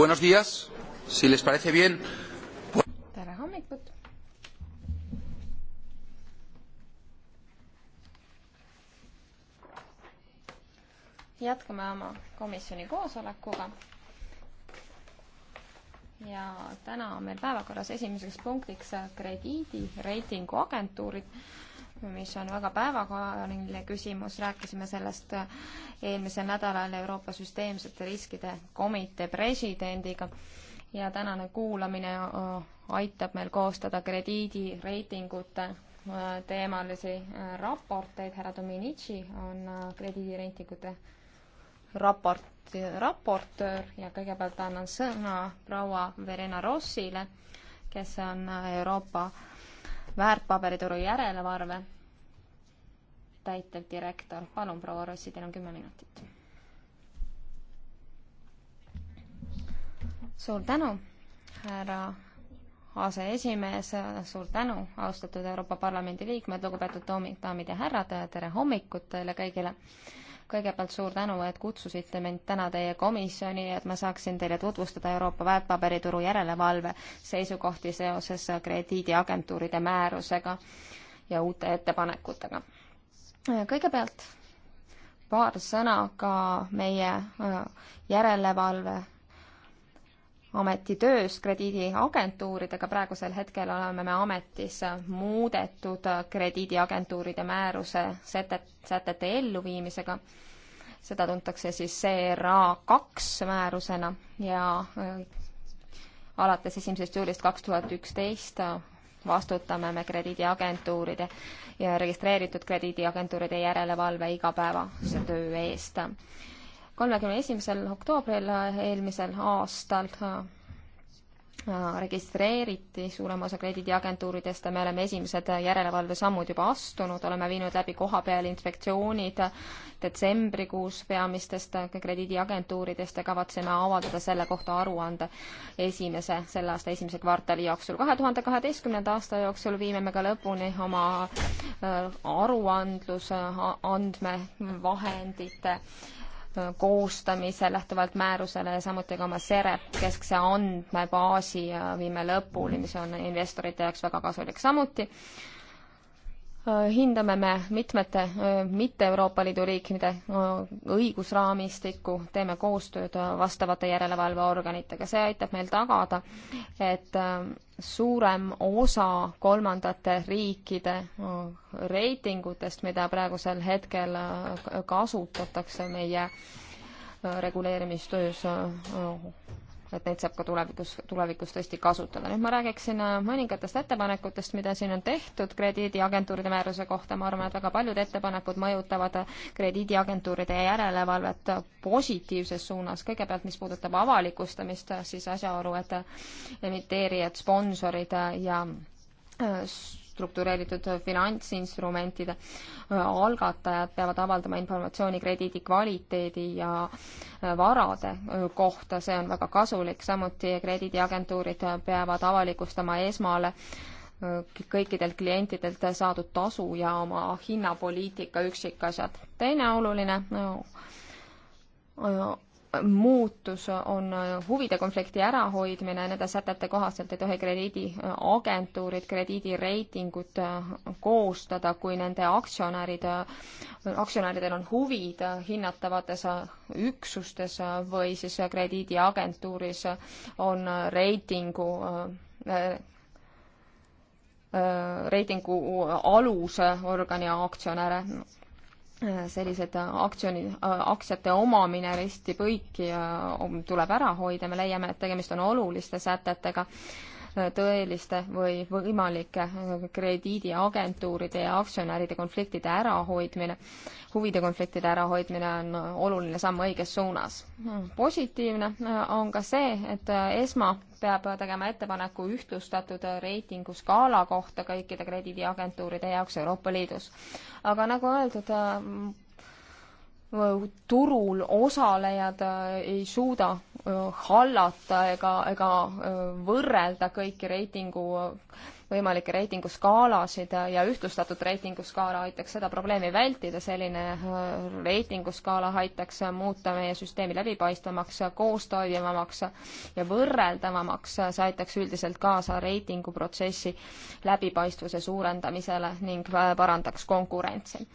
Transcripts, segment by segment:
Buenos días, si les parece bien. tere hommikut. jätkame oma komisjoni koosolekuga. ja täna on meil päevakorras esimeseks punktiks krediidireitinguagentuurid mis on väga päevakajaline küsimus, rääkisime sellest eelmisel nädalal Euroopa Süsteemsete Riskide Komitee presidendiga ja tänane kuulamine aitab meil koostada krediidireitingute teemalisi raporteid, härra Dominici on krediidireitingute raport, raportöör ja kõigepealt annan sõna proua Verena Rossile, kes on Euroopa väärtpaberituru järelevalve täitevdirektor, palun, proua Rossi, teil on kümme minutit. suur tänu, härra aseesimees, suur tänu, austatud Euroopa Parlamendi liikmed, lugupeetud daamid ja härrad, tere hommikut teile kõigile! kõigepealt suur tänu, et kutsusite mind täna teie komisjoni, et ma saaksin teile tutvustada Euroopa väärtpaberituru järelevalve seisukohti seoses krediidiagentuuride määrusega ja uute ettepanekutega. kõigepealt paar sõna ka meie äh, järelevalve ametitöös krediidiagentuuridega, praegusel hetkel oleme me ametis muudetud krediidiagentuuride määruse sätet, sätete elluviimisega. seda tuntakse siis CRA kaks määrusena ja äh, alates esimesest juulist kaks tuhat üksteist vastutame me krediidiagentuuride ja registreeritud krediidiagentuuride järelevalve igapäevase töö eest kolmekümne esimesel oktoobril äh, eelmisel aastal äh, äh, registreeriti suurema osa krediidiagentuuridest ja me oleme esimesed järelevalvesammud juba astunud, oleme viinud läbi kohapeal inspektsioonid detsembrikuus peamistest krediidiagentuuridest ja kavatseme avaldada selle kohta aruande esimese, selle aasta esimese kvartali jooksul. kahe tuhande kaheteistkümnenda aasta jooksul viime me ka lõpuni oma aruandluse andmevahendite äh, koostamise lähtuvalt määrusele ja samuti ka oma SEREP keskse andmebaasi viime lõpuni, mis on investorite jaoks väga kasulik. samuti Äh, hindame me mitmete äh, mitte Euroopa Liidu riikide äh, õigusraamistikku, teeme koostööd vastavate järelevalveorganitega, see aitab meil tagada, et suurem osa kolmandate riikide reitingutest, mida praegusel hetkel kasutatakse meie reguleerimistöös, et neid saab ka tulevikus, tulevikus tõesti kasutada. nüüd ma räägiksin äh, mõningatest ettepanekutest, mida siin on tehtud krediidiagentuuride määruse kohta, ma arvan, et väga paljud ettepanekud mõjutavad krediidiagentuuride järelevalvet positiivses suunas, kõigepealt mis puudutab avalikustamist, siis asjaolu, et emiteerijad, sponsorid ja äh, struktureeritud finantsinstrumentide äh, algatajad peavad avaldama informatsiooni krediidi kvaliteedi ja äh, varade äh, kohta, see on väga kasulik, samuti krediidiagentuurid peavad avalikustama esmale kõikidelt klientidelt saadud tasu ja oma hinnapoliitika üksikasjad. teine oluline no, muutus on huvide konflikti ärahoidmine, nende sätete kohaselt ei tohi krediidiagentuurid krediidireitingut koostada, kui nende aktsionärid, aktsionäridel on huvid hinnatavates üksustes või siis krediidiagentuuris on reitingu reitingu aluse organi aktsionäre sellised äh, aktsioni, äh, aktsiate omamine risti põiki um, tuleb ära hoida, me leiame, et tegemist on oluliste sätetega tõeliste või võimalike krediidiagentuuride ja aktsionäride konfliktide ärahoidmine, huvide konfliktide ärahoidmine on oluline samm õiges suunas. positiivne on ka see, et ESMA peab tegema ettepaneku ühtlustatud reitinguskaala kohta kõikide krediidiagentuuride jaoks Euroopa Liidus. aga nagu öeldud, äh, turul osalejad ei suuda hallata ega, ega äh, võrrelda kõiki reitingu võimalikke reitinguskaalasid ja ühtlustatud reitinguskaala aitaks seda probleemi vältida, selline äh, reitinguskaala aitaks muuta meie süsteemi läbipaistvamaks, koostoimivamaks ja võrreldavamaks, see aitaks üldiselt kaasa reitinguprotsessi läbipaistvuse suurendamisele ning äh, parandaks konkurentsi.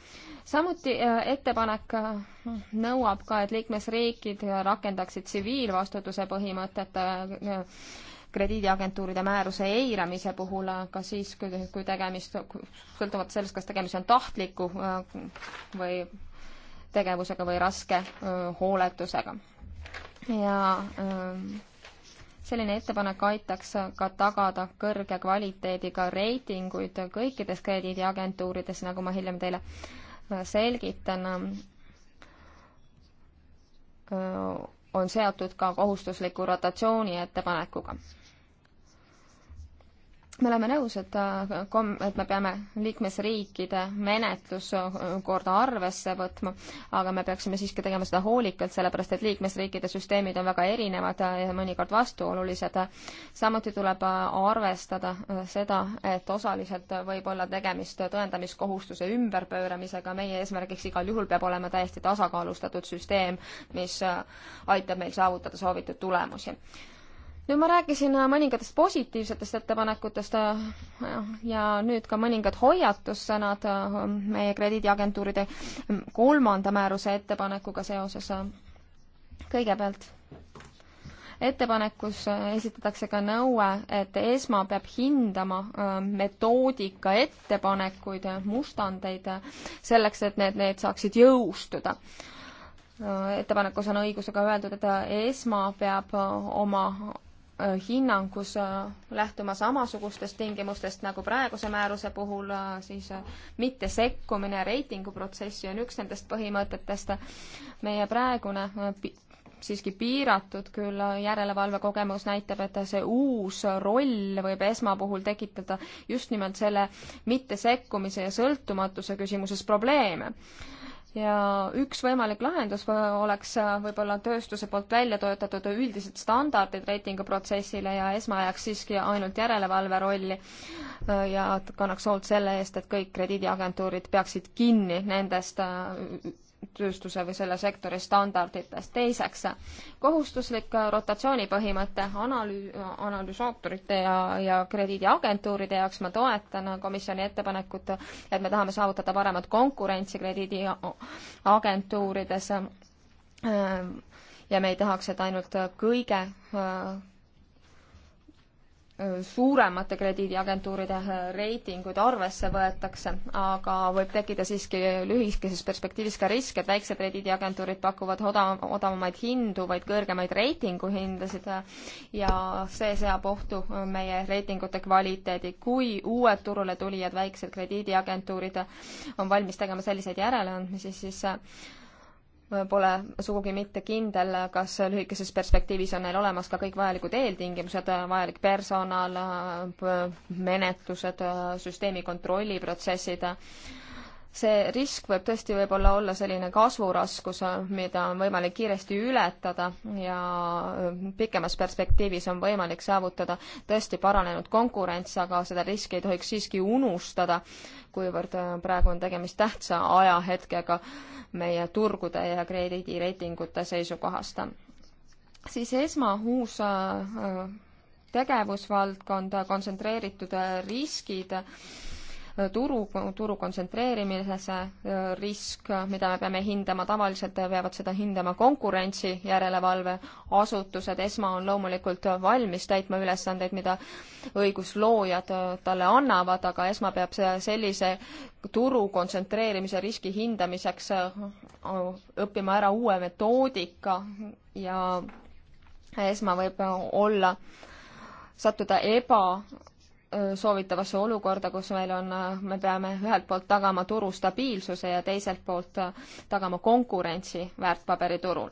samuti äh, ettepanek nõuab ka, et liikmesriigid rakendaksid tsiviilvastutuse põhimõtet krediidiagentuuride määruse eiramise puhul, ka siis, kui, kui tegemist, sõltumata sellest, kas tegemist on tahtliku äh, või tegevusega või raske äh, hooletusega. ja äh, selline ettepanek aitaks ka tagada kõrge kvaliteediga reitinguid kõikides krediidiagentuurides, nagu ma hiljem teile selgitan on seotud ka kohustusliku rotatsiooni ettepanekuga me oleme nõus, et äh, kom-, et me peame liikmesriikide menetluskorda arvesse võtma, aga me peaksime siiski tegema seda hoolikalt, sellepärast et liikmesriikide süsteemid on väga erinevad ja mõnikord vastuolulised. samuti tuleb äh, arvestada äh, seda, et osaliselt võib olla tegemist tõendamiskohustuse ümberpööramisega, meie eesmärgiks igal juhul peab olema täiesti tasakaalustatud süsteem, mis aitab meil saavutada soovitud tulemusi nüüd ma rääkisin äh, mõningatest positiivsetest ettepanekutest äh, ja nüüd ka mõningad hoiatussõnad äh, meie krediidiagentuuride kolmanda määruse ettepanekuga seoses. kõigepealt ettepanekus esitatakse ka nõue, et ESMA peab hindama metoodika ettepanekuid, mustandeid, selleks, et need, need saaksid jõustuda. ettepanekus on õigusega öeldud, et ESMA peab oma Äh, hinnangus äh, lähtuma samasugustest tingimustest nagu praeguse määruse puhul, äh, siis mitte sekkumine reitinguprotsessi on üks nendest põhimõtetest. meie praegune siiski piiratud, küll järelevalvekogemus näitab, et see uus roll võib esmapuhul tekitada just nimelt selle mittesekkumise ja sõltumatuse küsimuses probleeme ja üks võimalik lahendus oleks äh, võib-olla tööstuse poolt välja töötatud üldised standardid reitinguprotsessile ja esma ajaks siiski ainult järelevalve rolli äh, ja kannaks hoolt selle eest, et kõik krediidiagentuurid peaksid kinni nendest äh, tööstuse või selle sektori standarditest. teiseks, kohustuslik rotatsioonipõhimõte analüü-, analüsaatorite ja, ja krediidiagentuuride jaoks ma toetan komisjoni ettepanekut, et me tahame saavutada paremat konkurentsi krediidiagentuurides äh, ja me ei tahaks, et ainult kõige äh, suuremate krediidiagentuuride äh, reitinguid arvesse võetakse, aga võib tekkida siiski lühikeses perspektiivis ka risk, et väiksed krediidiagentuurid pakuvad odav, odavamaid hindu, vaid kõrgemaid reitinguhindasid äh, ja see seab ohtu äh, meie reitingute kvaliteedi. kui uued turule tulijad, väiksed krediidiagentuurid on valmis tegema selliseid järeleandmisi, siis pole sugugi mitte kindel, kas lühikeses perspektiivis on neil olemas ka kõik vajalikud eeltingimused, vajalik personal, menetlused, süsteemi kontrolliprotsessid see risk võib tõesti võib-olla olla selline kasvuraskus, mida on võimalik kiiresti ületada ja pikemas perspektiivis on võimalik saavutada tõesti paranenud konkurents, aga seda riski ei tohiks siiski unustada, kuivõrd äh, praegu on tegemist tähtsa ajahetkega meie turgude ja krediidireitingute seisukohast. siis esma uus äh, äh, tegevusvaldkond, kontsentreeritud riskid turu, turu kontsentreerimise äh, risk, mida me peame hindama, tavaliselt peavad seda hindama konkurentsi järelevalveasutused, ESMA on loomulikult valmis täitma ülesandeid, mida õigusloojad äh, talle annavad, aga ESMA peab sellise turu kontsentreerimise riski hindamiseks äh, õppima ära uue metoodika ja ESMA võib olla sattuda eba soovitavasse olukorda, kus meil on, me peame ühelt poolt tagama turu stabiilsuse ja teiselt poolt tagama konkurentsi väärtpaberiturul.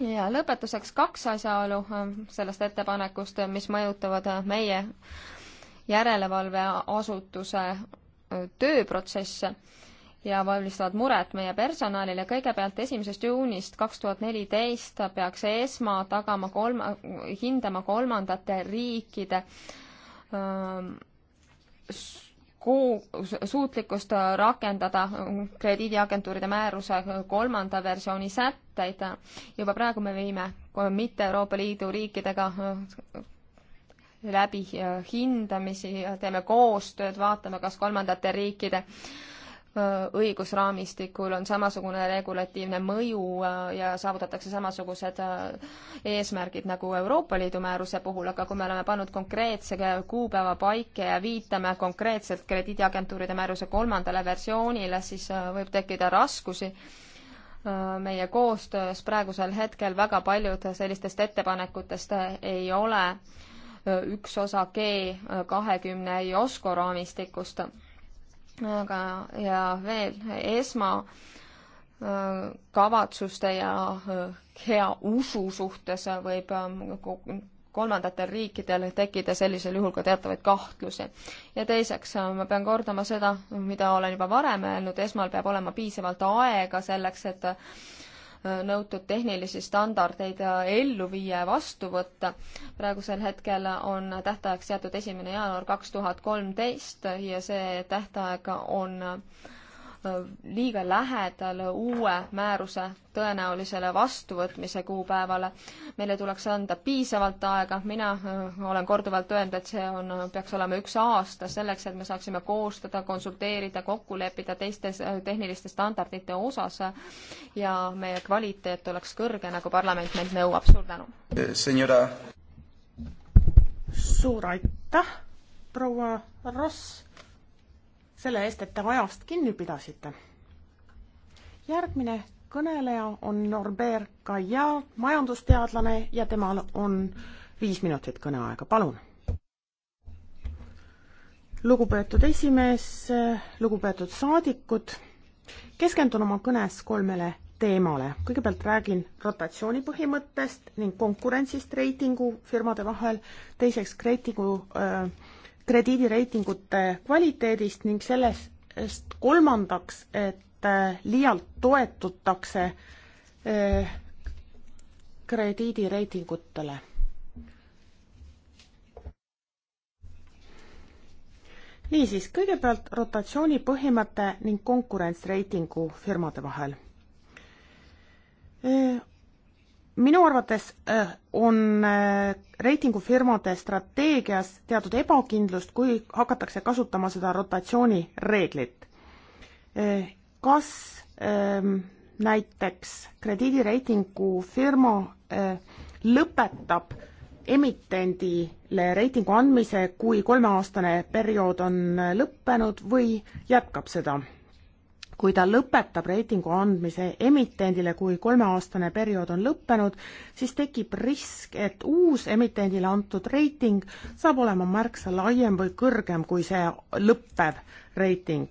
ja lõpetuseks kaks asjaolu sellest ettepanekust, mis mõjutavad meie järelevalveasutuse tööprotsesse ja valmistavad muret meie personalile. kõigepealt esimesest juunist kaks tuhat neliteist peaks ESMA tagama kolm, hindama kolmandate riikide äh, Ähm, suutlikkust rakendada krediidiagentuuride määruse kolmanda versiooni sätteid. juba praegu me viime mitte Euroopa Liidu riikidega äh, läbi äh, hindamisi, teeme koostööd, vaatame, kas kolmandate riikide äh, Äh, õigusraamistikul on samasugune regulatiivne mõju äh, ja saavutatakse samasugused äh, eesmärgid nagu Euroopa Liidu määruse puhul, aga kui me oleme pannud konkreetse kuupäeva paika ja viitame konkreetselt krediidiagentuuride määruse kolmandale versioonile, siis võib tekkida raskusi meie koostöös praegusel hetkel väga paljud sellistest ettepanekutest ei ole üks osa G kahekümne ei oska raamistikust aga, ja veel esma äh, kavatsuste ja äh, hea usu suhtes võib ähm, kolmandatel riikidel tekkida sellisel juhul ka teatavaid kahtlusi. ja teiseks, äh, ma pean kordama seda, mida olen juba varem öelnud, esmal peab olema piisavalt aega selleks, et nõutud tehnilisi standardeid ellu viia ja vastu võtta. praegusel hetkel on tähtajaks seatud esimene jaanuar kaks tuhat kolmteist ja see tähtaeg on liiga lähedal uue määruse tõenäolisele vastuvõtmise kuupäevale. meile tuleks anda piisavalt aega, mina äh, olen korduvalt öelnud, et see on, äh, peaks olema üks aasta selleks, et me saaksime koostada, konsulteerida, kokku leppida teiste äh, tehniliste standardite osas ja meie kvaliteet oleks kõrge, nagu parlament meilt nõuab. suur tänu! Eh, Senora. suur aitäh, proua Ross selle eest, et te ajast kinni pidasite. järgmine kõneleja on Norbert Gaillard, majandusteadlane ja temal on viis minutit kõneaega, palun. lugupeetud esimees, lugupeetud saadikud, keskendun oma kõnes kolmele teemale. kõigepealt räägin rotatsiooni põhimõttest ning konkurentsist reitingufirmade vahel, teiseks reitingu öö, äh, krediidireitingute kvaliteedist ning sellest kolmandaks, et äh, liialt toetutakse äh, krediidireitingutele. niisiis, kõigepealt rotatsiooni põhimõte ning konkurents reitingufirmade vahel äh, minu arvates äh, on äh, reitingufirmade strateegias teatud ebakindlust, kui hakatakse kasutama seda rotatsioonireeglit. Äh, kas ähm, näiteks krediidireitingufirma lõpetab emitendile reitingu andmise, kui kolmeaastane periood on lõppenud või jätkab seda? kui ta lõpetab reitingu andmise emitendile, kui kolmeaastane periood on lõppenud, siis tekib risk, et uus emitendile antud reiting saab olema märksa laiem või kõrgem kui see lõppev reiting.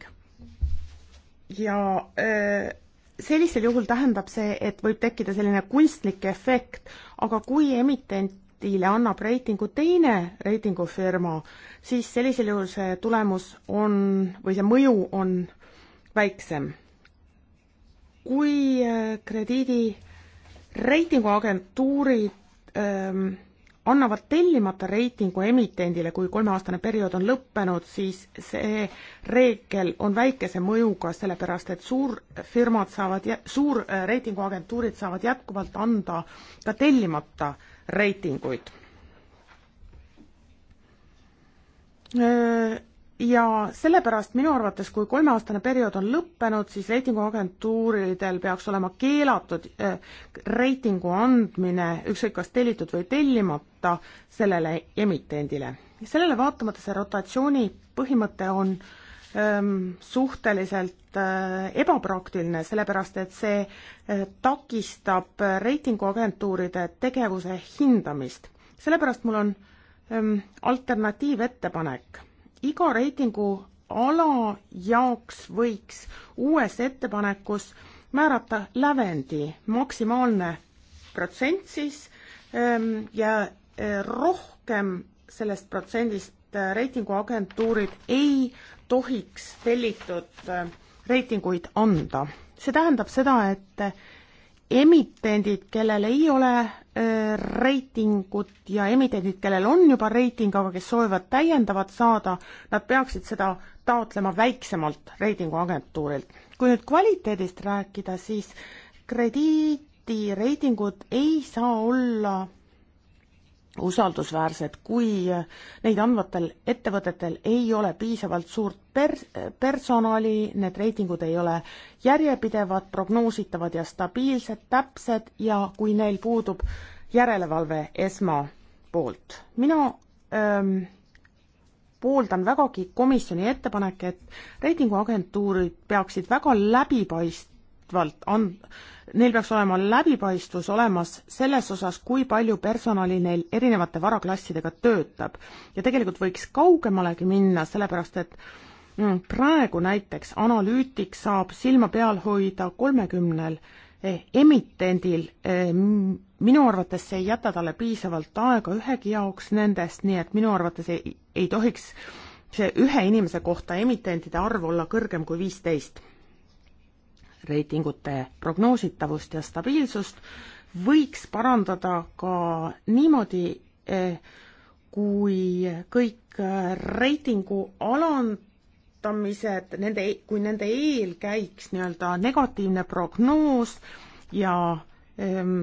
ja öö, äh, sellisel juhul tähendab see, et võib tekkida selline kunstlik efekt, aga kui emitent projektile annab reitingu teine reitingufirma, siis sellisel juhul see tulemus on või see mõju on väiksem. kui äh, krediidi reitinguagentuurid ähm, annavad tellimata reitingu emitendile, kui kolmeaastane periood on lõppenud, siis see reegel on väikese mõjuga, sellepärast et suurfirmad saavad, suur äh, reitinguagentuurid saavad jätkuvalt anda ka tellimata reitinguid. Äh, ja sellepärast minu arvates, kui kolmeaastane periood on lõppenud, siis reitinguagentuuridel peaks olema keelatud eh, reitingu andmine, ükskõik kas tellitud või tellimata, sellele emitendile. sellele vaatamata see rotatsiooni põhimõte on ähm, suhteliselt äh, ebapraktiline, sellepärast et see äh, takistab reitinguagentuuride tegevuse hindamist. sellepärast mul on ähm, alternatiivettepanek iga reitingu ala jaoks võiks uues ettepanekus määrata lävendi maksimaalne protsent siis ähm, ja äh, rohkem sellest protsendist äh, reitinguagentuurid ei tohiks tellitud äh, reitinguid anda. see tähendab seda, et emitendid, kellel ei ole reitingut ja emitendid, kellel on juba reiting, aga kes soovivad täiendavat saada, nad peaksid seda taotlema väiksemalt reitinguagentuurilt. kui nüüd kvaliteedist rääkida, siis krediidireitingud ei saa olla usaldusväärsed, kui eh, neid andvatel ettevõtetel ei ole piisavalt suurt per-, eh, personali, need reitingud ei ole järjepidevad, prognoositavad ja stabiilsed, täpsed ja kui neil puudub järelevalve esma poolt. mina öö, ehm, pooldan vägagi komisjoni ettepanek, et reitinguagentuurid peaksid väga läbipaist-, jätkuvalt and-, neil peaks olema läbipaistvus olemas selles osas, kui palju personali neil erinevate varaklassidega töötab. ja tegelikult võiks kaugemalegi minna, sellepärast et mm, praegu näiteks analüütik saab silma peal hoida kolmekümnel eh, emitendil, eh, minu arvates see ei jäta talle piisavalt aega ühegi jaoks nendest, nii et minu arvates ei, ei tohiks see ühe inimese kohta emitendide arv olla kõrgem kui viisteist reitingute prognoositavust ja stabiilsust võiks parandada ka niimoodi, eh, kui kõik reitingu alandamised, nende, e-, kui nende eel käiks nii-öelda negatiivne prognoos ja ähm,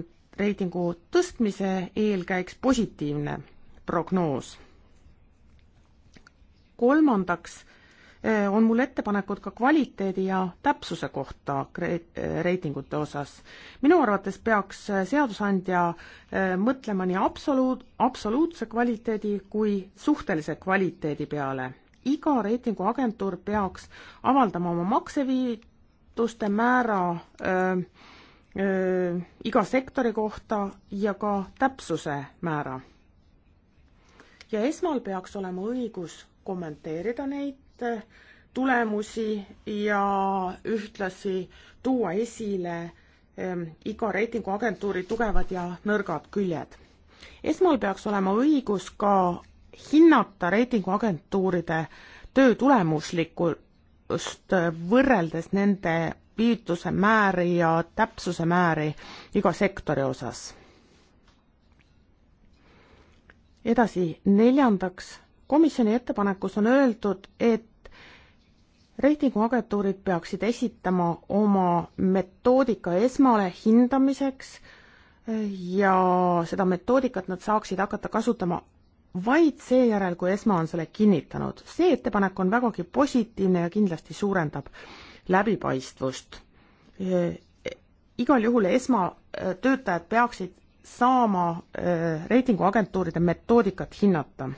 reitingu tõstmise eel käiks positiivne prognoos. kolmandaks Äh, on mul ettepanekud ka kvaliteedi ja täpsuse kohta äh, reitingute osas. minu arvates peaks äh, seadusandja mõtlema nii absoluut, absoluutse kvaliteedi kui suhtelise kvaliteedi peale. iga reitinguagentuur peaks avaldama oma makseviituste määra öö, öö, iga sektori kohta ja ka täpsuse määra. ja esmal peaks olema õigus kommenteerida neid teste, tulemusi ja ühtlasi tuua esile ehm, iga reitinguagentuuri tugevad ja nõrgad küljed. esmal peaks olema õigus ka hinnata reitinguagentuuride töö tulemuslikkust võrreldes nende piirituse määri ja täpsuse määri iga sektori osas. edasi, neljandaks komisjoni ettepanekus on öeldud, et reitinguagentuurid peaksid esitama oma metoodika esmale hindamiseks ja seda metoodikat nad saaksid hakata kasutama vaid seejärel, kui ESMA on selle kinnitanud. see ettepanek on vägagi positiivne ja kindlasti suurendab läbipaistvust. E, e, igal juhul ESMA e, töötajad peaksid saama reitinguagentuuride metoodikat hinnata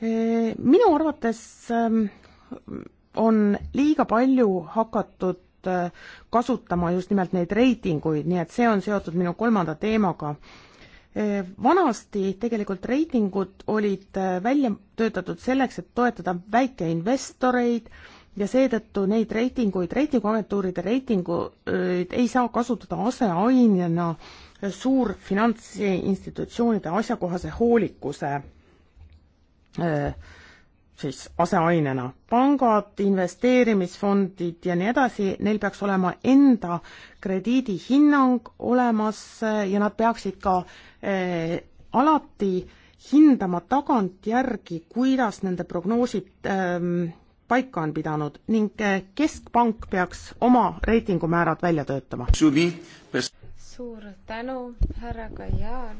minu arvates ähm, on liiga palju hakatud äh, kasutama just nimelt neid reitinguid, nii et see on seotud minu kolmanda teemaga. Äh, vanasti tegelikult reitingud olid äh, välja töötatud selleks, et toetada väikeinvestoreid ja seetõttu neid reitinguid, reitinguagentuuride reitinguid ei saa kasutada aseainena suurfinantsinstitutsioonide asjakohase hoolikuse siis aseainena. pangad, investeerimisfondid ja nii edasi, neil peaks olema enda krediidihinnang olemas ja nad peaksid ka alati hindama tagantjärgi, kuidas nende prognoosid ähm, paika on pidanud ning Keskpank peaks oma reitingumäärad välja töötama. suur tänu, härra Kajar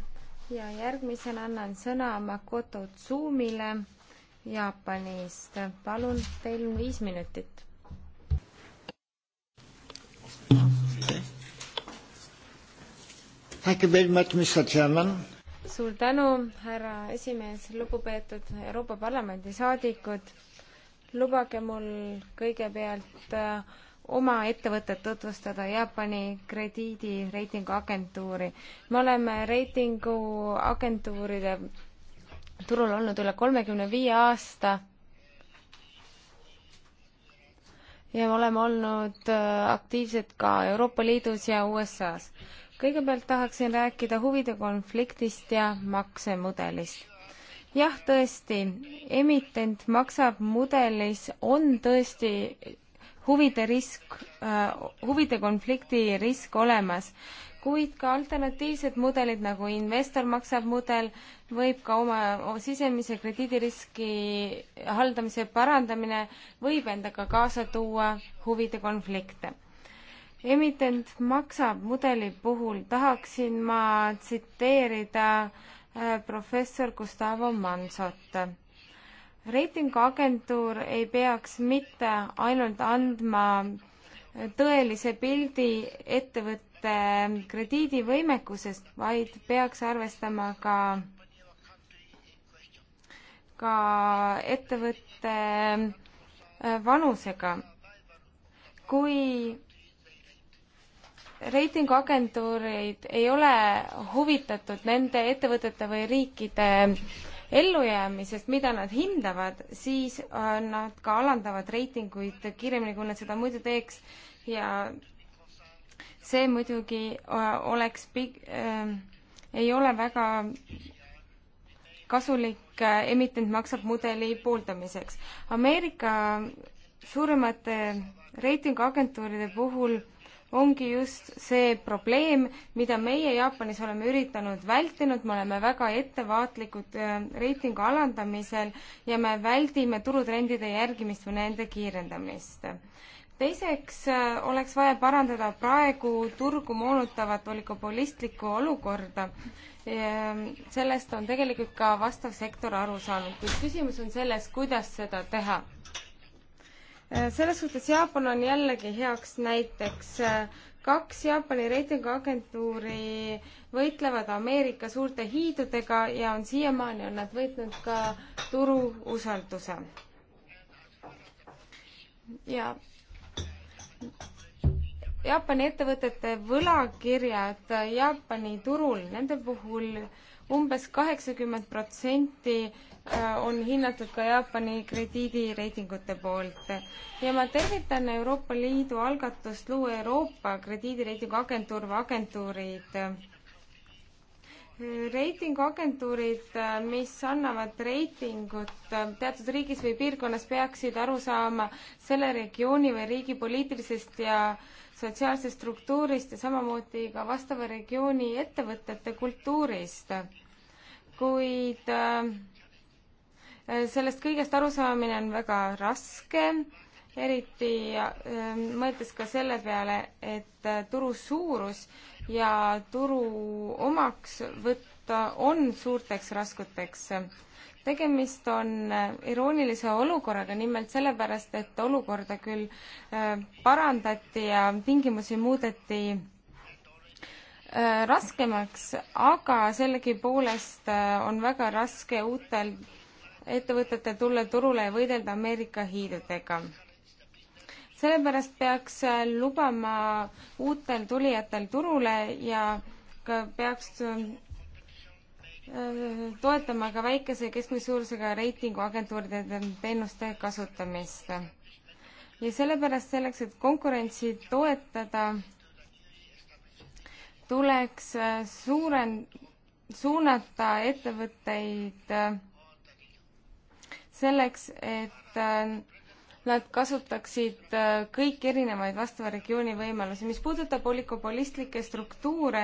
ja järgmisena annan sõna Makoto Tsumile Jaapanist. palun, teil on viis minutit. suur tänu, härra esimees, lugupeetud Euroopa Parlamendi saadikud. lubage mul kõigepealt äh, oma ettevõtet tutvustada Jaapani krediidireitinguagentuuri. me oleme reitinguagentuuride turul olnud üle kolmekümne viie aasta ja me oleme olnud äh, aktiivsed ka Euroopa Liidus ja USA-s. kõigepealt tahaksin rääkida huvide konfliktist ja maksemudelist. jah, tõesti, emitent maksab mudelis on tõesti huvide risk, äh, huvide konflikti risk olemas, kuid ka alternatiivsed mudelid nagu investor maksab mudel võib ka oma sisemise krediidiriski haldamise parandamine võib endaga kaasa tuua huvide konflikte. emitent maksab mudeli puhul tahaksin ma tsiteerida äh, professor Gustavo Mansot reitinguagentuur ei peaks mitte ainult andma tõelise pildi ettevõtte krediidivõimekusest, vaid peaks arvestama ka, ka ettevõtte äh, vanusega. kui reitinguagentuurid ei ole huvitatud nende ettevõtete või riikide ellujäämisest, mida nad hindavad, siis äh, nad ka alandavad reitinguid kiiremini, kui nad seda muidu teeks ja see muidugi äh, oleks pig- äh,, ei ole väga kasulik äh, emitent maksab mudeli pooldamiseks. Ameerika suuremate reitinguagentuuride puhul äh, ongi just see probleem, mida meie Jaapanis oleme üritanud vältinud, me oleme väga ettevaatlikud äh, reitingu alandamisel ja me väldime turutrendide järgimist või nende kiirendamist. teiseks äh, oleks vaja parandada praegu turgu moonutavat oligopolistlikku olukorda. sellest on tegelikult ka vastav sektor aru saanud, kuid küsimus on selles, kuidas seda teha Äh, selles suhtes Jaapan on jällegi heaks näiteks. Äh, kaks Jaapani reitinguagentuuri võitlevad Ameerika suurte hiidudega ja on siiamaani on nad võitnud ka turu usalduse. ja Jaapani ettevõtete võlakirjad Jaapani turul, nende puhul äh, umbes kaheksakümmend protsenti äh, on hinnatud ka Jaapani krediidireitingute poolt. ja ma tervitan Euroopa Liidu algatust luua Euroopa krediidireitingu agentuur või agentuurid. reitinguagentuurid, äh, mis annavad reitingut äh, teatud riigis või piirkonnas, peaksid aru saama selle regiooni või riigi poliitilisest ja äh, sotsiaalsest struktuurist ja samamoodi ka vastava regiooni ettevõtete kultuurist. kuid äh, sellest kõigest arusaamine on väga raske, eriti äh, mõeldes ka selle peale, et äh, turu suurus ja turu omaks võtta on suurteks raskuteks tegemist on äh, iroonilise olukorraga, nimelt sellepärast, et olukorda küll äh, parandati ja tingimusi muudeti äh, raskemaks, aga sellegipoolest on väga raske uutel ettevõtetel tulla turule ja võidelda Ameerika hiidudega sellepärast peaks lubama uutel tulijatel turule ja ka peaks toetama ka väikese ja keskmise suurusega reitinguagentuuride teenuste kasutamist. ja sellepärast selleks, et konkurentsi toetada, tuleks äh, suuren-, suunata ettevõtteid äh, selleks, et äh, nad kasutaksid äh, kõiki erinevaid vastava regiooni võimalusi. mis puudutab oligopolistlikke struktuure,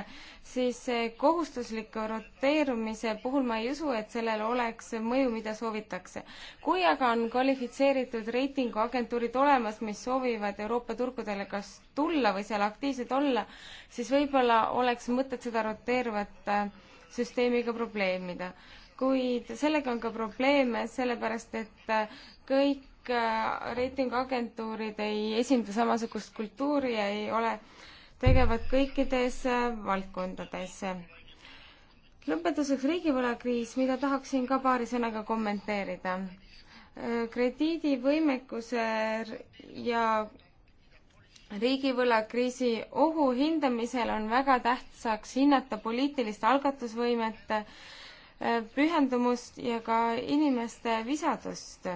siis kohustusliku roteerumise puhul ma ei usu, et sellel oleks mõju, mida soovitakse. kui aga on kvalifitseeritud reitinguagentuurid olemas, mis soovivad Euroopa turgudele kas tulla või seal aktiivsed olla, siis võib-olla oleks mõtet seda roteeruvat äh, süsteemiga probleemida kuid sellega on ka probleeme, sellepärast et äh, kõik kõik äh, reitinguagentuurid ei esinda samasugust kultuuri ja ei ole tegevad kõikides äh, valdkondades. lõpetuseks riigivõlakriis, mida tahaksin ka paari sõnaga kommenteerida. Äh, krediidivõimekuse ja riigivõlakriisi ohu hindamisel on väga tähtsaks hinnata poliitilist algatusvõimet, pühendumust ja ka inimeste visadust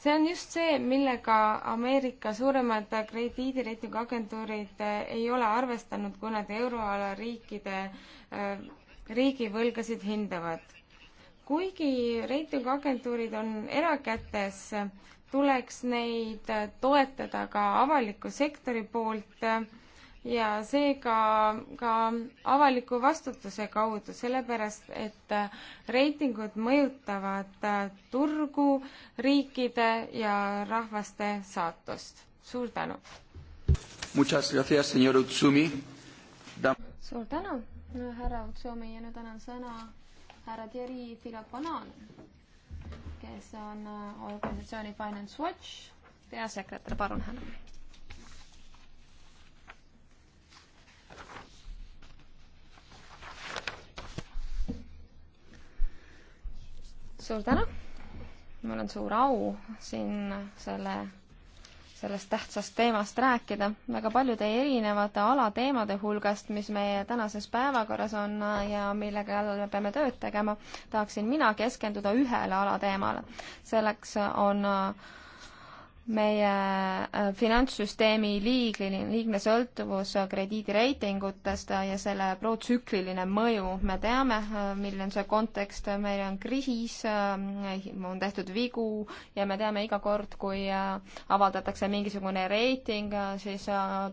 see on just see, millega Ameerika suuremad krediidireitingu agentuurid äh, ei ole arvestanud, kui nad euroala riikide äh, riigivõlgasid hindavad. kuigi reitinguagentuurid on erakätes, äh, tuleks neid toetada ka avaliku sektori poolt ja seega ka avaliku vastutuse kaudu, sellepärast et reitingud mõjutavad turgu, riikide ja rahvaste saatust. suur tänu! suur tänu, härra Utsumi ja nüüd annan sõna härra Thierry Filoponon, kes on äh, organisatsiooni Finance Watch peasekretär, palun härra. suur tänu! mul on suur au siin selle, sellest tähtsast teemast rääkida. väga paljude erinevate alateemade hulgast, mis meie tänases päevakorras on ja mille kallal me peame tööd tegema, tahaksin mina keskenduda ühele alateemale. selleks on äh, meie äh, finantssüsteemi liigline, liigne sõltuvus krediidireitingutest ja selle protsükliline mõju. me teame, äh, milline on see kontekst, meil on kriis, äh, on tehtud vigu ja me teame iga kord, kui avaldatakse mingisugune reiting, siis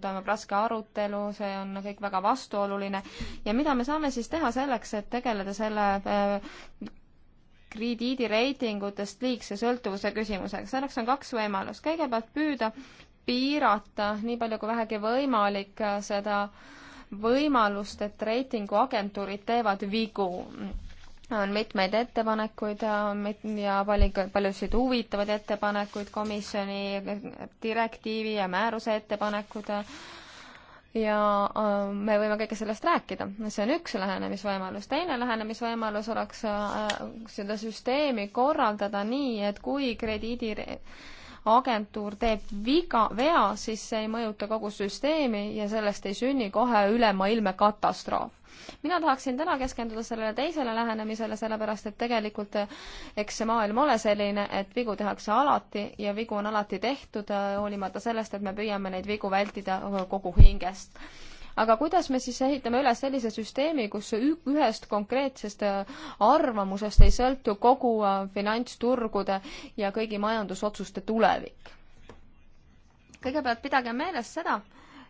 toimub raske arutelu, see on kõik väga vastuoluline. ja mida me saame siis teha selleks, et tegeleda selle krediidireitingutest liigse sõltuvuse küsimusega. selleks on kaks võimalust. kõigepealt püüda piirata nii palju kui vähegi võimalik seda võimalust, et reitinguagentuurid teevad vigu. on mitmeid ettepanekuid ja palju, paljusid huvitavaid ettepanekuid, komisjoni direktiivi ja määruse ettepanekud ja äh, me võime kõike sellest rääkida. see on üks lähenemisvõimalus. teine lähenemisvõimalus oleks äh, seda süsteemi korraldada nii, et kui krediidi agentuur teeb viga, vea, siis see ei mõjuta kogu süsteemi ja sellest ei sünni kohe ülemaailmne katastroof. mina tahaksin täna keskenduda sellele teisele lähenemisele, sellepärast et tegelikult eh, eks see maailm ole selline, et vigu tehakse alati ja vigu on alati tehtud, eh, hoolimata sellest, et me püüame neid vigu vältida eh, kogu hingest aga kuidas me siis ehitame üles sellise süsteemi, kus ühest konkreetsest äh, arvamusest ei sõltu kogu äh, finantsturgude ja kõigi majandusotsuste tulevik? kõigepealt pidage meeles seda,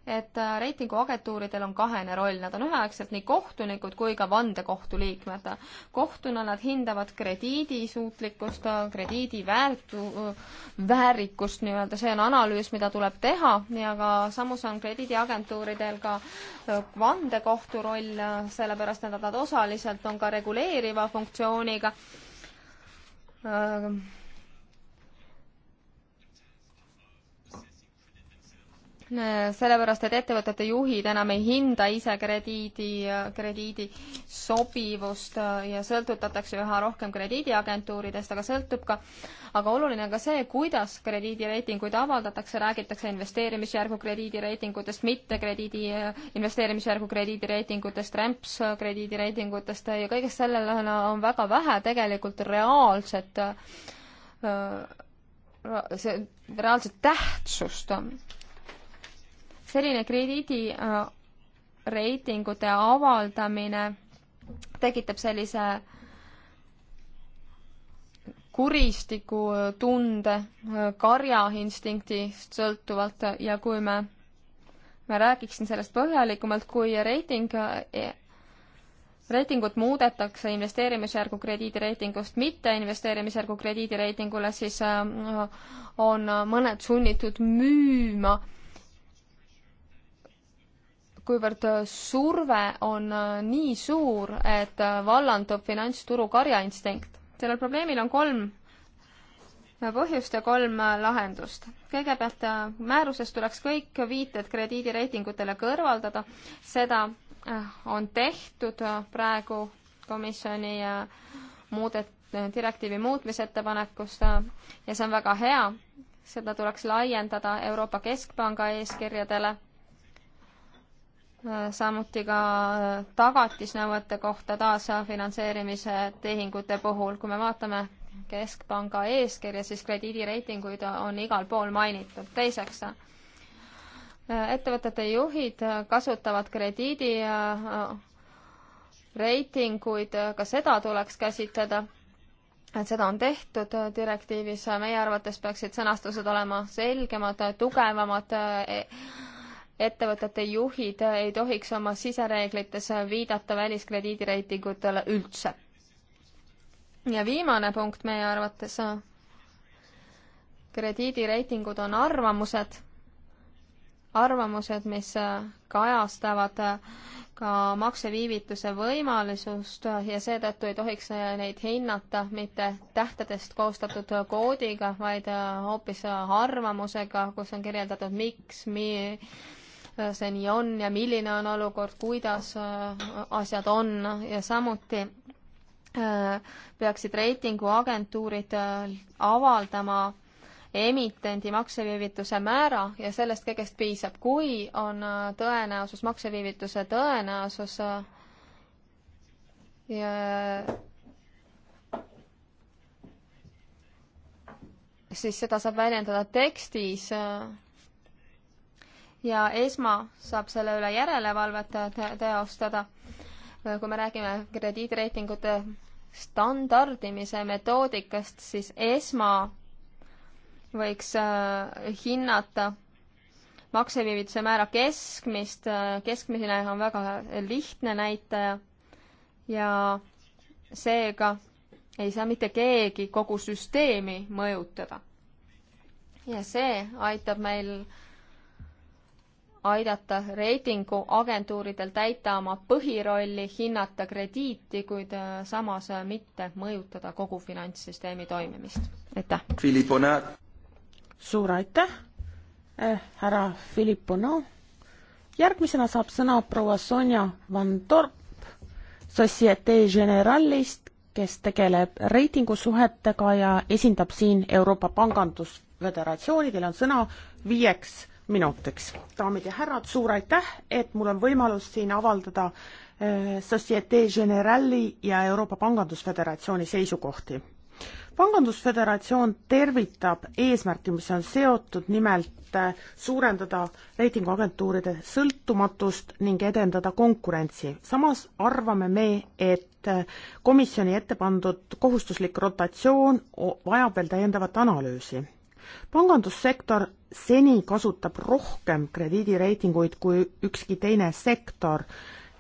et äh, reitinguagentuuridel on kahene roll, nad on üheaegselt nii kohtunikud kui ka vandekohtu liikmed. kohtuna nad hindavad krediidisuutlikkust, krediidi väärtu-, väärikust nii-öelda, see on analüüs, mida tuleb teha ja ka samus on krediidiagentuuridel ka äh, vandekohtu roll, sellepärast et nad osaliselt on ka reguleeriva funktsiooniga äh, sellepärast, et ettevõtete juhid enam ei hinda ise krediidi, krediidi sobivust äh, ja sõltutatakse üha rohkem krediidiagentuuridest, aga sõltub ka, aga oluline on ka see, kuidas krediidireitinguid avaldatakse, räägitakse investeerimisjärgu krediidireitingutest, mitte krediidi, äh, investeerimisjärgu krediidireitingutest, rämps äh, krediidireitingutest ja kõigest sellele on väga vähe tegelikult reaalset see reaalset tähtsust selline krediidireitingute äh, avaldamine tekitab sellise kuristiku äh, tunde äh, karjainstinktiist sõltuvalt ja kui me, ma räägiksin sellest põhjalikumalt, kui reiting, reitingut muudetakse investeerimisjärgu krediidireitingust mitte investeerimisjärgu krediidireitingule, siis on mõned sunnitud müüma äh, kuivõrd äh, surve on äh, nii suur, et äh, vallandub finantsturu karjainstinkt. sellel probleemil on kolm põhjust ja kolm lahendust. kõigepealt määruses tuleks kõik viited krediidireitingutele kõrvaldada, seda on tehtud praegu komisjoni muudet-, direktiivi muutmisettepanekust ja see on väga hea, seda tuleks laiendada Euroopa Keskpanga eeskirjadele Äh, samuti ka äh, tagatisnõuete kohta taasfinantseerimise tehingute puhul, kui me vaatame keskpanga eeskirja, siis krediidireitinguid on igal pool mainitud. teiseks, äh, ettevõtete juhid kasutavad krediidireitinguid, ka seda tuleks käsitleda, et seda on tehtud direktiivis, meie arvates peaksid sõnastused olema selgemad, tugevamad ettevõtete juhid ei tohiks oma sisereeglites viidata väliskrediidireitingutele üldse. ja viimane punkt meie arvates, krediidireitingud on arvamused, arvamused, mis kajastavad ka makseviivituse võimalisust ja seetõttu ei tohiks neid hinnata mitte tähtedest koostatud koodiga, vaid hoopis arvamusega, kus on kirjeldatud, miks, mi-, see nii on ja milline on olukord, kuidas äh, asjad on ja samuti äh, peaksid reitinguagentuurid äh, avaldama emitendi makseviivituse määra ja sellest kõigest piisab, kui on tõenäosus, makseviivituse tõenäosus ja siis seda saab väljendada tekstis ja ESMA saab selle üle järelevalvet teostada. kui me räägime krediidireitingute standardimise metoodikast, siis ESMA võiks äh, hinnata makseviivituse määra keskmist, äh, keskmine on väga lihtne näitaja ja seega ei saa mitte keegi kogu süsteemi mõjutada. ja see aitab meil äh, aidata reitinguagentuuridel täita oma põhirolli, hinnata krediiti, kuid äh, samas äh, mitte mõjutada kogu finantssüsteemi toimimist. aitäh! suur aitäh eh,, härra Filippono! järgmisena saab sõna proua Sonja Van Torp Societe Generalist, kes tegeleb reitingusuhetega ja esindab siin Euroopa Pangandusföderatsiooni, teil on sõna viieks minutiks. daamid ja härrad, suur aitäh, et mul on võimalus siin avaldada eh, Societe Generali ja Euroopa Pangandusföderatsiooni seisukohti. pangandusföderatsioon tervitab eesmärki, mis on seotud nimelt eh, suurendada reitinguagentuuride sõltumatust ning edendada konkurentsi. samas arvame me, et eh, komisjoni ette pandud kohustuslik rotatsioon vajab veel täiendavat analüüsi pangandussektor seni kasutab rohkem krediidireitinguid kui ükski teine sektor,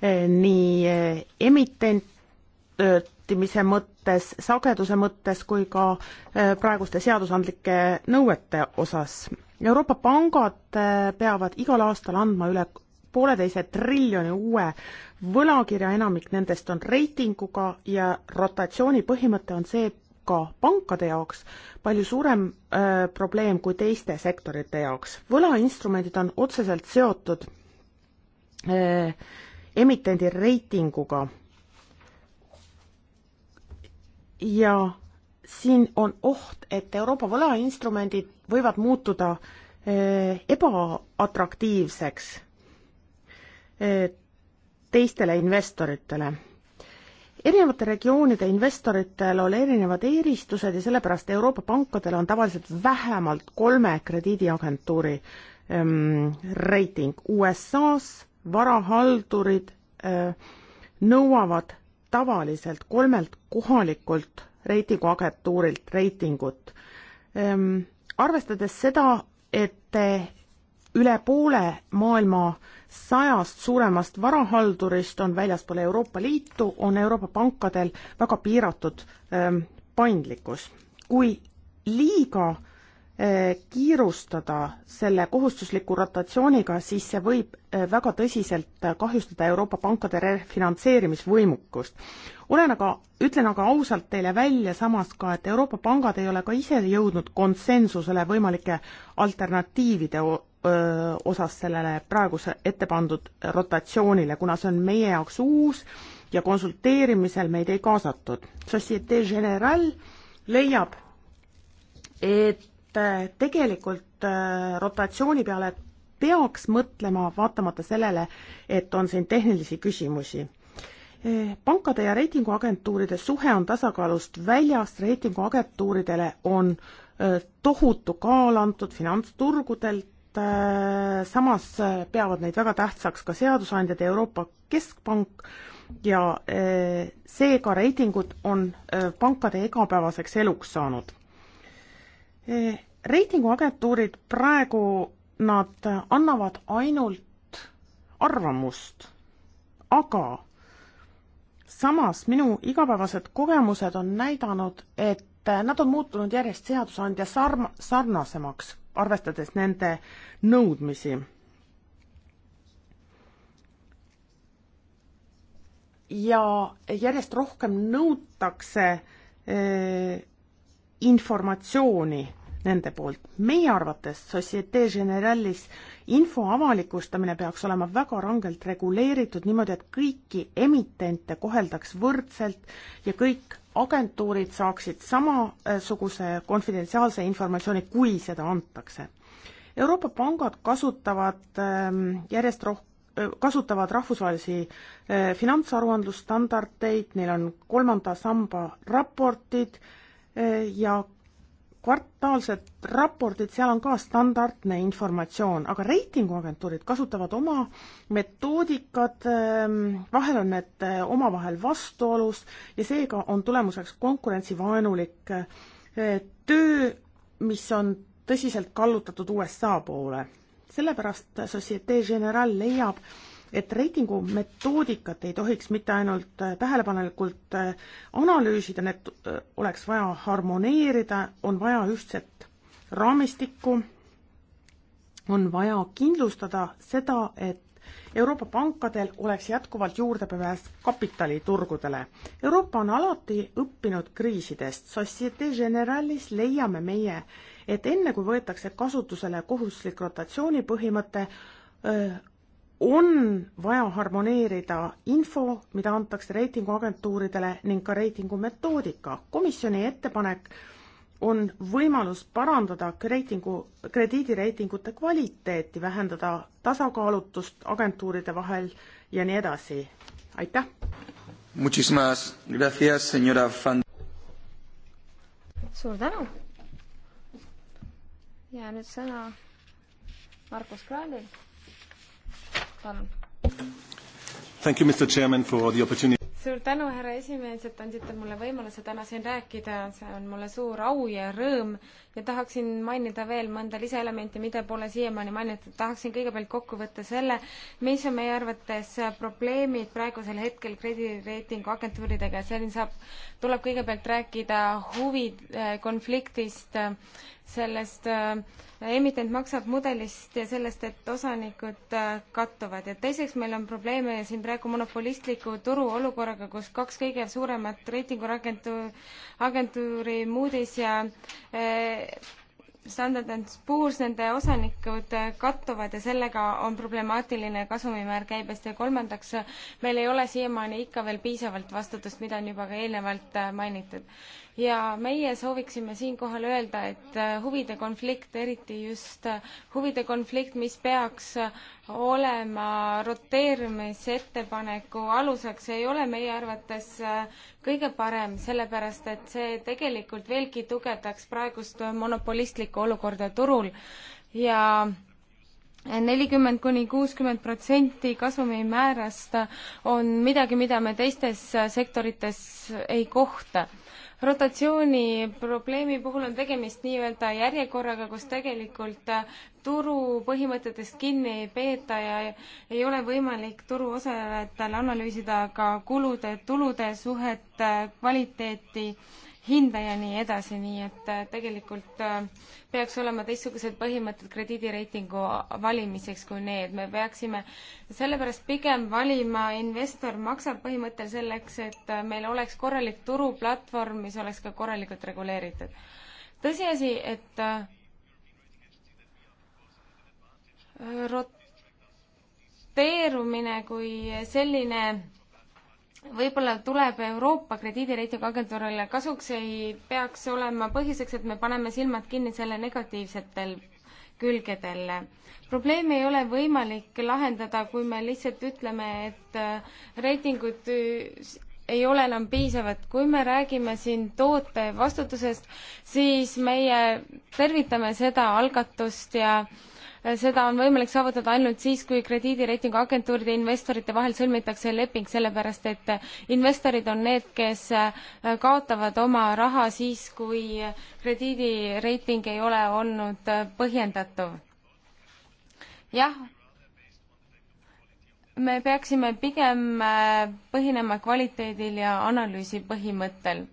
eh, nii eh, emitentimise mõttes, sageduse mõttes kui ka eh, praeguste seadusandlike nõuete osas. Euroopa pangad peavad igal aastal andma üle pooleteise triljoni uue võlakirja, enamik nendest on reitinguga ja rotatsiooni põhimõte on see, ka pankade jaoks palju suurem öö, äh, probleem kui teiste sektorite jaoks. võlainstrumendid on otseselt seotud öö, äh, emitendi reitinguga. ja siin on oht, et Euroopa võlainstrumendid võivad muutuda öö, äh, ebaatraktiivseks öö, teistele investoritele erinevate regioonide investoritel oli erinevad eelistused ja sellepärast Euroopa pankadel on tavaliselt vähemalt kolme krediidiagentuuri ähm, reiting. USA-s varahaldurid äh, nõuavad tavaliselt kolmelt kohalikult reitinguagentuurilt reitingut ähm,. arvestades seda, et üle poole maailma äh, sajast suuremast varahaldurist on väljaspool Euroopa Liitu, on Euroopa pankadel väga piiratud ähm, paindlikkus. kui liiga äh, kiirustada selle kohustusliku rotatsiooniga, siis see võib äh, väga tõsiselt äh, kahjustada Euroopa pankade refinantseerimisvõimukust. olen aga, ütlen aga ausalt teile välja samas ka, et Euroopa pangad ei ole ka ise jõudnud konsensusele võimalike alternatiivide osas sellele praeguse ette pandud rotatsioonile, kuna see on meie jaoks uus ja konsulteerimisel meid ei kaasatud. Societe Generale leiab, et äh, tegelikult äh, rotatsiooni peale peaks mõtlema, vaatamata sellele, et on siin tehnilisi küsimusi. Äh, pankade ja reitinguagentuuride suhe on tasakaalust väljas, reitinguagentuuridele on tohutu kaal antud finantsturgudelt, Äh, samas äh, peavad neid väga tähtsaks ka seadusandjad ja Euroopa Keskpank ja äh, seega reitingud on pankade igapäevaseks eluks saanud. reitinguagentuurid praegu, nad annavad ainult arvamust, aga samas minu igapäevased kogemused on näidanud, et nad on muutunud järjest seadusandja sarm-, sarnasemaks arvestades nende nõudmisi. ja järjest rohkem nõutakse eh, informatsiooni nende poolt. meie arvates Societe Generalis info avalikustamine peaks olema väga rangelt reguleeritud niimoodi, et kõiki emitente koheldaks võrdselt ja kõik agentuurid saaksid samasuguse konfidentsiaalse informatsiooni, kui seda antakse. Euroopa pangad kasutavad ähm, järjest rohkem äh, kasutavad rahvusvahelisi äh, finantsaruandlusstandardeid, neil on kolmanda samba raportid äh, ja kvartaalset raportit, seal on ka standardne informatsioon, aga reitinguagentuurid kasutavad oma metoodikat, ehm, vahel on need eh, omavahel vastuolus ja seega on tulemuseks konkurentsivaenulik eh, töö, mis on tõsiselt kallutatud USA poole. sellepärast Societe Generale leiab, et reitingu metoodikat ei tohiks mitte ainult äh, tähelepanelikult äh, analüüsida, need äh, oleks vaja harmoneerida, on vaja ühtset raamistikku, on vaja kindlustada seda, et Euroopa pankadel oleks jätkuvalt juurdepääs kapitaliturgudele. Euroopa on alati õppinud kriisidest, Societe Generalis leiame meie, et enne kui võetakse kasutusele kohustuslik rotatsiooni põhimõte, on vaja harmoneerida info, mida antakse reitinguagentuuridele ning ka reitingu metoodika. komisjoni ettepanek on võimalus parandada reitingu, krediidireitingute kvaliteeti, vähendada tasakaalutust agentuuride vahel ja nii edasi. aitäh! suur tänu! ja nüüd sõna Markus Kraalil palun. Thank you, Mr Chairman, for the opportunity suur tänu, härra esimees, et andsite mulle võimaluse täna siin rääkida, see on mulle suur au ja rõõm ja tahaksin mainida veel mõnda lisaelementi, mida pole siiamaani mainitud. tahaksin kõigepealt kokku võtta selle, mis on meie arvates probleemid praegusel hetkel krediidireitingu agentuuridega, siin saab, tuleb kõigepealt rääkida huvikonfliktist eh, sellest äh, emitent maksab mudelist ja sellest, et osanikud äh, kattuvad ja teiseks meil on probleeme siin praegu monopolistliku turu olukorraga, kus kaks kõige suuremat reitinguagentuuri, agentuuri Moody's ja äh, Standard and Poor's, nende osanikud kattuvad ja sellega on problemaatiline kasumimäär käibest ja kolmandaks, meil ei ole siiamaani ikka veel piisavalt vastutust, mida on juba ka eelnevalt mainitud ja meie sooviksime siinkohal öelda, et äh, huvide konflikt, eriti just äh, huvide konflikt, mis peaks äh, olema roteerumisettepaneku aluseks, ei ole meie arvates kõige parem, sellepärast et see tegelikult veelgi tugevdaks praegust monopolistlikku olukorda turul ja nelikümmend kuni kuuskümmend protsenti kasumimäärast on midagi, mida me teistes sektorites ei kohta rotatsiooni probleemi puhul on tegemist nii-öelda järjekorraga, kus tegelikult äh, turu põhimõtetest kinni ei peeta ja ei ole võimalik turu osalejatel analüüsida ka kulude, tulude suhet, äh, kvaliteeti hinda ja nii edasi, nii et äh, tegelikult äh, peaks olema teistsugused põhimõtted krediidireitingu valimiseks kui need, me peaksime sellepärast pigem valima investor maksab põhimõttel selleks, et äh, meil oleks korralik turuplatvorm, mis oleks ka korralikult reguleeritud. tõsiasi, et roteerumine kui selline võib-olla tuleb Euroopa krediidireitingu agentuurile kasuks, ei peaks olema põhjuseks, et me paneme silmad kinni selle negatiivsetel külgedel. probleemi ei ole võimalik lahendada, kui me lihtsalt ütleme, et äh, reitingud äh, ei ole enam piisavad. kui me räägime siin toote vastutusest, siis meie tervitame seda algatust ja äh, Äh, seda on võimalik saavutada ainult siis, kui krediidireitingu agentuuride ja investorite vahel sõlmitakse leping, sellepärast et äh, investorid on need, kes äh, kaotavad oma raha siis, kui krediidireiting ei ole olnud põhjendatav. jah, me peaksime pigem põhinema kvaliteedil ja analüüsi põhimõttel.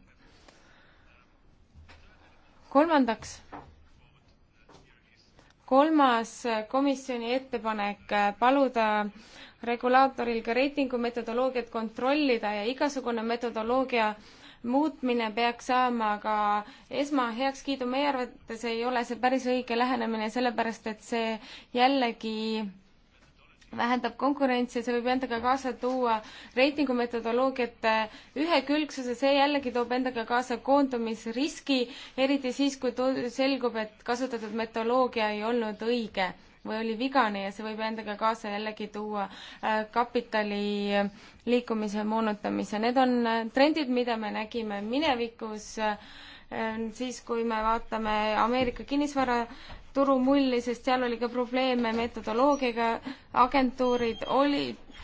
kolmandaks kolmas äh, komisjoni ettepanek äh, paluda regulaatoril ka reitingumetodoloogiat kontrollida ja igasugune metodoloogia muutmine peaks saama ka esmaheakskiidu. meie arvates ei ole see päris õige lähenemine, sellepärast et see jällegi vähendab konkurentsi ja see võib endaga kaasa tuua reitingumetodoloogiate ühekülgsuse, see jällegi toob endaga kaasa koondumisriski, eriti siis, kui selgub, et kasutatud metodoloogia ei olnud õige või oli vigane ja see võib endaga kaasa jällegi tuua äh, kapitali äh, liikumise moonutamise. Need on äh, trendid, mida me nägime minevikus, siis kui me vaatame Ameerika kinnisvara turumulli, sest seal oli ka probleeme metodoloogiaga, agentuurid olid,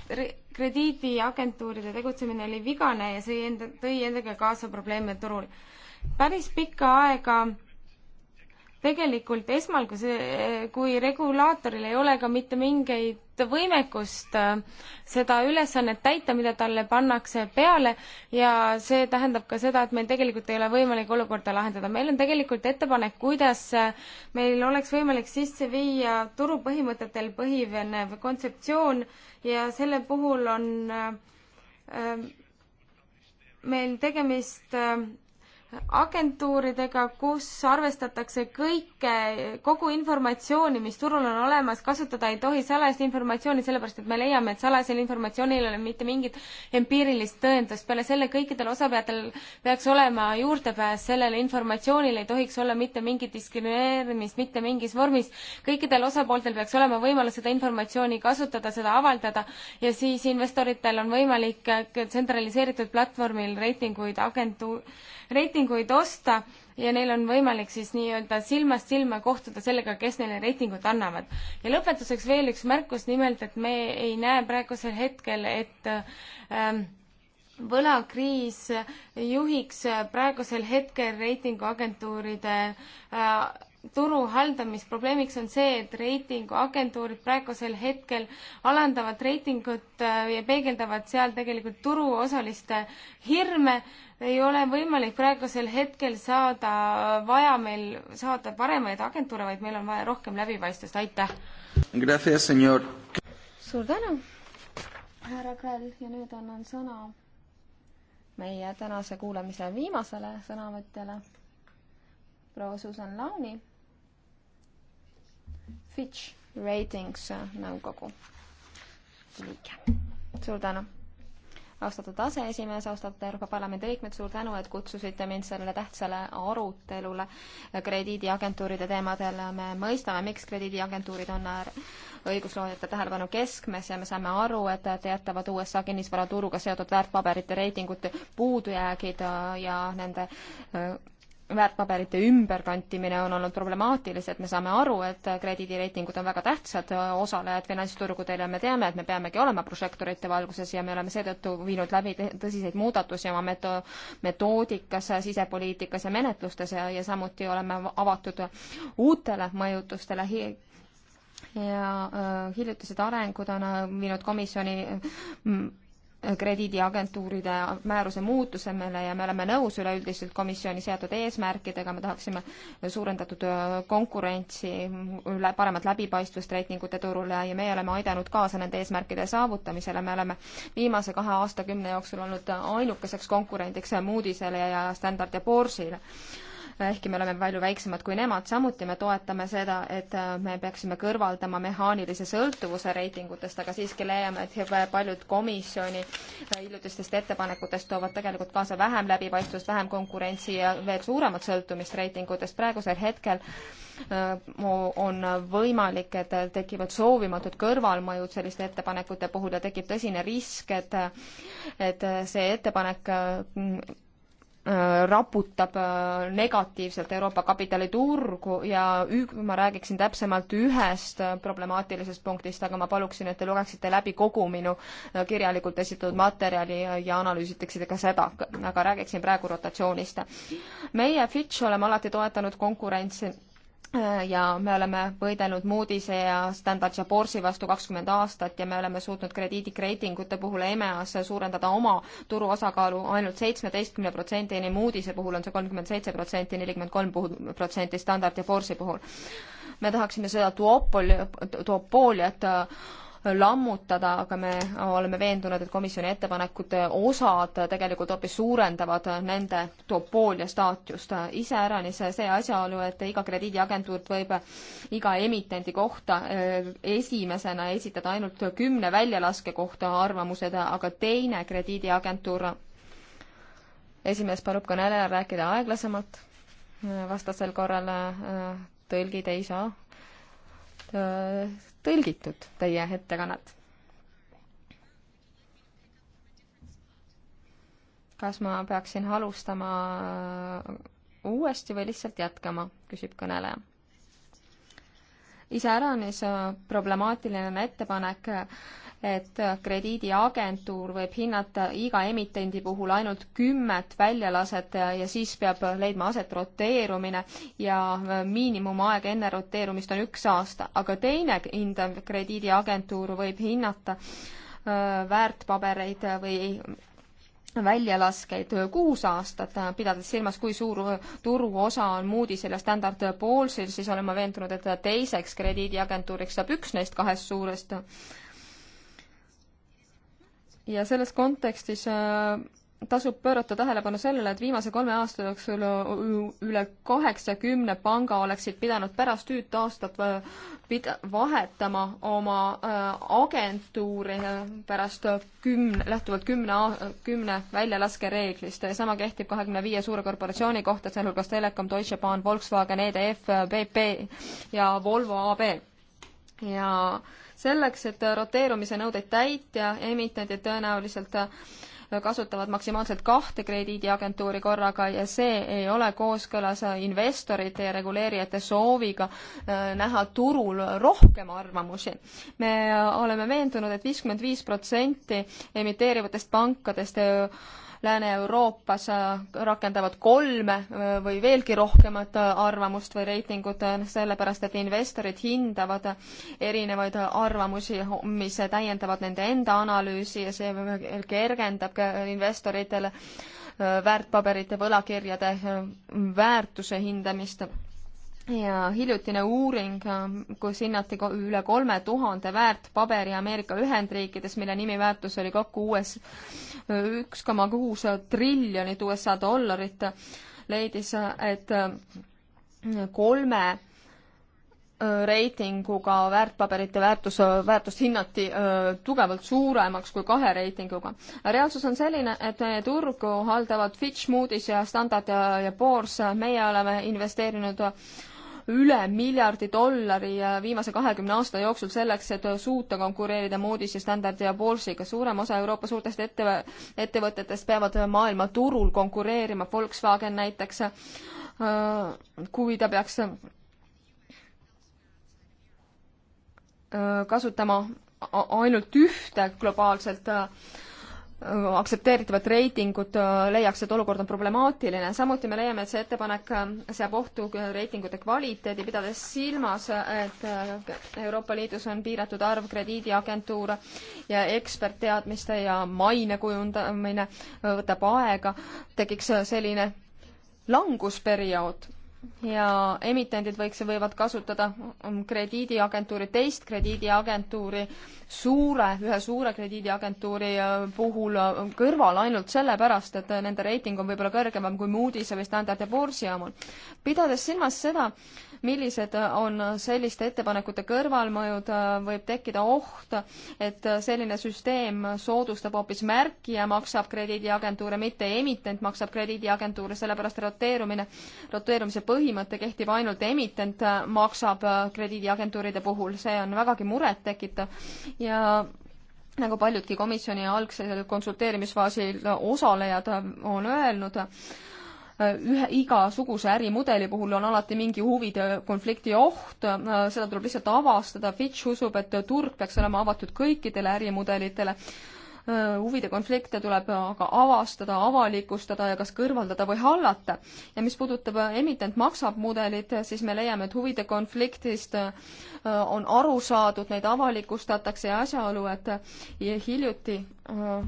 krediidiagentuuride tegutsemine oli vigane ja see enda, tõi endaga kaasa probleeme turul. päris pikka aega tegelikult esmal, kui see, kui regulaatoril ei ole ka mitte mingeid võimekust äh, seda ülesannet täita, mida talle pannakse peale ja see tähendab ka seda, et meil tegelikult ei ole võimalik olukorda lahendada. meil on tegelikult ettepanek, kuidas äh, meil oleks võimalik sisse viia turupõhimõtetel põhinev kontseptsioon ja selle puhul on äh, äh meil tegemist äh, agentuuridega, kus arvestatakse kõike, kogu informatsiooni, mis turul on olemas, kasutada ei tohi salajast informatsiooni, sellepärast et me leiame, et salajasel informatsioonil ei ole mitte mingit empiirilist tõendust. peale selle kõikidel osapeatel peaks olema juurdepääs sellele informatsioonile, ei tohiks olla mitte mingit diskrimineerimist mitte mingis vormis. kõikidel osapooltel peaks olema võimalus seda informatsiooni kasutada, seda avaldada ja siis investoritel on võimalik tsentraliseeritud platvormil reitinguid agentuur, reitinguid reitinguid osta ja neil on võimalik siis nii-öelda silmast silma kohtuda sellega, kes neile reitingut annavad. ja lõpetuseks veel üks märkus, nimelt et me ei näe praegusel hetkel, et ähm, võlakriis juhiks praegusel hetkel reitinguagentuuride äh, turu haldamisprobleemiks on see, et reitinguagentuurid praegusel hetkel alandavad reitingut äh, ja peegeldavad seal tegelikult turuosaliste hirme. ei ole võimalik praegusel hetkel saada äh, vaja meil saada paremaid agentuure, vaid meil on vaja rohkem läbipaistvust, aitäh! suur tänu, härra Krell ja nüüd annan sõna meie tänase kuulamise viimasele sõnavõtjale, proua Susan Launi Fitch Ratings äh, nõukogu liige. suur tänu! austatud aseesimees, austatud Euroopa Parlamendi liikmed, suur tänu, et kutsusite mind sellele tähtsale arutelule krediidiagentuuride teemadel. me mõistame, miks krediidiagentuurid on õigusloojate tähelepanu keskmes ja me saame aru, et teatavad USA kinnisvaraturuga seotud väärtpaberite reitingute puudujäägid ja nende väärtpaberite ümberkantimine on olnud problemaatilised, me saame aru, et krediidireitingud on väga tähtsad äh, osalejad finantsturgudel ja me teame, et me peamegi olema prožektorite valguses ja me oleme seetõttu viinud läbi tõsiseid muudatusi oma meto-, metoodikas, sisepoliitikas ja menetlustes ja, ja samuti oleme avatud uutele mõjutustele hi-, ja äh, hiljutised arengud on äh, viinud komisjoni mm, krediidiagentuuride määruse muutuse meile ja me oleme nõus üleüldiselt komisjoni seatud eesmärkidega, me tahaksime suurendatud äh, konkurentsi, paremat läbipaistvust reitingute turule ja meie oleme aidanud kaasa nende eesmärkide saavutamisele, me oleme viimase kahe aastakümne jooksul olnud ainukeseks konkurendiks Moody'sele ja Standard ja Boor'sile ehkki me oleme palju väiksemad kui nemad, samuti me toetame seda, et äh, me peaksime kõrvaldama mehaanilise sõltuvuse reitingutest, aga siiski leiame, et paljud komisjoni äh, hiljutistest ettepanekutest toovad tegelikult kaasa vähem läbipaistvust, vähem konkurentsi ja veel suuremat sõltumist reitingutest. praegusel hetkel äh, on võimalik, et tekivad soovimatud kõrvalmõjud selliste ettepanekute puhul ja tekib tõsine risk, et et see ettepanek Äh, raputab äh, negatiivselt Euroopa kapitaliturgu ja ük, ma räägiksin täpsemalt ühest äh, problemaatilisest punktist, aga ma paluksin, et te lugeksite läbi kogu minu kirjalikult esitatud materjali ja, ja analüüsitaksite ka seda, aga räägiksin praegu rotatsioonist. meie Fitch oleme alati toetanud konkurentsi Äh, ja me oleme võidelnud Moody'se ja Standard ja Poorsi vastu kakskümmend aastat ja me oleme suutnud krediidikreitingute puhul EMEA-s suurendada oma turu osakaalu ainult seitsmeteistkümne protsendini, Moody'se puhul on see kolmkümmend seitse protsenti, nelikümmend kolm protsenti Standard ja Poorsi puhul. me tahaksime seda duopoli, duopooliat äh, lammutada, aga me oleme veendunud, et komisjoni ettepanekute osad tegelikult hoopis suurendavad nende topoolia staatust. iseäranis see asjaolu, et iga krediidiagentuur võib iga emitendi kohta eh, esimesena esitada ainult kümne väljalaske kohta arvamused, aga teine krediidiagentuur esimees palub kõnelejal rääkida aeglasemalt, vastasel korral eh, tõlgid ei saa eh, tõlgitud, teie ettekannet. kas ma peaksin alustama äh, uuesti või lihtsalt jätkama, küsib kõneleja iseäranis äh, problemaatiline on ettepanek äh, et krediidiagentuur võib hinnata iga emitendi puhul ainult kümmet väljalaset ja siis peab leidma aset roteerumine ja miinimumaeg enne roteerumist on üks aasta, aga teine hindav krediidiagentuur võib hinnata väärtpabereid või väljalaskeid kuus aastat, pidades silmas, kui suur turuosa on Moody'sil ja Standard Poor'sil, siis olen ma veendunud, et teiseks krediidiagentuuriks saab üks neist kahest suurest ja selles kontekstis äh, tasub pöörata tähelepanu sellele, et viimase kolme aasta jooksul üle kaheksakümne panga oleksid pidanud pärast uut aastat äh, pida-, vahetama oma äh, agentuuri pärast kümne, lähtuvalt kümne, kümne väljalaskereeglist. sama kehtib kahekümne viie suure korporatsiooni kohta, sealhulgas Telekom, Deutsche Bahn, Volkswagen, EDF, BP ja Volvo AB. ja äh, selleks, et roteerumise nõudeid täitja, emitendid tõenäoliselt äh, kasutavad maksimaalselt kahte krediidiagentuuri korraga ja see ei ole kooskõlas äh, investorite ja reguleerijate sooviga äh, näha turul rohkem arvamusi. me oleme veendunud et, et viiskümmend viis protsenti emiteerivatest pankadest Lääne-Euroopas äh, rakendavad kolme äh, või veelgi rohkemat äh, arvamust või reitingut, sellepärast et investorid hindavad erinevaid arvamusi, mis täiendavad nende enda analüüsi ja see kergendab investoritele väärtpaberite võlakirjade väärtuse hindamist ja hiljutine uuring, kus hinnati üle kolme tuhande väärtpaberi Ameerika Ühendriikides, mille nimiväärtus oli kokku uues üks koma kuus triljonit USA dollarit, leidis, et kolme äh, reitinguga väärtpaberite väärtus, väärtust hinnati öö, äh, tugevalt suuremaks kui kahe reitinguga. reaalsus on selline, et meie turgu haldavad Fitch, Moody's ja Standard ja, ja Poor's, meie oleme investeerinud öö, üle miljardi dollari äh, viimase kahekümne aasta jooksul selleks, et äh, suuta konkureerida Moody's ja Standard ja Poorsiga. suurem osa Euroopa suurtest ette, ettevõtetest peavad äh, maailmaturul konkureerima, Volkswagen näiteks, kui ta peaks kasutama ainult ühte globaalselt äh, aktsepteeritavat reitingut äh, leiaks, et olukord on problemaatiline. samuti me leiame, et see ettepanek äh, seab ohtu äh, reitingute kvaliteedi, pidades silmas, et Euroopa Liidus on piiratud arv krediidiagentuure ja ekspertteadmiste ja maine kujundamine võtab aega, tekiks selline langusperiood ja emitendid võiks, võivad kasutada mm, krediidiagentuuri, teist krediidiagentuuri, suure, ühe suure krediidiagentuuri äh, puhul äh, kõrval ainult sellepärast, et äh, nende reiting on võib-olla kõrgemam kui Moody's või Standard ja Poorsi omal. pidades silmas seda, millised on selliste ettepanekute kõrvalmõjud, võib tekkida oht, et selline süsteem soodustab hoopis märki ja maksab krediidiagentuure, mitte emitent maksab krediidiagentuure, sellepärast roteerumine, roteerumise põhimõte kehtib ainult emitent maksab krediidiagentuuride puhul, see on vägagi murettekitav ja nagu paljudki komisjoni algsel konsulteerimisfaasil osalejad on öelnud, ühe, igasuguse ärimudeli puhul on alati mingi huvide konflikti oht, seda tuleb lihtsalt avastada, Fitch usub, et turg peaks olema avatud kõikidele ärimudelitele, huvide konflikte tuleb aga avastada, avalikustada ja kas kõrvaldada või hallata. ja mis puudutab emitent maksab mudelit, siis me leiame, et huvide konfliktist äh, on aru saadud, neid avalikustatakse ja asjaolu, et hiljuti äh,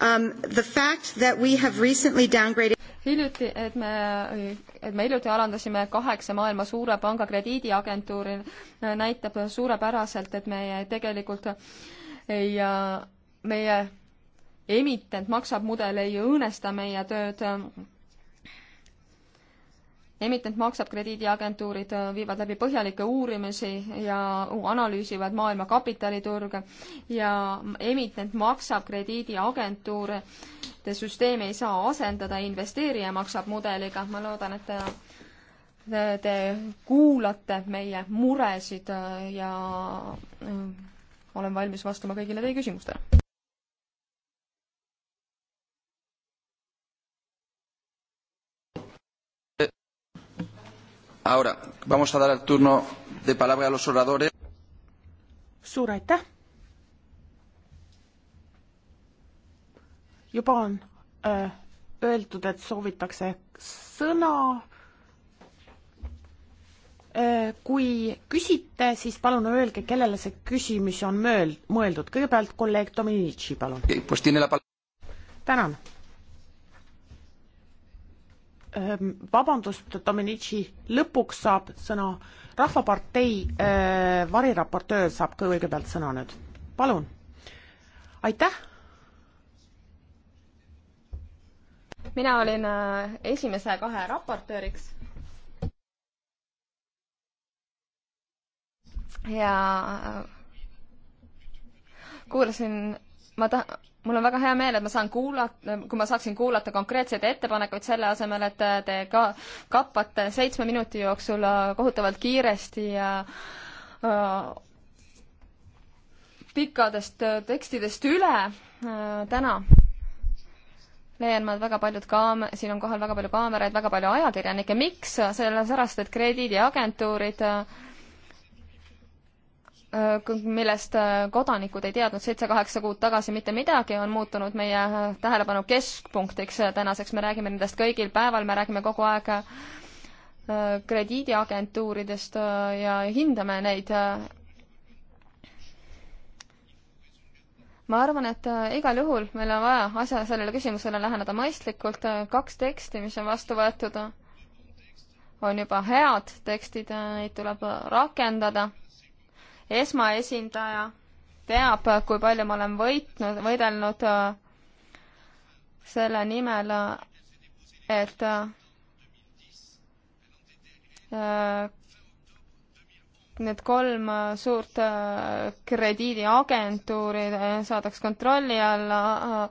um, the fact that we have recently downgraded hiljuti, et me, et me hiljuti alandasime kaheksa maailma suure panga krediidiagentuuri, näitab suurepäraselt, et meie tegelikult ja meie emitent maksab mudel ei õõnesta meie tööd emitent maksab, krediidiagentuurid äh, viivad läbi põhjalikke uurimisi ja analüüsivad maailma kapitaliturge ja emitent maksab krediidiagentuure. Te süsteemi ei saa asendada investeerija maksab mudeliga, ma loodan, et te, te kuulate meie muresid äh, ja äh, olen valmis vastama kõigile teie küsimustele. Ahora, vamos a dar el turno de palabra a los oradores. suur aitäh. juba on öö, äh, öeldud, et soovitakse sõna. Äh, kui küsite, siis palun öelge, kellele see küsimus on mööl-, mõeldud. kõigepealt kolleeg Dominici, palun. tänan Ehm, vabandust, Dominici, lõpuks saab sõna Rahvapartei äh, variraportöör saab ka kõigepealt sõna nüüd, palun. aitäh. mina olin äh, esimese kahe raportööriks. ja kuulasin, ma tahan mul on väga hea meel, et ma saan kuulata, kui ma saaksin kuulata konkreetseid ettepanekuid selle asemel, et te ka kappate seitsme minuti jooksul äh, kohutavalt kiiresti ja äh, pikkadest äh, tekstidest üle äh, täna leian ma, et väga paljud kaam-, siin on kohal väga palju kaameraid, väga palju ajakirjanikke, miks? sellepärast, et krediidiagentuurid äh, Äh, millest äh, kodanikud ei teadnud seitse-kaheksa kuud tagasi mitte midagi, on muutunud meie äh, tähelepanu keskpunktiks tänaseks, me räägime nendest kõigil päeval, me räägime kogu aeg krediidiagentuuridest ja hindame neid. ma arvan, et igal juhul meil on vaja asja, sellele küsimusele läheneda mõistlikult, kaks teksti, mis on vastu võetud, on juba head tekstid, neid tuleb rakendada esmaesindaja teab, kui palju ma olen võitnud, võidelnud äh, selle nimel, äh, et äh, need kolm suurt krediidiagentuuri saadaks kontrolli alla.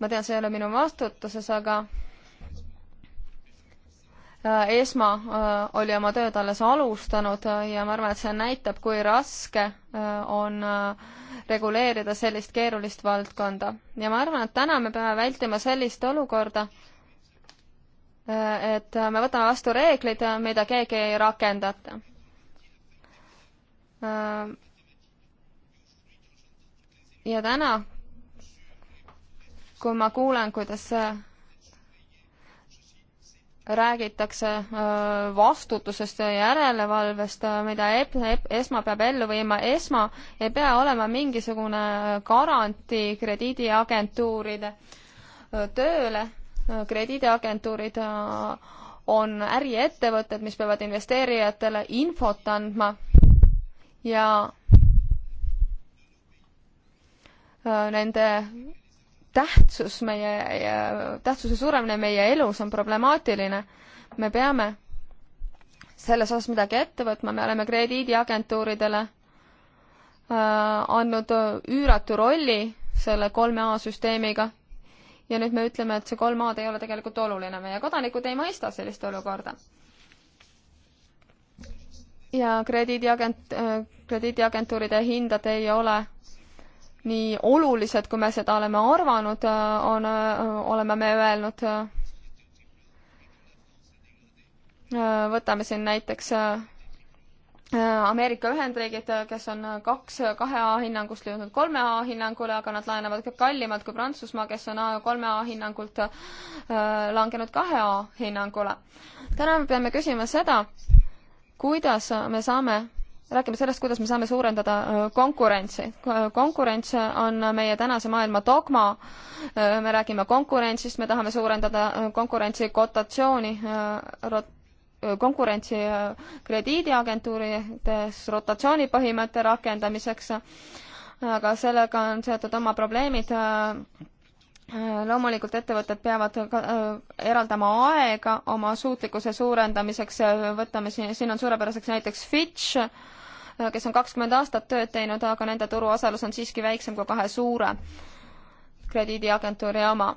ma tean, see ei ole minu vastutuses, aga Äh, ESMA äh, oli oma tööd alles alustanud äh, ja ma arvan, et see näitab, kui raske on reguleerida sellist keerulist valdkonda. ja ma arvan, et täna me peame vältima sellist olukorda, et me võtame vastu reeglid, mida keegi ei rakendata. ja täna, kui ma kuulen, kuidas räägitakse äh, vastutusest ja järelevalvest, äh, mida ESMA peab ellu viima. ESMA ei pea olema mingisugune äh, garantii krediidiagentuuride tööle. krediidiagentuurid on äriettevõtted, mis peavad investeerijatele infot andma ja nende tähtsus meie, tähtsuse suuremine meie elus on problemaatiline. me peame selles osas midagi ette võtma, me oleme krediidiagentuuridele äh, andnud üüratu rolli selle kolme A süsteemiga ja nüüd me ütleme, et see kolm A-d ei ole tegelikult oluline, meie kodanikud ei mõista sellist olukorda. ja krediidiagent, äh, krediidiagentuuride hindad ei ole nii olulised, kui me seda oleme arvanud, äh, on, äh, oleme me öelnud. Äh, võtame siin näiteks Ameerika Ühendriigid, kes on kaks, kahe A hinnangust jõudnud kolme A hinnangule, aga nad laenavad ka kallimalt kui Prantsusmaa, kes on kolme A hinnangult langenud kahe A hinnangule. täna me peame küsima seda, kuidas me saame räägime sellest, kuidas me saame suurendada äh, konkurentsi. konkurents on meie tänase maailma dogma, äh, me räägime konkurentsist, me tahame suurendada äh, konkurentsi kotatsiooni, konkurentsi krediidiagentuurides rotatsioonipõhimõtte rakendamiseks, aga sellega on seotud oma probleemid loomulikult ettevõtted peavad ka, äh, eraldama aega oma suutlikkuse suurendamiseks, võtame siin, siin on suurepäraseks näiteks Fitch, kes on kakskümmend aastat tööd teinud, aga nende turuosalus on siiski väiksem kui kahe suure krediidiagentuuri oma.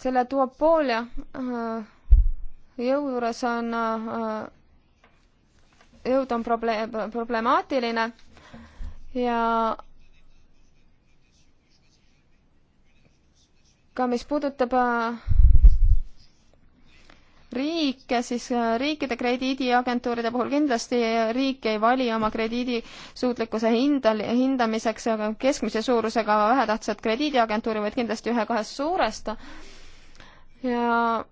selle duopoolia äh, jõu juures on, äh, jõud on probleem, problemaatiline ja ka mis puudutab äh, riike, siis äh, riikide krediidiagentuuride puhul kindlasti riik ei vali oma krediidisuutlikkuse hinda, hindamiseks keskmise suurusega vähetähtsat krediidiagentuuri, vaid kindlasti ühe-kahest suurest. ja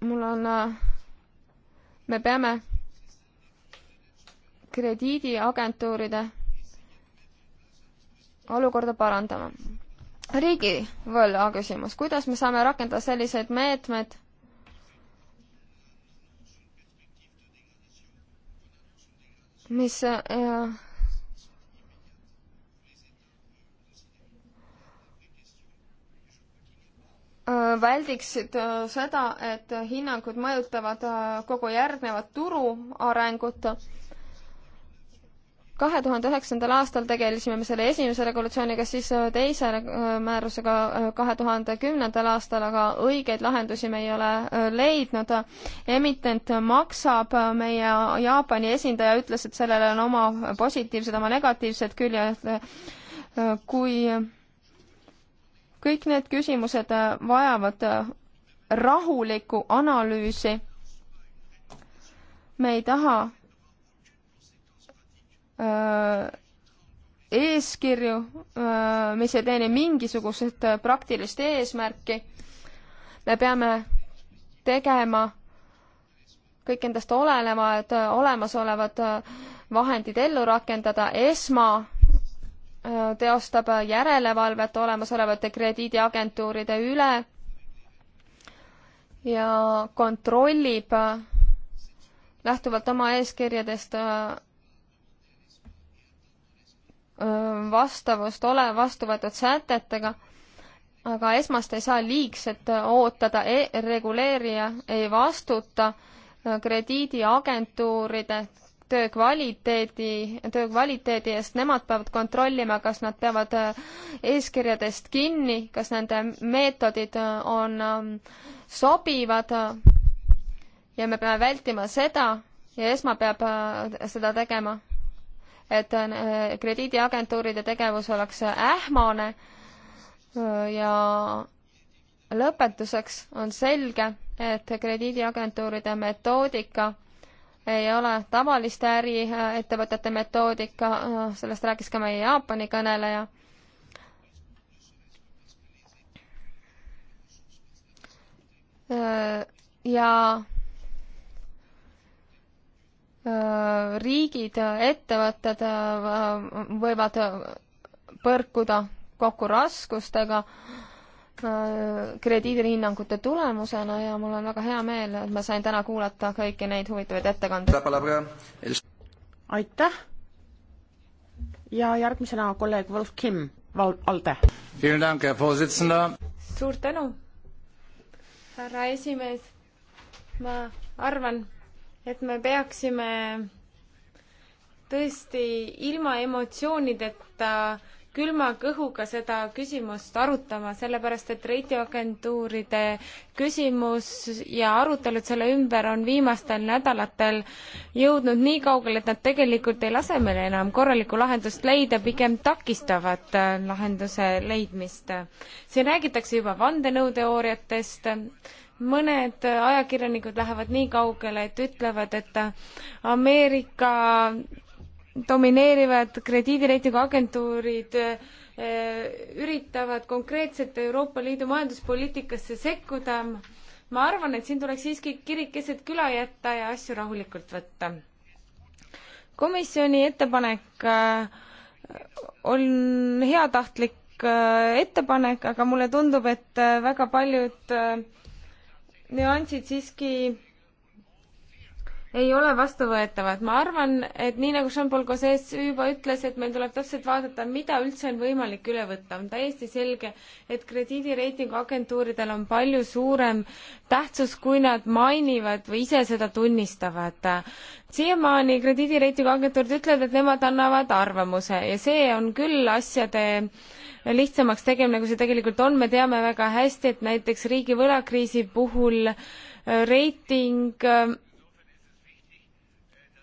mul on, äh, me peame krediidiagentuuride olukorda parandama. riigivõla küsimus, kuidas me saame rakendada selliseid meetmeid, mis äh, äh väldiksid äh, seda, et hinnangud mõjutavad äh, kogu järgnevat turu arengut kahe tuhande üheksandal aastal tegelesime me selle esimese regulatsiooniga, siis teise äh, määrusega äh, kahe tuhande kümnendal aastal, aga õigeid lahendusi me ei ole äh, leidnud. emitent maksab, meie Jaapani esindaja ütles, et sellel on oma positiivsed, oma negatiivsed küljed. kui kõik need küsimused vajavad rahulikku analüüsi, me ei taha Äh, eeskirju, äh, mis ei teeni mingisugust äh, praktilist eesmärki. me peame tegema kõik endast oleneva, et olemasolevad vahendid ellu rakendada, ESMA teostab järelevalvet olemasolevate krediidiagentuuride üle ja kontrollib lähtuvalt oma eeskirjadest vastavust ole vastu võetud sätetega, aga esmast ei saa liigselt ootada e, reguleerija ei vastuta krediidiagentuuride töö kvaliteedi, töö kvaliteedi eest, nemad peavad kontrollima, kas nad peavad eeskirjadest kinni, kas nende meetodid on sobivad ja me peame vältima seda ja esma peab seda tegema et äh, krediidiagentuuride tegevus oleks ähmane ja lõpetuseks on selge, et krediidiagentuuride metoodika ei ole tavaliste äriettevõtete metoodika, sellest rääkis ka meie Jaapani kõneleja äh, ja Äh, riigid, ettevõtted äh, võivad põrkuda kokku raskustega äh, krediidihinnangute tulemusena ja mul on väga hea meel, et ma sain täna kuulata kõiki neid huvitavaid ettekandeid. aitäh! ja järgmisena kolleeg Wolf Kim, ALDE. suur tänu, härra esimees. ma arvan, et me peaksime tõesti ilma emotsioonideta külma kõhuga seda küsimust arutama, sellepärast et reitinguagentuuride küsimus ja arutelud selle ümber on viimastel nädalatel jõudnud nii kaugele, et nad tegelikult ei lase meil enam korralikku lahendust leida, pigem takistavad lahenduse leidmist. siin räägitakse juba vandenõuteooriatest, mõned ajakirjanikud lähevad nii kaugele, et ütlevad, et Ameerika domineerivad krediidireitingu agentuurid eh, üritavad konkreetselt Euroopa Liidu majanduspoliitikasse sekkuda. ma arvan, et siin tuleks siiski kirik keset küla jätta ja asju rahulikult võtta. komisjoni ettepanek eh, on heatahtlik eh, ettepanek, aga mulle tundub, et väga paljud nüansid siiski ei ole vastuvõetavad. ma arvan, et nii nagu Jean-Paul Gosses juba ütles, et meil tuleb täpselt vaadata, mida üldse on võimalik üle võtta. on täiesti selge, et krediidireitingu agentuuridel on palju suurem tähtsus, kui nad mainivad või ise seda tunnistavad. siiamaani krediidireitingu agentuurid ütlevad, et nemad annavad arvamuse ja see on küll asjade äh, lihtsamaks tegemine, kui see tegelikult on, me teame väga hästi, et näiteks riigi võlakriisi puhul äh, reiting äh,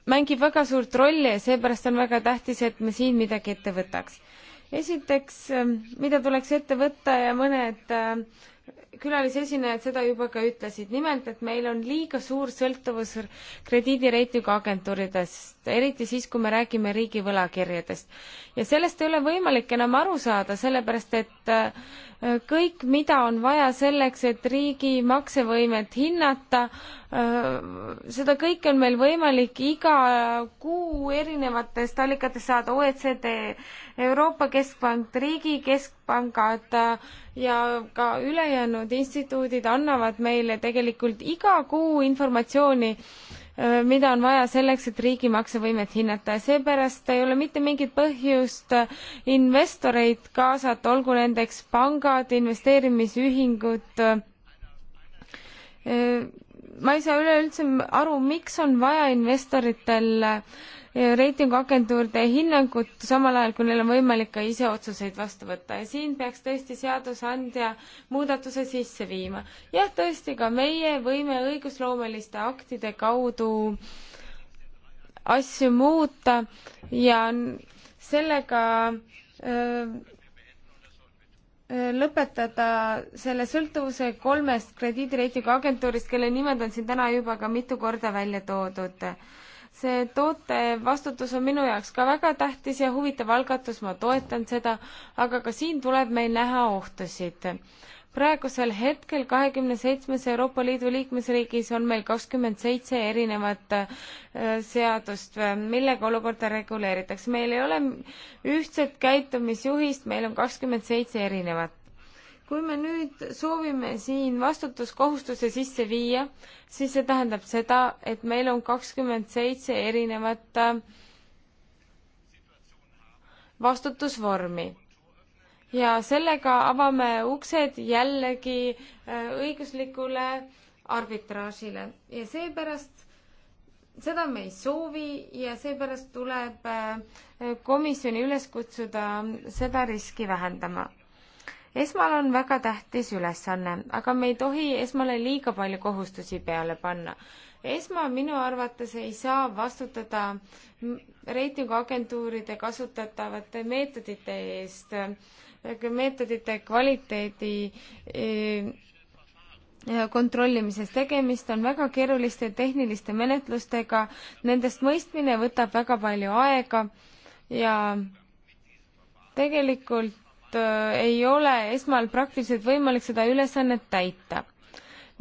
mängib väga suurt rolli ja seepärast on väga tähtis, et me siin midagi ette võtaks. esiteks, äh, mida tuleks ette võtta ja mõned et külalisesinejad seda juba ka ütlesid, nimelt, et meil on liiga suur sõltuvus krediidireitingu agentuuridest, eriti siis, kui me räägime riigi võlakirjadest. ja sellest ei ole võimalik enam aru saada, sellepärast et äh, kõik, mida on vaja selleks, et riigi maksevõimet hinnata, Äh, seda kõike on meil võimalik iga kuu erinevatest allikatest saada, OECD, Euroopa Keskpank, riigi keskpangad äh, ja ka ülejäänud instituudid annavad meile tegelikult iga kuu informatsiooni, äh, mida on vaja selleks, et riigi maksevõimet hinnata ja seepärast ei ole mitte mingit põhjust investoreid kaasata, olgu nendeks pangad, investeerimisühingud ma ei saa üleüldse aru, miks on vaja investoritel eh, reitinguagentuuride hinnangut, samal ajal kui neil on võimalik ka ise otsuseid vastu võtta ja siin peaks tõesti seadusandja muudatuse sisse viima. jah, tõesti, ka meie võime õigusloomeliste aktide kaudu asju muuta ja sellega öö, äh, lõpetada selle sõltuvuse kolmest krediidireitingu agentuurist, kelle nimed on siin täna juba ka mitu korda välja toodud. see toote vastutus on minu jaoks ka väga tähtis ja huvitav algatus, ma toetan seda, aga ka siin tuleb meil näha ohtusid praegusel hetkel kahekümne seitsmes Euroopa Liidu liikmesriigis on meil kakskümmend seitse erinevat äh, seadust, äh, millega olukorda reguleeritakse. meil ei ole ühtset käitumisjuhist, meil on kakskümmend seitse erinevat. kui me nüüd soovime siin vastutuskohustuse sisse viia, siis see tähendab seda, et meil on kakskümmend seitse erinevat äh, vastutusvormi ja sellega avame uksed jällegi äh, õiguslikule arbitraažile ja seepärast seda me ei soovi ja seepärast tuleb äh, komisjoni üles kutsuda seda riski vähendama. esmal on väga tähtis ülesanne, aga me ei tohi esmale liiga palju kohustusi peale panna. esma minu arvates ei saa vastutada reitinguagentuuride kasutatavate meetodite eest meetodite kvaliteedi e, kontrollimises tegemist on väga keeruliste tehniliste menetlustega, nendest mõistmine võtab väga palju aega ja tegelikult e, ei ole esmal praktiliselt võimalik seda ülesannet täita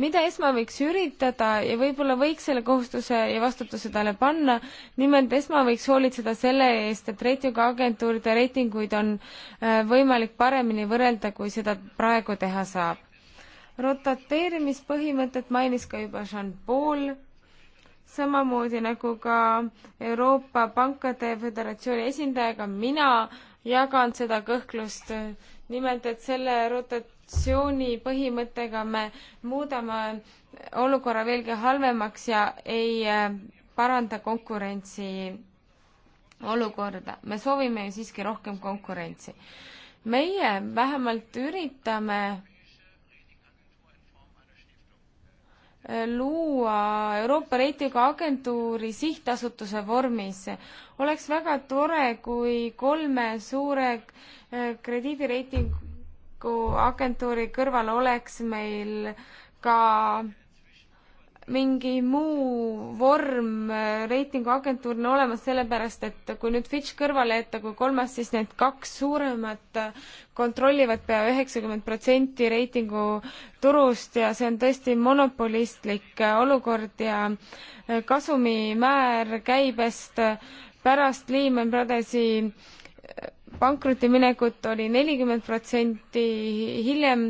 mida ESMA võiks üritada ja võib-olla võiks selle kohustuse ja vastutuse talle panna, nimelt ESMA võiks hoolitseda selle eest, et reitinguagentuuride reitinguid on äh, võimalik paremini võrrelda, kui seda praegu teha saab. rotateerimispõhimõtet mainis ka juba Jean-Paul, samamoodi nagu ka Euroopa Pankade Föderatsiooni esindajaga mina jagan seda kõhklust, nimelt et selle rotat-, proportsiooni põhimõttega me muudame olukorra veelgi halvemaks ja ei äh, paranda konkurentsi olukorda. me soovime ju siiski rohkem konkurentsi. meie vähemalt üritame äh, luua Euroopa reitinguagentuuri sihtasutuse vormis. oleks väga tore, kui kolme suure äh, krediidireitingu Julgeolekuagentuuri kõrval oleks meil ka mingi muu vorm reitinguagentuurina olemas, sellepärast et kui nüüd Fitch kõrvale jätta kui kolmas, siis need kaks suuremat kontrollivad pea üheksakümmend protsenti reitinguturust ja see on tõesti monopolistlik olukord ja kasumimäär käibest pärast Lehman Brothersi pankrotiminekut oli nelikümmend protsenti, hiljem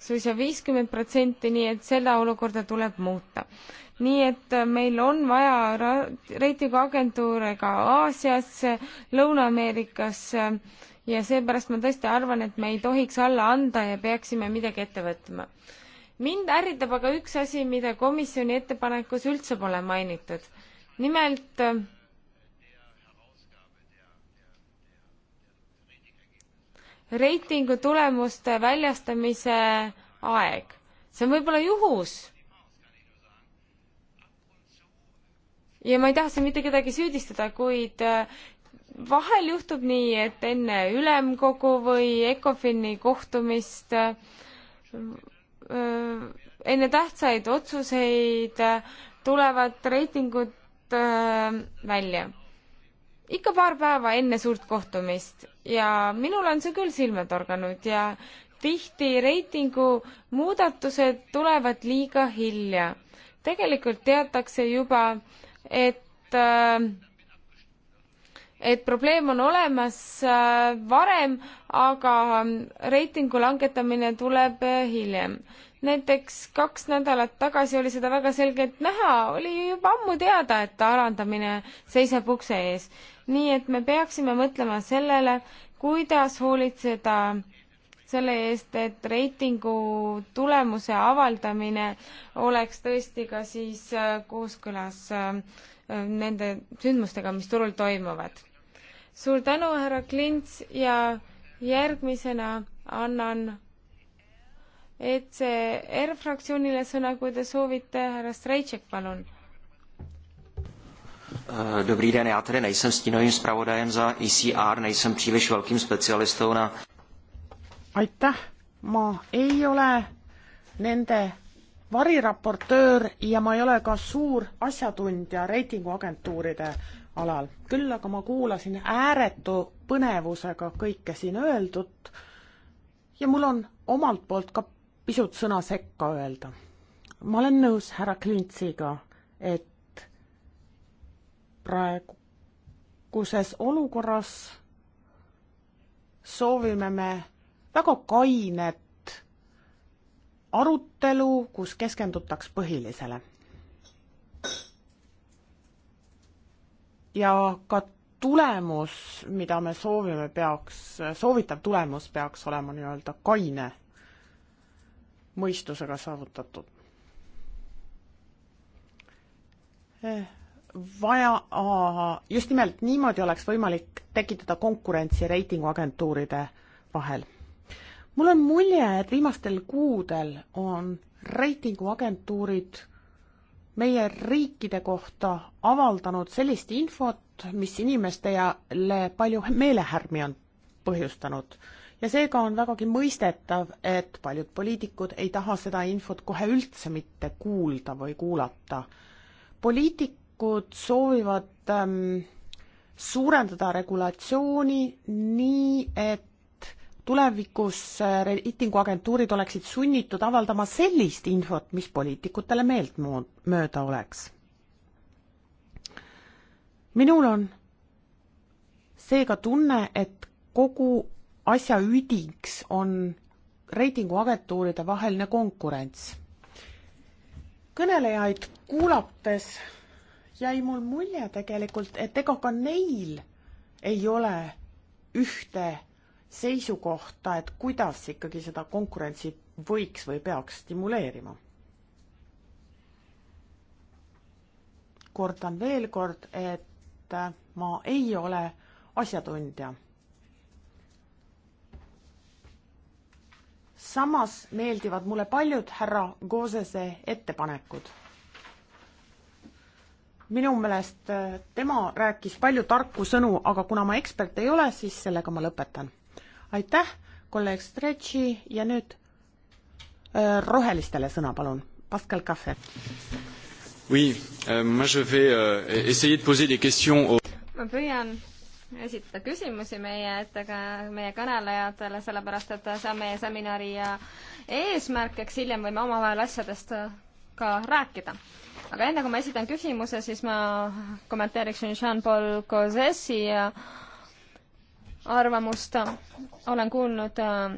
suisa viiskümmend protsenti, nii et seda olukorda tuleb muuta. nii et meil on vaja reitinguagentuure ka Aasiasse, Lõuna-Ameerikasse ja seepärast ma tõesti arvan, et me ei tohiks alla anda ja peaksime midagi ette võtma. mind ärritab aga üks asi, mida komisjoni ettepanekus üldse pole mainitud. nimelt reitingu tulemuste väljastamise aeg. see on võib-olla juhus. ja ma ei taha siin mitte kedagi süüdistada, kuid äh, vahel juhtub nii, et enne ülemkogu või ECOFIN-i kohtumist äh, enne tähtsaid otsuseid äh, tulevad reitingud välja. ikka paar päeva enne suurt kohtumist ja minul on see küll silma torganud ja tihti reitingu muudatused tulevad liiga hilja. tegelikult teatakse juba, et äh, et probleem on olemas äh, varem, aga reitingu langetamine tuleb äh, hiljem. näiteks kaks nädalat tagasi oli seda väga selgelt näha, oli juba ammu teada, et alandamine seisab ukse ees nii et me peaksime mõtlema sellele, kuidas hoolitseda selle eest, et reitingu tulemuse avaldamine oleks tõesti ka siis äh, kooskõlas äh, nende sündmustega, mis turul toimuvad. suur tänu, härra Klints ja järgmisena annan ECR fraktsioonile sõna, kui te soovite, härra Strejček, palun Eh, dobrý den, já tedy nejsem stínovým zpravodajem za ECR, nejsem příliš velkým specialistou na... Aitäh, ma ei ole nende variraportöör ja ma ei ole ka suur asjatundja reitinguagentuuride alal. küll aga ma kuulasin ääretu põnevusega kõike siin öeldut ja mul on omalt poolt ka pisut sõna sekka öelda. ma olen nõus härra Klintsiga, et praeguses olukorras soovime me väga kainet arutelu, kus keskendutaks põhilisele. ja ka tulemus, mida me soovime, peaks, soovitav tulemus peaks olema nii-öelda kaine mõistusega saavutatud eh vaja, just nimelt niimoodi oleks võimalik tekitada konkurentsi reitinguagentuuride vahel. mul on mulje, et viimastel kuudel on reitinguagentuurid meie riikide kohta avaldanud sellist infot, mis inimestele palju meelehärmi on põhjustanud. ja seega on vägagi mõistetav, et paljud poliitikud ei taha seda infot kohe üldse mitte kuulda või kuulata. poliitik kodanikud soovivad ähm, suurendada regulatsiooni nii, et tulevikus äh, reitinguagentuurid oleksid sunnitud avaldama sellist infot, mis poliitikutele meeltmööda oleks. minul on seega tunne, et kogu asja üdiks on reitinguagentuuride vaheline konkurents. kõnelejaid kuulates jäi mul mulje tegelikult, et ega ka neil ei ole ühte seisukohta, et kuidas ikkagi seda konkurentsi võiks või peaks stimuleerima. kordan veel kord, et ma ei ole asjatundja. samas meeldivad mulle paljud härra Gozese ettepanekud minu meelest äh, tema rääkis palju tarku sõnu, aga kuna ma ekspert ei ole, siis sellega ma lõpetan. aitäh, kolleeg Stretši ja nüüd öö, äh, rohelistele sõna, palun. Pascal Caffe. Oui, euh, moi je vais euh, essayer de poser des questions au... ma püüan esitada küsimusi meie ettega, meie kõnelejatele, sellepärast et see on meie seminari äh, eesmärk, eks hiljem võime omavahel asjadest ka rääkida. aga enne kui ma esitan küsimuse, siis ma kommenteeriksin Jean-Paul Gauzessi äh, arvamust. olen kuulnud äh,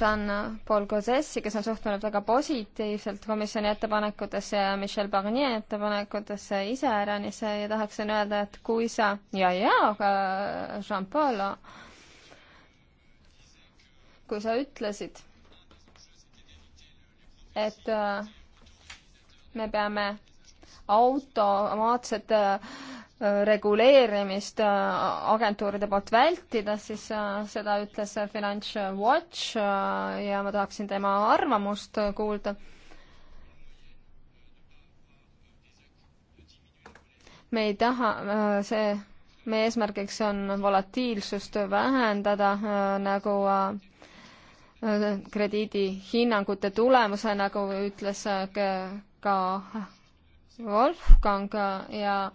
Jean-Paul Gauzessi, kes on suhtunud väga positiivselt komisjoni ettepanekutesse ja Michel Barnier ettepanekutesse iseäranis ja tahaksin öelda, et kui sa ja, ja aga äh, Jean-Paul, kui sa ütlesid, et äh, me peame automaatset äh, reguleerimist äh, agentuuride poolt vältida, siis äh, seda ütles FinanceWatch ja ma tahaksin tema arvamust kuulda. me ei taha, see, meie eesmärgiks on volatiilsust vähendada nagu krediidihinnangute tulemusena, nagu ütles ka Wolfgang ja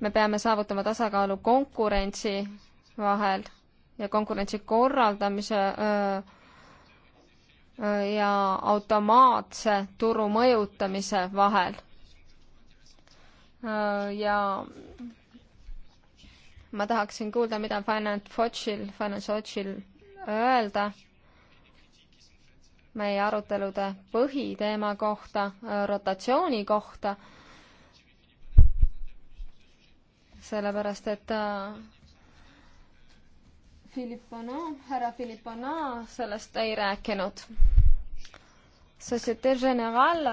me peame saavutama tasakaalu konkurentsi vahel ja konkurentsi korraldamise öö, ja automaatse turu mõjutamise vahel. ja ma tahaksin kuulda, mida Finance Watchil, Finance Watchil öelda meie arutelude põhiteema kohta, rotatsiooni kohta. sellepärast, et Filippona, äh, härra Filippona sellest ei rääkinud. Societe Generale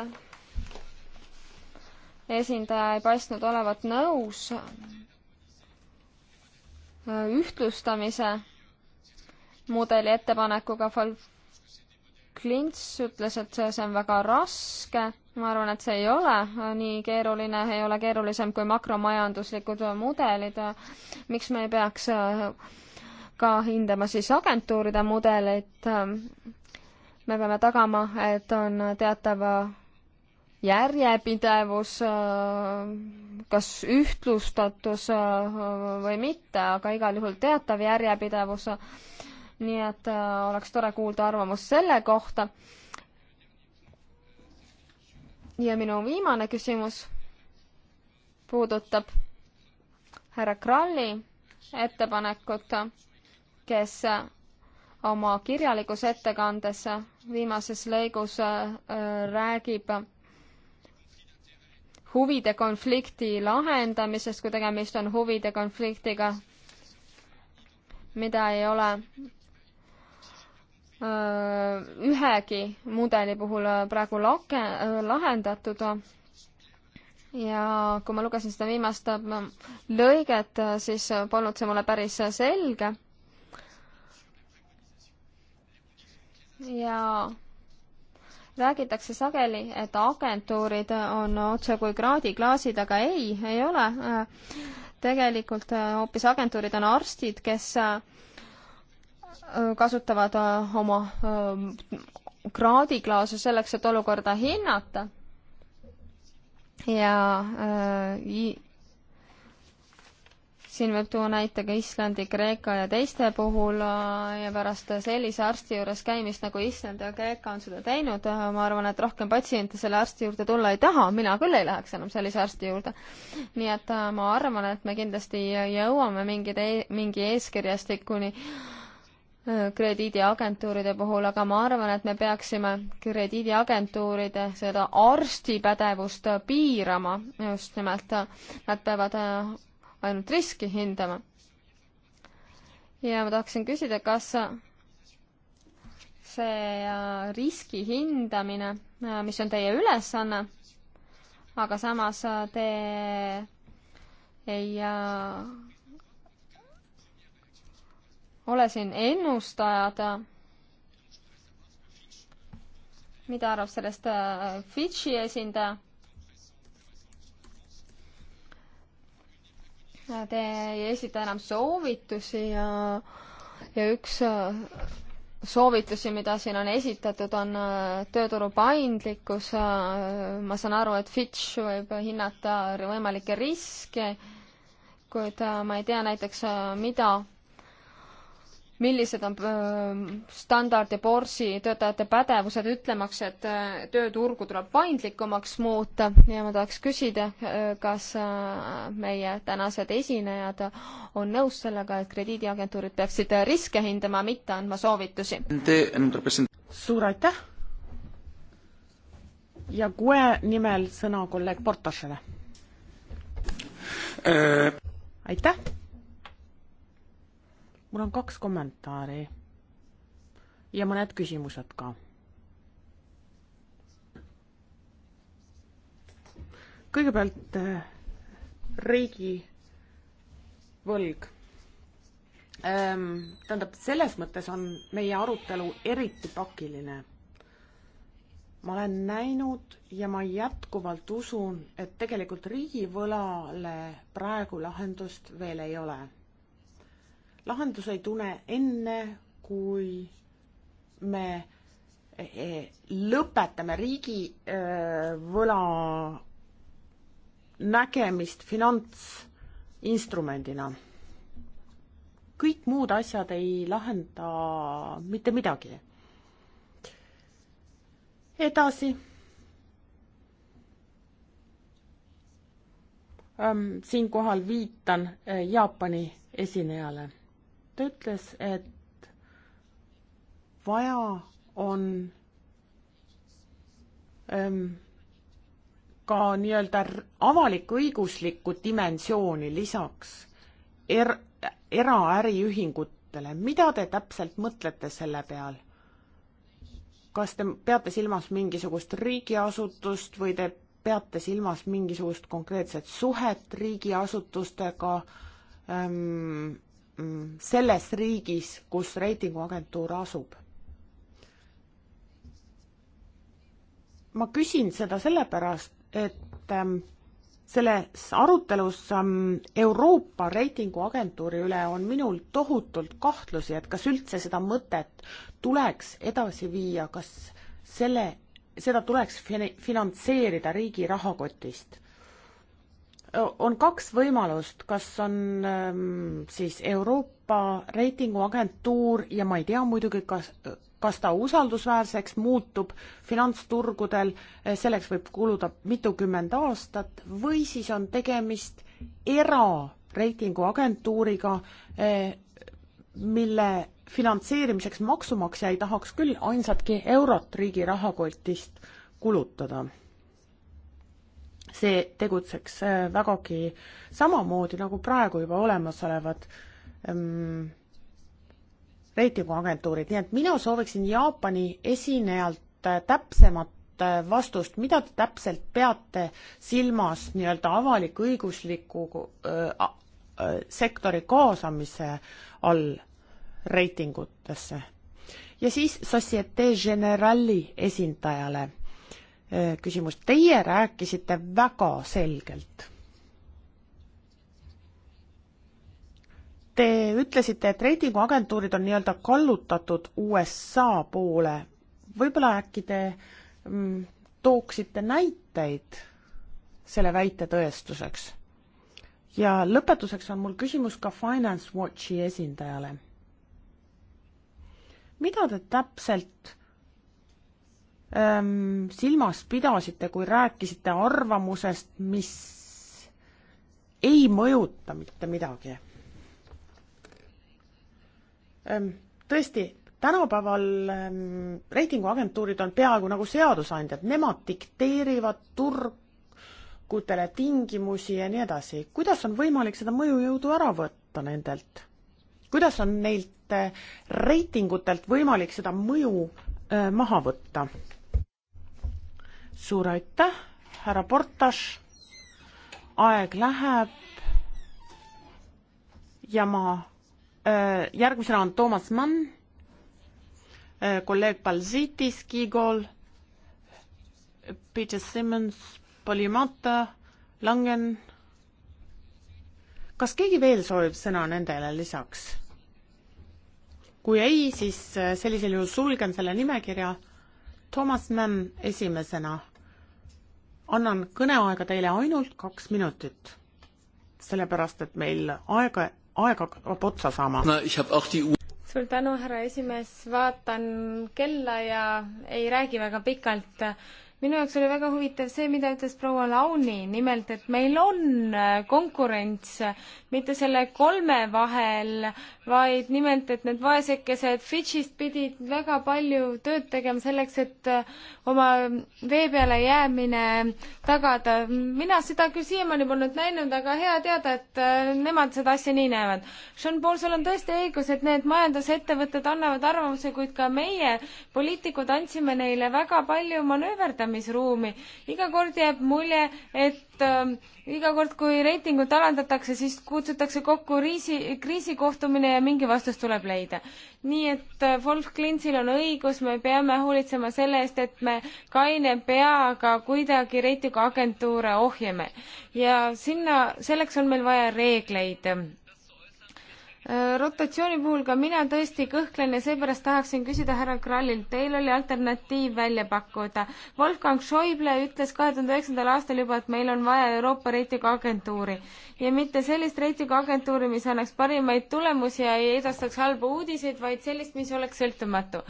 esindaja ei paistnud olevat nõus äh, ühtlustamise mudeli ettepanekuga Klints ütles, et see, see on väga raske, ma arvan, et see ei ole nii keeruline, ei ole keerulisem kui makromajanduslikud mudelid. miks me ei peaks äh, ka hindama siis agentuuride mudeleid? me peame tagama, et on teatav järjepidevus, äh, kas ühtlustatus äh, või mitte, aga igal juhul teatav järjepidevus nii et äh, oleks tore kuulda arvamust selle kohta. ja minu viimane küsimus puudutab härra Kralli ettepanekut, kes oma kirjalikus ettekandes viimases lõigus äh, räägib huvide konflikti lahendamisest, kui tegemist on huvide konfliktiga, mida ei ole Äh, ühegi mudeli puhul äh, praegu lake, äh, lahendatud. ja kui ma lugesin seda viimast lõiget, siis polnud see mulle päris selge. ja räägitakse sageli, et agentuurid on otse kui kraadiklaasid, aga ei, ei ole. tegelikult hoopis agentuurid on arstid, kes kasutavad äh, oma äh, kraadiklaase selleks, et olukorda hinnata ja äh, siin võib tuua näite ka Islandi, Kreeka ja teiste puhul ja pärast sellise arsti juures käimist, nagu Island ja Kreeka on seda teinud, ma arvan, et rohkem patsiente selle arsti juurde tulla ei taha, mina küll ei läheks enam sellise arsti juurde. nii et ma arvan, et me kindlasti jõuame mingi, e-, mingi eeskirjastikuni äh, krediidiagentuuride puhul, aga ma arvan, et me peaksime krediidiagentuuride seda arstipädevust piirama just nimelt. Nad peavad äh, ainult riski hindama. ja ma tahaksin küsida, kas see äh, riski hindamine, äh, mis on teie ülesanne, aga samas te ei ole siin ennustajad. mida arvab sellest äh, Fidži esindaja? Te ei esita enam soovitusi ja, ja üks äh, soovitusi, mida siin on esitatud, on äh, tööturu paindlikkus. ma saan aru, et Fitch võib hinnata võimalikke riske, kuid ma ei tea näiteks, mida millised on standard ja borsi töötajate pädevused, ütlemaks, et tööturgu tuleb paindlikumaks muuta ja ma tahaks küsida, kas meie tänased esinejad on nõus sellega, et krediidiagentuurid peaksid riske hindama, mitte andma soovitusi? suur aitäh! ja kohe nimel sõna kolleeg Portasele. Äh. aitäh! mul on kaks kommentaari ja mõned küsimused ka. kõigepealt äh, riigivõlg ähm,. tähendab, selles mõttes on meie arutelu eriti pakiline. ma olen näinud ja ma jätkuvalt usun, et tegelikult riigivõlale praegu lahendust veel ei ole lahendus ei tule enne, kui me eh, lõpetame riigivõla eh, nägemist finantsinstrumendina. kõik muud asjad ei lahenda mitte midagi. edasi. Ähm, siinkohal viitan eh, Jaapani esinejale ta ütles, et vaja on ähm, ka nii-öelda avalik-õiguslikku dimensiooni lisaks er-, eraäriühingutele, mida te täpselt mõtlete selle peal? kas te peate silmas mingisugust riigiasutust või te peate silmas mingisugust konkreetset suhet riigiasutustega ähm,? selles riigis, kus reitinguagentuur asub. ma küsin seda sellepärast, et ähm, selles arutelus ähm, Euroopa reitinguagentuuri üle on minul tohutult kahtlusi, et kas üldse seda mõtet tuleks edasi viia, kas selle, seda tuleks finantseerida riigi rahakotist on kaks võimalust, kas on ähm, siis Euroopa reitinguagentuur ja ma ei tea muidugi, kas, kas ta usaldusväärseks muutub finantsturgudel, äh, selleks võib kuluda mitukümmend aastat, või siis on tegemist erareitinguagentuuriga, äh, mille finantseerimiseks maksumaksja ei tahaks küll ainsatki eurot riigi rahakotist kulutada see tegutseks äh, vägagi samamoodi nagu praegu juba olemasolevad ähm, reitinguagentuurid, nii et mina sooviksin Jaapani esinejalt äh, täpsemat äh, vastust, mida te täpselt peate silmas nii-öelda avalik-õigusliku äh, äh, sektori kaasamise all reitingutesse? ja siis Societe Generali esindajale Äh, küsimus, teie rääkisite väga selgelt. Te ütlesite, et reitinguagentuurid on nii-öelda kallutatud USA poole. võib-olla äkki te mm, tooksite näiteid selle väite tõestuseks? ja lõpetuseks on mul küsimus ka Finance Watchi esindajale. mida te täpselt ähm, silmas pidasite, kui rääkisite arvamusest, mis ei mõjuta mitte midagi ähm,? tõesti, tänapäeval ähm, reitinguagentuurid on peaaegu nagu seadusandjad, nemad dikteerivad turgudele tingimusi ja nii edasi. kuidas on võimalik seda mõjujõudu ära võtta nendelt? kuidas on neilt äh, reitingutelt võimalik seda mõju äh, maha võtta? suur aitäh, härra Portaž, aeg läheb ja ma, äh, järgmisena on Toomas Mann, äh, kolleeg Balzitis, Gigol, Peter Simmons, Polimata, Langen. kas keegi veel soovib sõna nendele lisaks? kui ei, siis äh, sellisel juhul sulgen selle nimekirja Toomas Mämm esimesena. annan kõneaega teile ainult kaks minutit, sellepärast et meil aega, aeg hakkab otsa saama no,. suur tänu, härra esimees, vaatan kella ja ei räägi väga pikalt minu jaoks oli väga huvitav see, mida ütles proua Launi, nimelt et meil on äh, konkurents äh, mitte selle kolme vahel, vaid nimelt, et need vaesekesed Fidžist pidid väga palju tööd tegema selleks, et äh, oma vee peale jäämine tagada. mina seda küll siiamaani polnud näinud, aga hea teada, et nemad seda asja nii näevad. Jean-Paul, sul on tõesti õigus, et need majandusettevõtted annavad arvamuse, kuid ka meie, poliitikud, andsime neile väga palju manööverdamist langetamisruumi. iga kord jääb mulje, et äh, iga kord, kui reitingut alandatakse, siis kutsutakse kokku riisi, kriisikohtumine ja mingi vastus tuleb leida. nii et äh, Wolf Klintsil on õigus, me peame hoolitsema selle eest, et me kaine peaga kuidagi reitinguagentuure ohjame ja sinna, selleks on meil vaja reegleid Äh, rotatsiooni puhul ka mina tõesti kõhklen ja seepärast tahaksin küsida härra Krallilt, teil oli alternatiiv välja pakkuda. Wolfgang Schäuble ütles kahe tuhande üheksandal aastal juba, et meil on vaja Euroopa reitinguagentuuri ja mitte sellist reitinguagentuuri, mis annaks parimaid tulemusi ja ei edastaks halbu uudiseid, vaid sellist, mis oleks sõltumatu.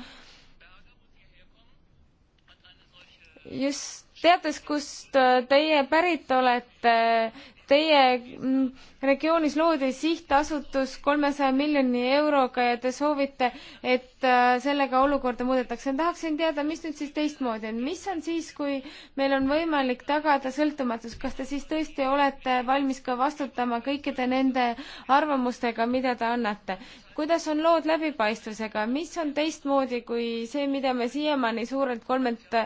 just teades, kust äh, teie pärit olete, Teie mm, regioonis loodi sihtasutus kolmesaja miljoni euroga ja te soovite, et äh, sellega olukorda muudetakse. tahaksin teada, mis nüüd siis teistmoodi on, mis on siis, kui meil on võimalik tagada sõltumatus, kas te siis tõesti olete valmis ka vastutama kõikide nende arvamustega, mida te annate? kuidas on lood läbipaistvusega, mis on teistmoodi kui see, mida me siiamaani suurelt kolmelt äh,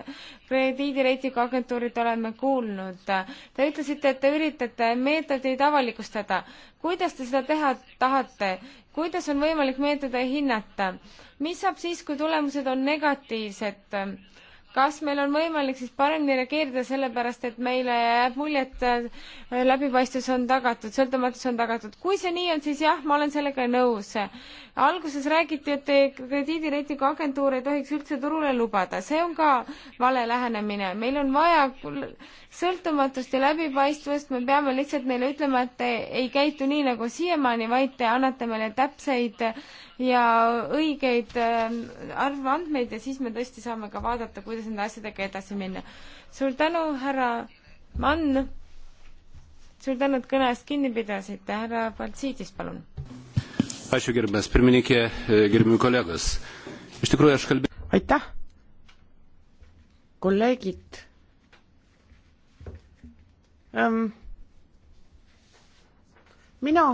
krediidireitingu agentuurilt oleme kuulnud? Te ütlesite, et te üritate meetodeid avalikustada. kuidas te seda teha tahate? kuidas on võimalik meetodeid hinnata? mis saab siis, kui tulemused on negatiivsed? kas meil on võimalik siis paremini reageerida, sellepärast et meile jääb mulje, et äh, läbipaistvus on tagatud, sõltumatus on tagatud. kui see nii on, siis jah, ma olen sellega nõus. alguses räägiti, et krediidireitingu agentuur ei tohiks üldse turule lubada, see on ka vale lähenemine. meil on vaja sõltumatust ja läbipaistvust, me peame lihtsalt neile ütlema, et te ei käitu nii nagu siiamaani, vaid te annate meile täpseid ja õigeid ähm, arvandmeid ja siis me tõesti saame ka vaadata, kuidas nende asjadega edasi minna. suur tänu, härra Mann. suur tänu, et kõne eest kinni pidasite, härra Baltsiidis, palun. E, aitäh, kolleegid ähm, mina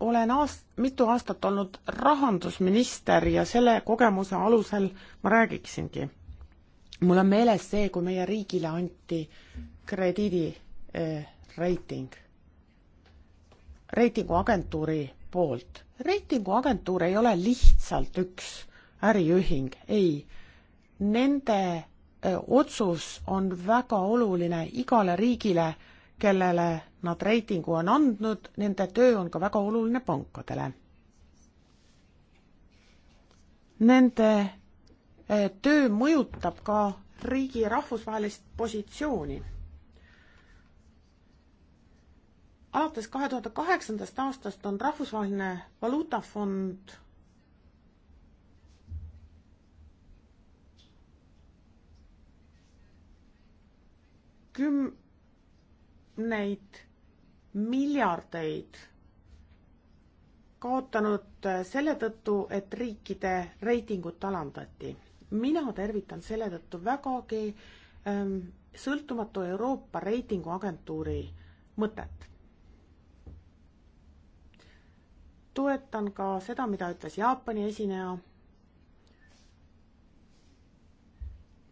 olen aast-, mitu aastat olnud rahandusminister ja selle kogemuse alusel ma räägiksingi. mul on meeles see, kui meie riigile anti krediidireiting eh, reitinguagentuuri poolt. reitinguagentuur ei ole lihtsalt üks äriühing, ei. Nende eh, otsus on väga oluline igale riigile kellele nad reitingu on andnud, nende töö on ka väga oluline pankadele. Nende eh, töö mõjutab ka riigi rahvusvahelist positsiooni. alates kahe tuhande kaheksandast aastast on Rahvusvaheline Valuutafond küm-, neid miljardeid kaotanud selle tõttu, et riikide reitingut alandati. mina tervitan selle tõttu vägagi ähm, sõltumatu Euroopa reitinguagentuuri mõtet. toetan ka seda, mida ütles Jaapani esineja.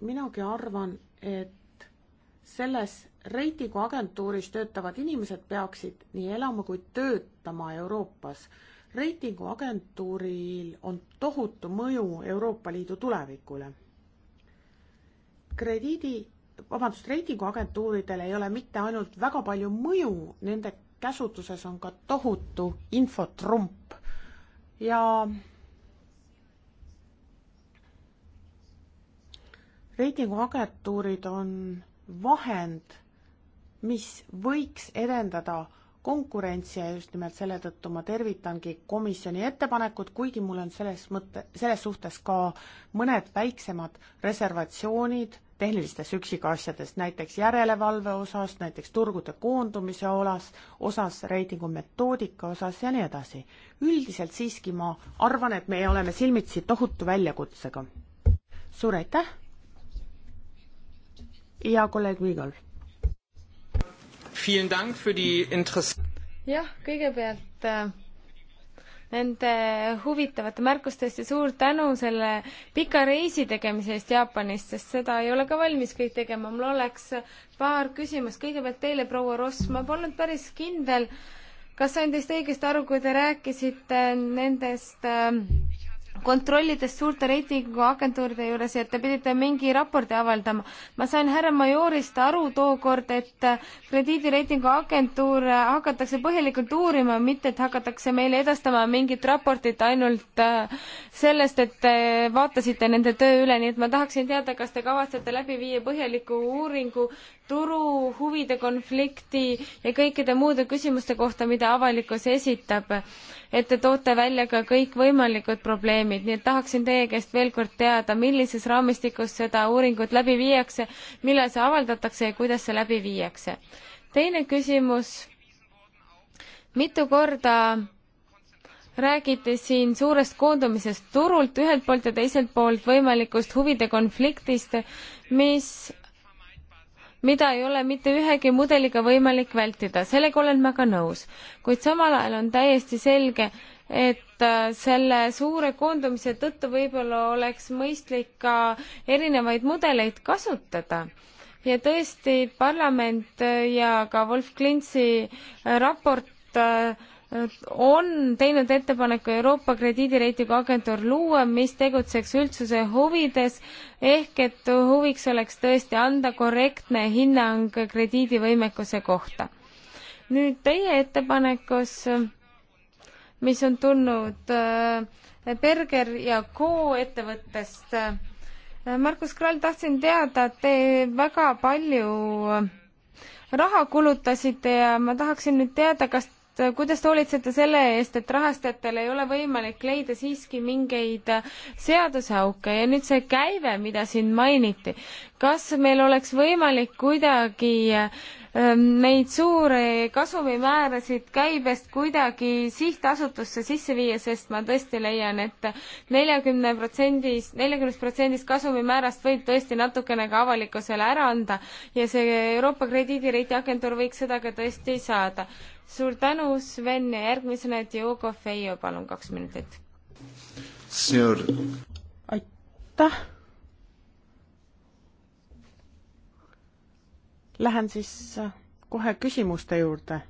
minagi arvan, et selles reitinguagentuuris töötavad inimesed peaksid nii elama kui töötama Euroopas. reitinguagentuuril on tohutu mõju Euroopa Liidu tulevikule. krediidi, vabandust, reitinguagentuuridel ei ole mitte ainult väga palju mõju, nende käsutuses on ka tohutu infotrump ja reitinguagentuurid on vahend mis võiks edendada konkurentsi ja just nimelt selle tõttu ma tervitangi komisjoni ettepanekut, kuigi mul on selles mõtte, selles suhtes ka mõned väiksemad reservatsioonid tehnilistes üksikasjades, näiteks järelevalve osas, näiteks turgude koondumise olas, osas reitingu metoodika osas ja nii edasi. üldiselt siiski ma arvan, et me oleme silmitsi tohutu väljakutsega. suur aitäh! ja kolleeg Viigol jah, kõigepealt äh, nende huvitavate märkustest ja suur tänu selle pika reisi tegemise eest Jaapanist, sest seda ei ole ka valmis kõik tegema. mul oleks paar küsimust. kõigepealt teile, proua Ross, ma polnud päris kindel, kas sain teist õigesti aru, kui te rääkisite nendest äh, kontrollides suurte reitinguagentuuride juures ja te pidite mingi raporti avaldama. ma sain härra Majorist aru tookord, et krediidireitinguagentuur hakatakse põhjalikult uurima, mitte et hakatakse meile edastama mingit raportit ainult äh, sellest, et te vaatasite nende töö üle, nii et ma tahaksin teada, kas te kavatsete läbi viia põhjaliku uuringu turu, huvide konflikti ja kõikide muude küsimuste kohta, mida avalikkus esitab et te toote välja ka kõikvõimalikud probleemid, nii et tahaksin teie käest veel kord teada, millises raamistikus seda uuringut läbi viiakse, millal see avaldatakse ja kuidas see läbi viiakse. teine küsimus, mitu korda räägiti siin suurest koondumisest turult ühelt poolt ja teiselt poolt võimalikust huvide konfliktist, mis mida ei ole mitte ühegi mudeliga võimalik vältida, sellega olen ma ka nõus. kuid samal ajal on täiesti selge, et äh, selle suure koondumise tõttu võib-olla oleks mõistlik ka erinevaid mudeleid kasutada ja tõesti parlament äh, ja ka Wolf Klintsi äh, raport on teinud ettepaneku Euroopa krediidireitingu agentuur luua, mis tegutseks üldsuse huvides, ehk et huviks oleks tõesti anda korrektne hinnang krediidivõimekuse kohta. nüüd teie ettepanekus, mis on tulnud äh, Berger ja Co ettevõttest. Äh, Markus Krall, tahtsin teada, et te väga palju äh, raha kulutasite ja ma tahaksin nüüd teada, kas kuidas te hoolitsete selle eest, et rahastajatel ei ole võimalik leida siiski mingeid seaduseauke ja nüüd see käive, mida siin mainiti, kas meil oleks võimalik kuidagi ähm, neid suuri kasumimäärasid käibest kuidagi sihtasutusse sisse viia, sest ma tõesti leian et, et neljakümne protsendis, neljakümnest protsendist kasumimäärast võib tõesti natukene ka avalikkusele ära anda ja see Euroopa Krediidireiti agentuur võiks seda ka tõesti saada suur tänu, Sven ja järgmisena Diogo Feio, palun kaks minutit. aitäh. Lähen siis kohe küsimuste juurde.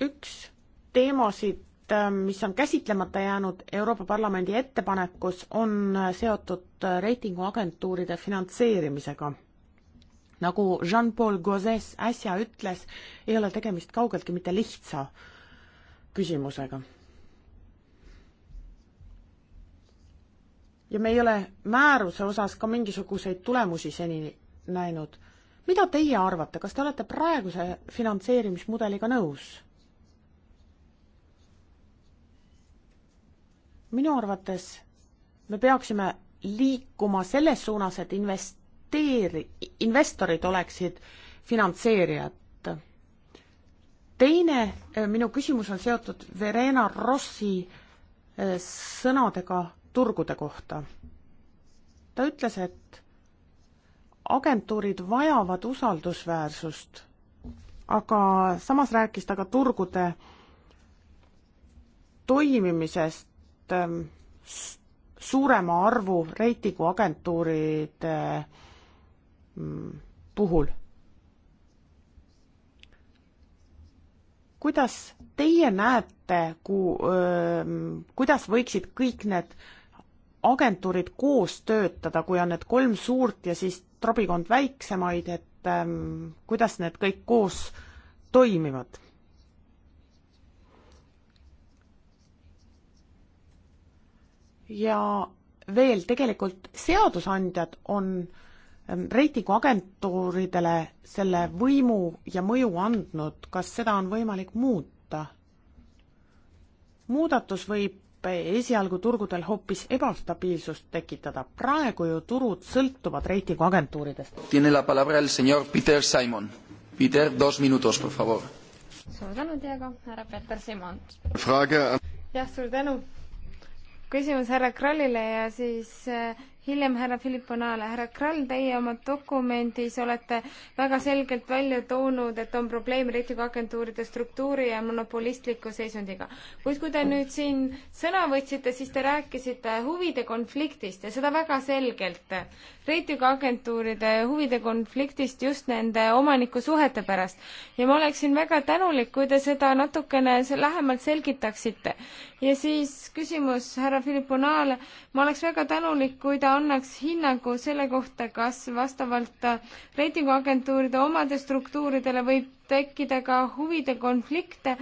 üks teemasid, mis on käsitlemata jäänud Euroopa Parlamendi ettepanekus, on seotud reitinguagentuuride finantseerimisega nagu Jean-Paul Gauzes äsja ütles, ei ole tegemist kaugeltki mitte lihtsa küsimusega. ja me ei ole määruse osas ka mingisuguseid tulemusi seni näinud. mida teie arvate, kas te olete praeguse finantseerimismudeliga nõus? minu arvates me peaksime liikuma selles suunas, et invest-, investeeri-, investorid oleksid finantseerijad. teine eh, minu küsimus on seotud Verena Rossi eh, sõnadega turgude kohta. ta ütles, et agentuurid vajavad usaldusväärsust, aga samas rääkis ta ka turgude toimimisest eh, suurema arvu reitinguagentuuride äh, puhul. kuidas teie näete, ku-, kuidas võiksid kõik need agentuurid koos töötada, kui on need kolm suurt ja siis trobikond väiksemaid, et ähm, kuidas need kõik koos toimivad? ja veel tegelikult seadusandjad on äh, Ehm, reitinguagentuuridele selle võimu ja mõju andnud, kas seda on võimalik muuta? muudatus võib esialgu turgudel hoopis ebastabiilsust tekitada, praegu ju turud sõltuvad reitinguagentuuridest. Tiene la palabra el señor Peter Simon. Peter, dos minutos, por favor. suur tänu, Diego, härra Peter Simon. jah, suur tänu. küsimus härra Krollile ja siis äh, hiljem härra Filipponale. härra Krall, teie oma dokumendis olete väga selgelt välja toonud, et on probleem reitinguagentuuride struktuuri ja monopolistliku seisundiga. kuid kui te nüüd siin sõna võtsite, siis te rääkisite huvide konfliktist ja seda väga selgelt. reitinguagentuuride huvide konfliktist just nende omanikusuhete pärast. ja ma oleksin väga tänulik, kui te seda natukene lähemalt selgitaksite ja siis küsimus härra Filipponale, ma oleks väga tänulik, kui ta annaks hinnangu selle kohta, kas vastavalt äh, reitinguagentuuride omade struktuuridele võib tekkida ka huvide konflikte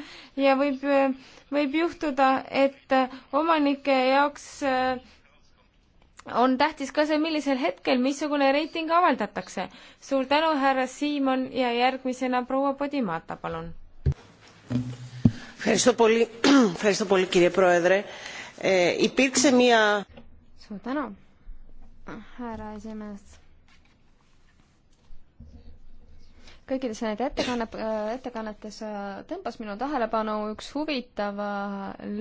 ja võib, äh, võib juhtuda, et äh, omanike jaoks on tähtis ka see, millisel hetkel missugune reiting avaldatakse. suur tänu, härra Siimon ja järgmisena proua Podimata, palun. Ευχαριστώ πολύ, ευχαριστώ πολύ κύριε Πρόεδρε. Ε, υπήρξε μία... Suur tänu, härra esimees. kõikides need ettekannet, äh, ettekannetes äh, tõmbas minu tähelepanu üks huvitav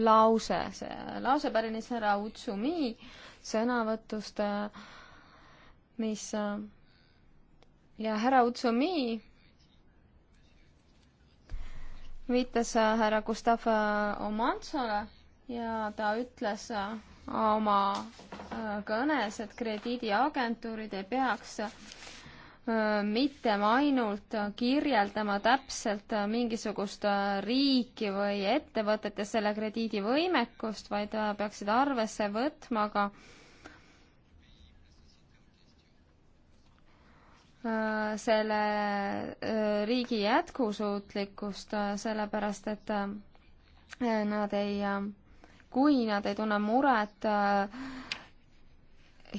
lause, see lause pärines härra Utsumi sõnavõtust, äh, mis ja härra Utsumi viitas äh, härra Gustav Omansole ja ta ütles äh, oma äh, kõnes, et krediidiagentuurid ei peaks mitte ainult kirjeldama täpselt mingisugust riiki või ettevõtet ja selle krediidivõimekust, vaid peaksid arvesse võtma ka äh, Äh, selle äh, riigi jätkusuutlikkust, äh, sellepärast et nad ei, kui nad ei tunne muret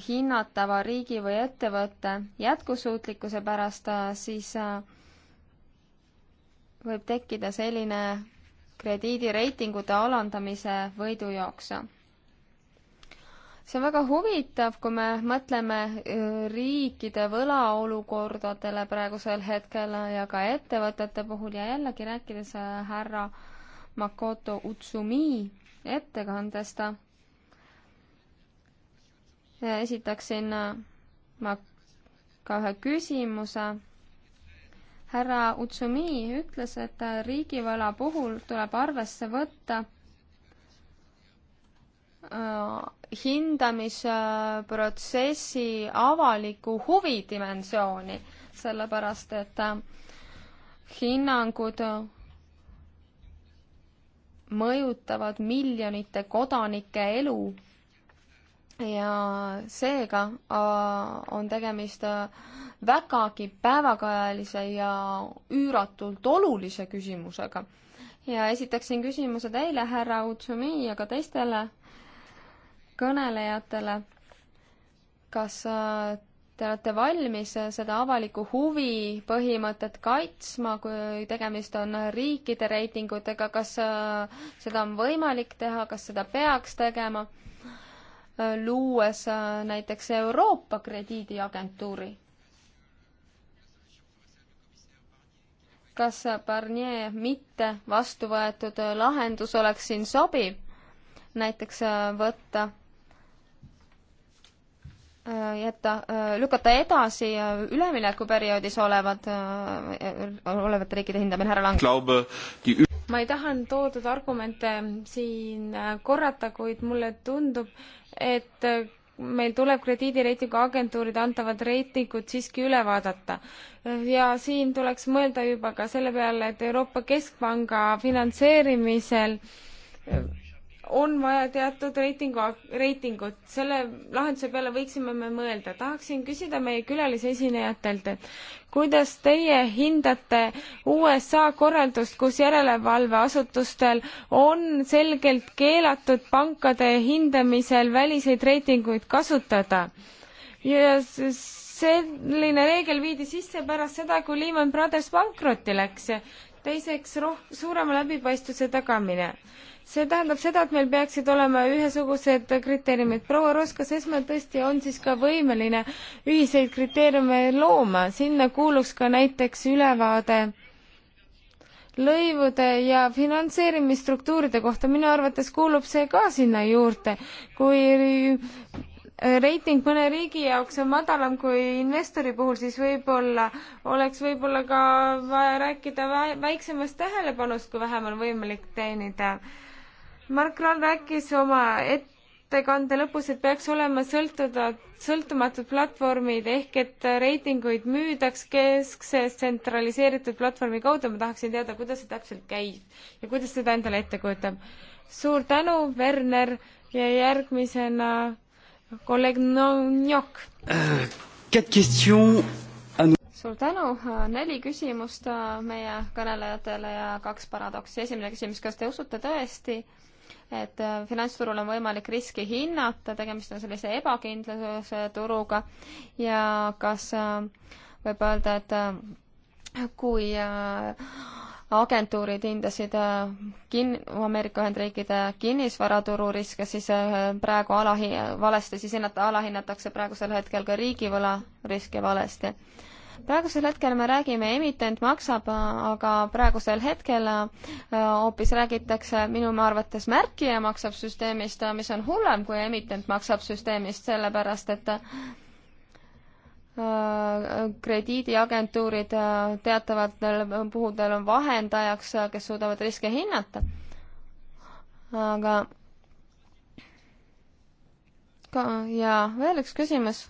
hinnatava riigi või ettevõtte jätkusuutlikkuse pärast, siis võib tekkida selline krediidireitingute alandamise võidujooks see on väga huvitav, kui me mõtleme äh, riikide võlaolukordadele praegusel hetkel ja ka ettevõtete puhul ja jällegi rääkides äh, härra Makoto Utsumi ettekandest, äh, esitaksin ma ka ühe küsimuse. härra Utsumi ütles, et riigivõla puhul tuleb arvesse võtta hindamisprotsessi avaliku huvi dimensiooni, sellepärast et äh, hinnangud mõjutavad miljonite kodanike elu ja seega äh, on tegemist äh, vägagi päevakajalise ja üüratult olulise küsimusega. ja esitaksin küsimuse teile, härra Utsumi, ja ka teistele kõnelejatele, kas äh, te olete valmis äh, seda avaliku huvi põhimõtet kaitsma, kui tegemist on riikide reitingutega, kas äh, seda on võimalik teha, kas seda peaks tegema, luues näiteks Euroopa krediidiagentuuri? kas Barnier mitte vastu võetud lahendus oleks siin sobiv, näiteks võtta Äh, jätta, äh, lükata edasi äh, üleminekuperioodis olevad, olevate riikide hindamine, härra Lang. ma ei taha toodud argumente siin korrata, kuid mulle tundub, et meil tuleb krediidireitingu agentuuride antavad reitingud siiski üle vaadata. ja siin tuleks mõelda juba ka selle peale, et Euroopa Keskpanga finantseerimisel on vaja teatud reitingu, reitingut, selle lahenduse peale võiksime me mõelda. tahaksin küsida meie külalisesinejatelt, et kuidas teie hindate USA korraldust, kus järelevalveasutustel on selgelt keelatud pankade hindamisel väliseid reitinguid kasutada? ja selline reegel viidi sisse pärast seda, kui Lehman Brothers pankrotti läks. teiseks, roh-, suurema läbipaistvuse tagamine see tähendab seda, et meil peaksid olema ühesugused kriteeriumid. proua Roos, kas ESMA tõesti on siis ka võimeline ühiseid kriteeriume looma, sinna kuuluks ka näiteks ülevaade lõivude ja finantseerimisstruktuuride kohta, minu arvates kuulub see ka sinna juurde, kui reiting mõne riigi jaoks on madalam kui investori puhul, siis võib-olla oleks võib-olla ka vaja rääkida väiksemast tähelepanust, kui vähem on võimalik teenida Mark Raal rääkis oma ettekande lõpus, et peaks olema sõltuda, sõltumatud platvormid ehk et reitinguid müüdaks keskse tsentraliseeritud platvormi kaudu. ma tahaksin teada, kuidas see täpselt käib ja kuidas seda endale ette kujutab. suur tänu, Werner ja järgmisena kolleeg Nonjok. suur tänu, neli küsimust meie kõnelejatele ja kaks paradoksi. esimene küsimus, kas te usute tõesti, et äh, finantsturul on võimalik riski hinnata, tegemist on sellise ebakindluse turuga ja kas äh, võib öelda, et äh, kui agentuurid hindasid kin-, Ameerika Ühendriikide kinnisvaraturu riske, siis praegu alahi-, valesti, siis hinnata, alahinnatakse praegusel hetkel ka riigivõla riske valesti praegusel hetkel me räägime emitent maksab, aga praegusel hetkel äh, hoopis räägitakse minu arvates märkija maksab süsteemist, mis on hullem kui emitent maksab süsteemist, sellepärast et äh, krediidiagentuurid äh, teatavatel puhudel on vahendajaks, kes suudavad riske hinnata. aga ka ja veel üks küsimus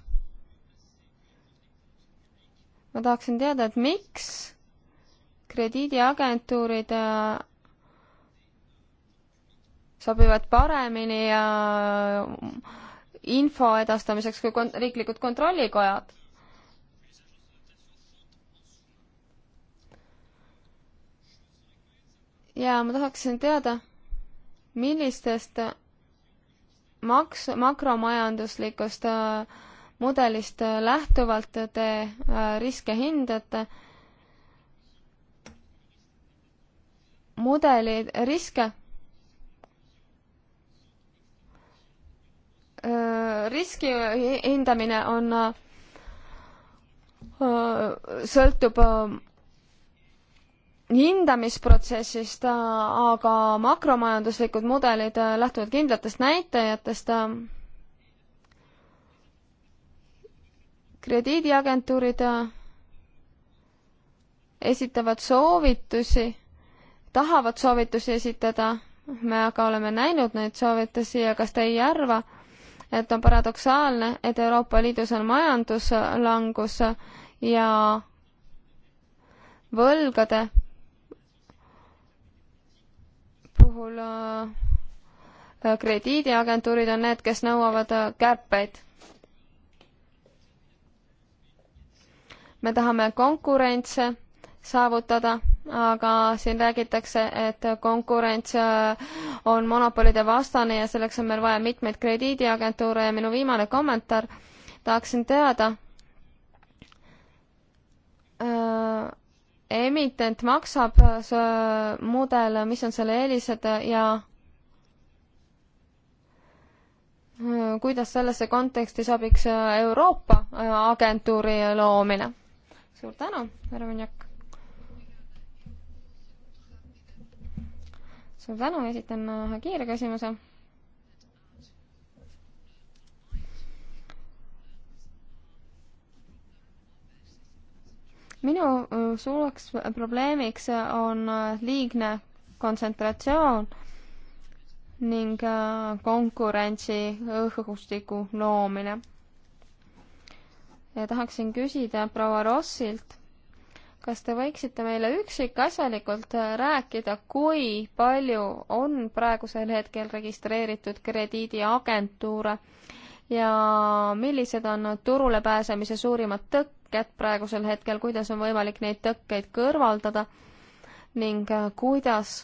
ma tahaksin teada, et miks krediidiagentuurid äh, sobivad paremini ja äh, info edastamiseks kui kon-, riiklikud kontrollikojad. ja ma tahaksin teada, millistest maks-, makromajanduslikust äh, mudelist äh, lähtuvalt te äh, riske hindate mudeli riske, äh, riski hindamine on, sõltub hindamisprotsessist, aga makromajanduslikud mudelid lähtuvad kindlatest näitajatest krediidiagentuurid äh, esitavad soovitusi, tahavad soovitusi esitada, me aga oleme näinud neid soovitusi ja kas te ei arva, et on paradoksaalne, et Euroopa Liidus on majanduslangus ja võlgade puhul äh, krediidiagentuurid on need, kes nõuavad äh, kärpeid me tahame konkurentse saavutada, aga siin räägitakse, et konkurents äh, on monopolide vastane ja selleks on meil vaja mitmeid krediidiagentuure ja minu viimane kommentaar, tahaksin teada äh,, emitent maksab see äh, mudel, mis on selle eelised ja äh, kuidas sellesse konteksti sobiks Euroopa agentuuri loomine? suur tänu, härra Vinjak. suur tänu, esitan ühe kiire küsimuse. minu suureks probleemiks on liigne kontsentratsioon ning konkurentsi õhustiku loomine ja tahaksin küsida proua Rossilt, kas te võiksite meile üksikasjalikult äh, rääkida, kui palju on praegusel hetkel registreeritud krediidiagentuure ja millised on turule pääsemise suurimad tõkked praegusel hetkel, kuidas on võimalik neid tõkkeid kõrvaldada ning äh, kuidas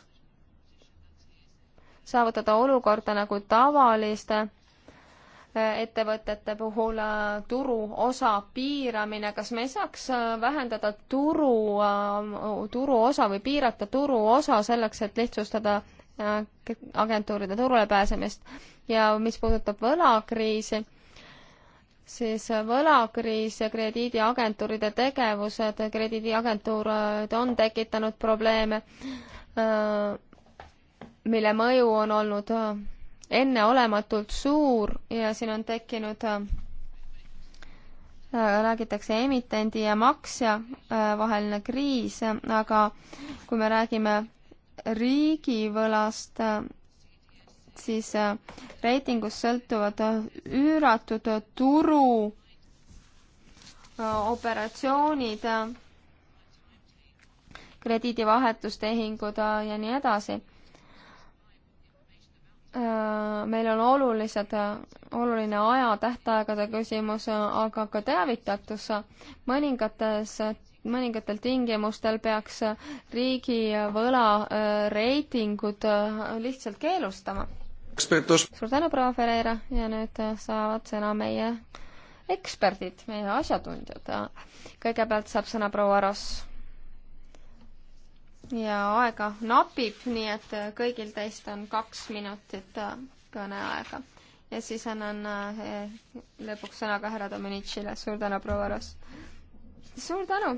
saavutada olukorda nagu tavaliste ettevõtete puhul äh, turuosa piiramine, kas me ei saaks äh, vähendada turu, äh, turuosa või piirata turuosa selleks, et lihtsustada agentuuride turule pääsemist ja mis puudutab võlakriisi, siis võlakriis ja krediidiagentuuride tegevused, krediidiagentuur on tekitanud probleeme, mille mõju on olnud enneolematult suur ja siin on tekkinud äh, räägitakse emitendi ja maksja äh, vaheline kriis, aga kui me räägime riigivõlast, äh, siis reitingust sõltuvad üüratud turu operatsioonid, krediidivahetustehingud ja nii edasi. Äh, meil on olulised, äh, oluline aja, tähtaegade küsimus, äh, aga ka teavitatus. mõningates, mõningatel tingimustel peaks riigi võlareitingud lihtsalt keelustama. suur tänu, proua Ferreira ja nüüd saavad sõna meie eksperdid, meie asjatundjad. kõigepealt saab sõna proua Ross ja aega napib, nii et äh, kõigil teist on kaks minutit äh, kõneaega. ja siis annan äh, eh, lõpuks sõna ka härra Dominicile. suur tänu, proua Ross! suur tänu!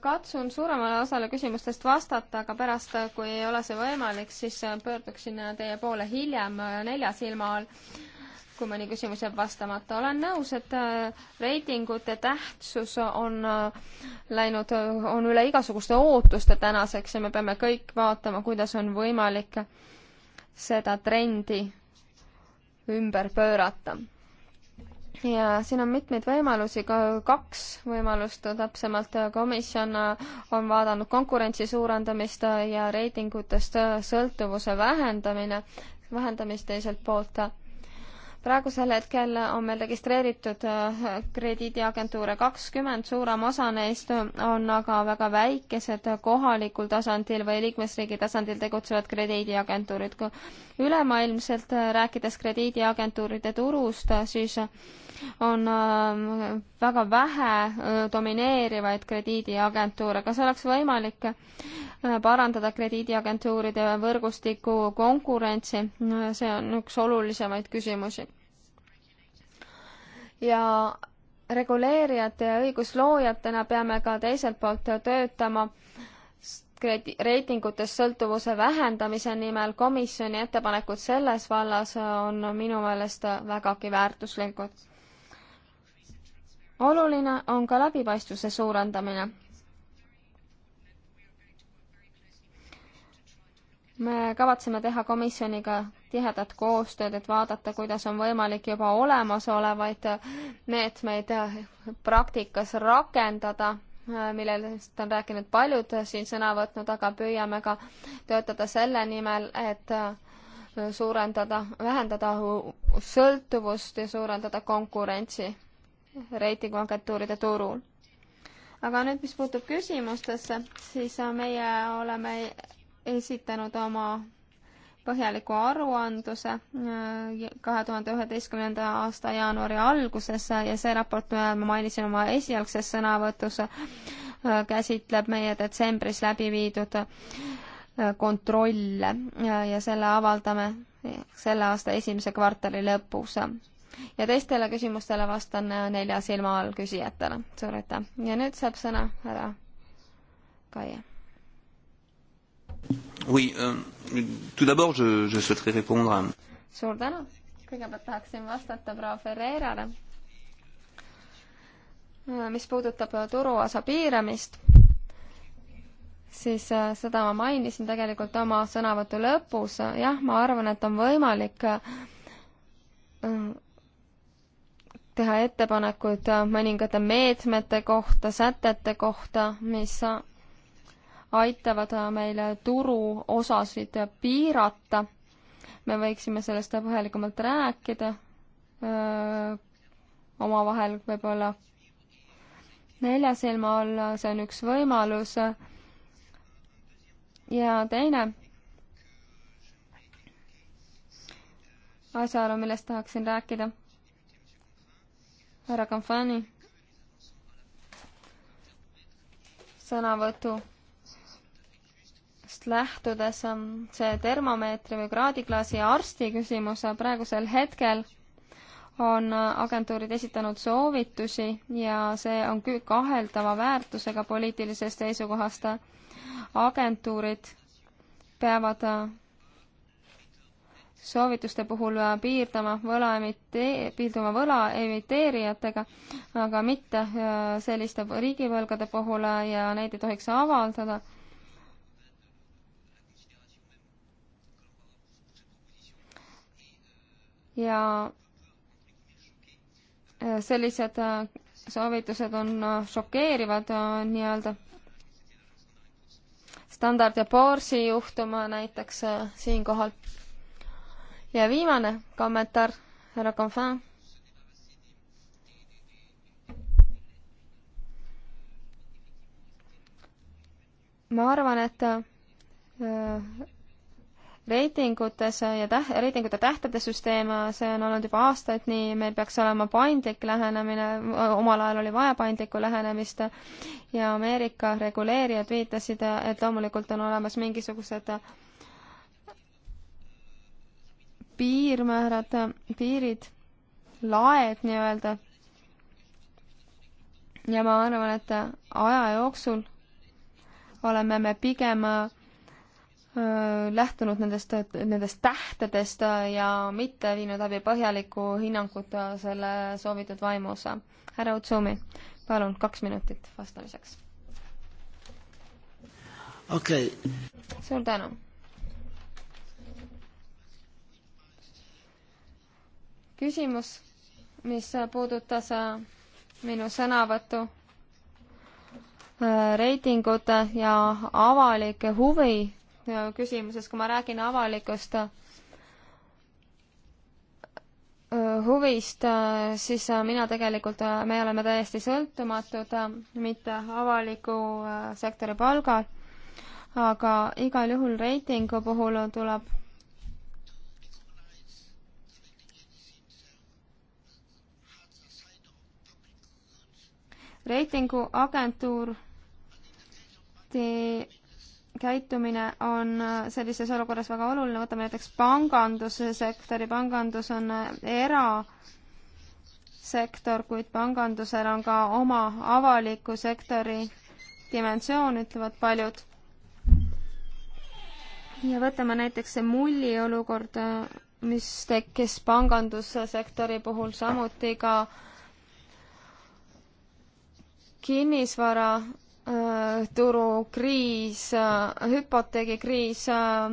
katsun suuremale osale küsimustest vastata, aga pärast, kui ei ole see võimalik, siis pöörduksin teie poole hiljem nelja silma all kui mõni küsimus jääb vastamata. olen nõus, et äh, reitingute tähtsus on äh, läinud, äh, on üle igasuguste ootuste tänaseks ja me peame kõik vaatama, kuidas on võimalik seda trendi ümber pöörata. ja siin on mitmeid võimalusi, ka kaks võimalust täpsemalt. komisjon on vaadanud konkurentsi suurendamist ja reitingutest sõltuvuse vähendamine, vähendamist teiselt poolt praegusel hetkel on meil registreeritud äh, krediidiagentuure kakskümmend, suurem osa neist on aga väga väikesed kohalikul tasandil või liikmesriigi tasandil tegutsevad krediidiagentuurid. kui ülemaailmselt äh, rääkides krediidiagentuuride turust, siis on äh, väga vähe domineerivaid krediidiagentuure. kas oleks võimalik parandada krediidiagentuuride võrgustiku konkurentsi? see on üks olulisemaid küsimusi ja reguleerijate ja õigusloojatena peame ka teiselt poolt töötama reitingutest sõltuvuse vähendamise nimel komisjoni ettepanekud selles vallas on minu meelest vägagi väärtuslikud. oluline on ka läbipaistvuse suurendamine. me kavatseme teha komisjoniga tihedat koostööd, et vaadata, kuidas on võimalik juba olemasolevaid meetmeid praktikas rakendada, millest on rääkinud paljud siin sõna võtnud, aga püüame ka töötada selle nimel, et suurendada, vähendada sõltuvust ja suurendada konkurentsi reitinguagentuuride turul. aga nüüd, mis puutub küsimustesse, siis meie oleme esitanud oma põhjaliku aruandluse äh, kahe tuhande üheteistkümnenda aasta jaanuari alguses ja see raport, mida äh, ma mainisin oma esialgses sõnavõtus, äh, käsitleb meie detsembris läbi viidud kontrolle ja selle avaldame selle aasta esimese kvartali lõpus. ja teistele küsimustele vastan nelja silma all küsijatele. suur aitäh. ja nüüd saab sõna härra Kaie. Oui, euh, tout d'abord, je, je souhaiterais répondre à... Suur tänu. Kõigepealt tahaksin vastata proua Ferreirale, äh, mis puudutab turuosa piiramist siis äh, seda ma mainisin tegelikult oma sõnavõtu lõpus, jah, ma arvan, et on võimalik äh, teha ettepanekuid mõningate meetmete kohta, sätete kohta, mis aitavad meile turuosasid piirata. me võiksime sellest põhjalikumalt rääkida, omavahel võib-olla nelja silma alla, see on üks võimalus. ja teine asjaolu, millest tahaksin rääkida, härra Kanfani sõnavõtu lähtudes ähm, see termomeetri või kraadiklaasi arsti küsimus äh, praegusel hetkel on äh, agentuurid esitanud soovitusi ja see on küll kaheldava väärtusega poliitilisest seisukohast. Äh, agentuurid peavad soovituste puhul piirduma võla emitee-, piirduma võla emiteerijatega, aga mitte selliste riigivõlgade puhul ja neid ei tohiks avaldada ja äh, sellised äh, soovitused on äh, šokeerivad nii-öelda. Standard ja Poorsi juhtum näiteks siinkohal. ja viimane kommentaar, härra Confin. ma arvan, et reitingutes ja täht-, reitingute tähtede süsteem, see on olnud juba aastaid nii, meil peaks olema paindlik lähenemine, omal ajal oli vaja paindlikku lähenemist ja Ameerika reguleerijad viitasid, et loomulikult on olemas mingisugused piirmäärad, piirid, laed nii-öelda. ja ma arvan, et aja jooksul oleme me pigem Äh, lähtunud nendest, nendest tähtedest äh, ja mitte viinud läbi põhjalikku hinnangut äh, selle soovitud vaimus. härra Utsumi, palun kaks minutit vastamiseks. okei okay.. suur tänu. küsimus, mis puudutas minu sõnavõttu reitingute ja avalike huvi küsimuses, kui ma räägin avalikust äh, huvist, äh, siis äh, mina tegelikult, me oleme täiesti sõltumatud, mitte avaliku sektori palgal, aga igal juhul reitingu puhul tuleb reitinguagentuur te käitumine on äh, sellises olukorras väga oluline, võtame näiteks pangandussektori, pangandus on äh, erasektor, kuid pangandusel on ka oma avaliku sektori dimensioon, ütlevad paljud. ja võtame näiteks see mulli olukord, äh, mis tekkis pangandussektori puhul samuti ka kinnisvara Äh, turukriis, äh, hüpoteegikriis, äh,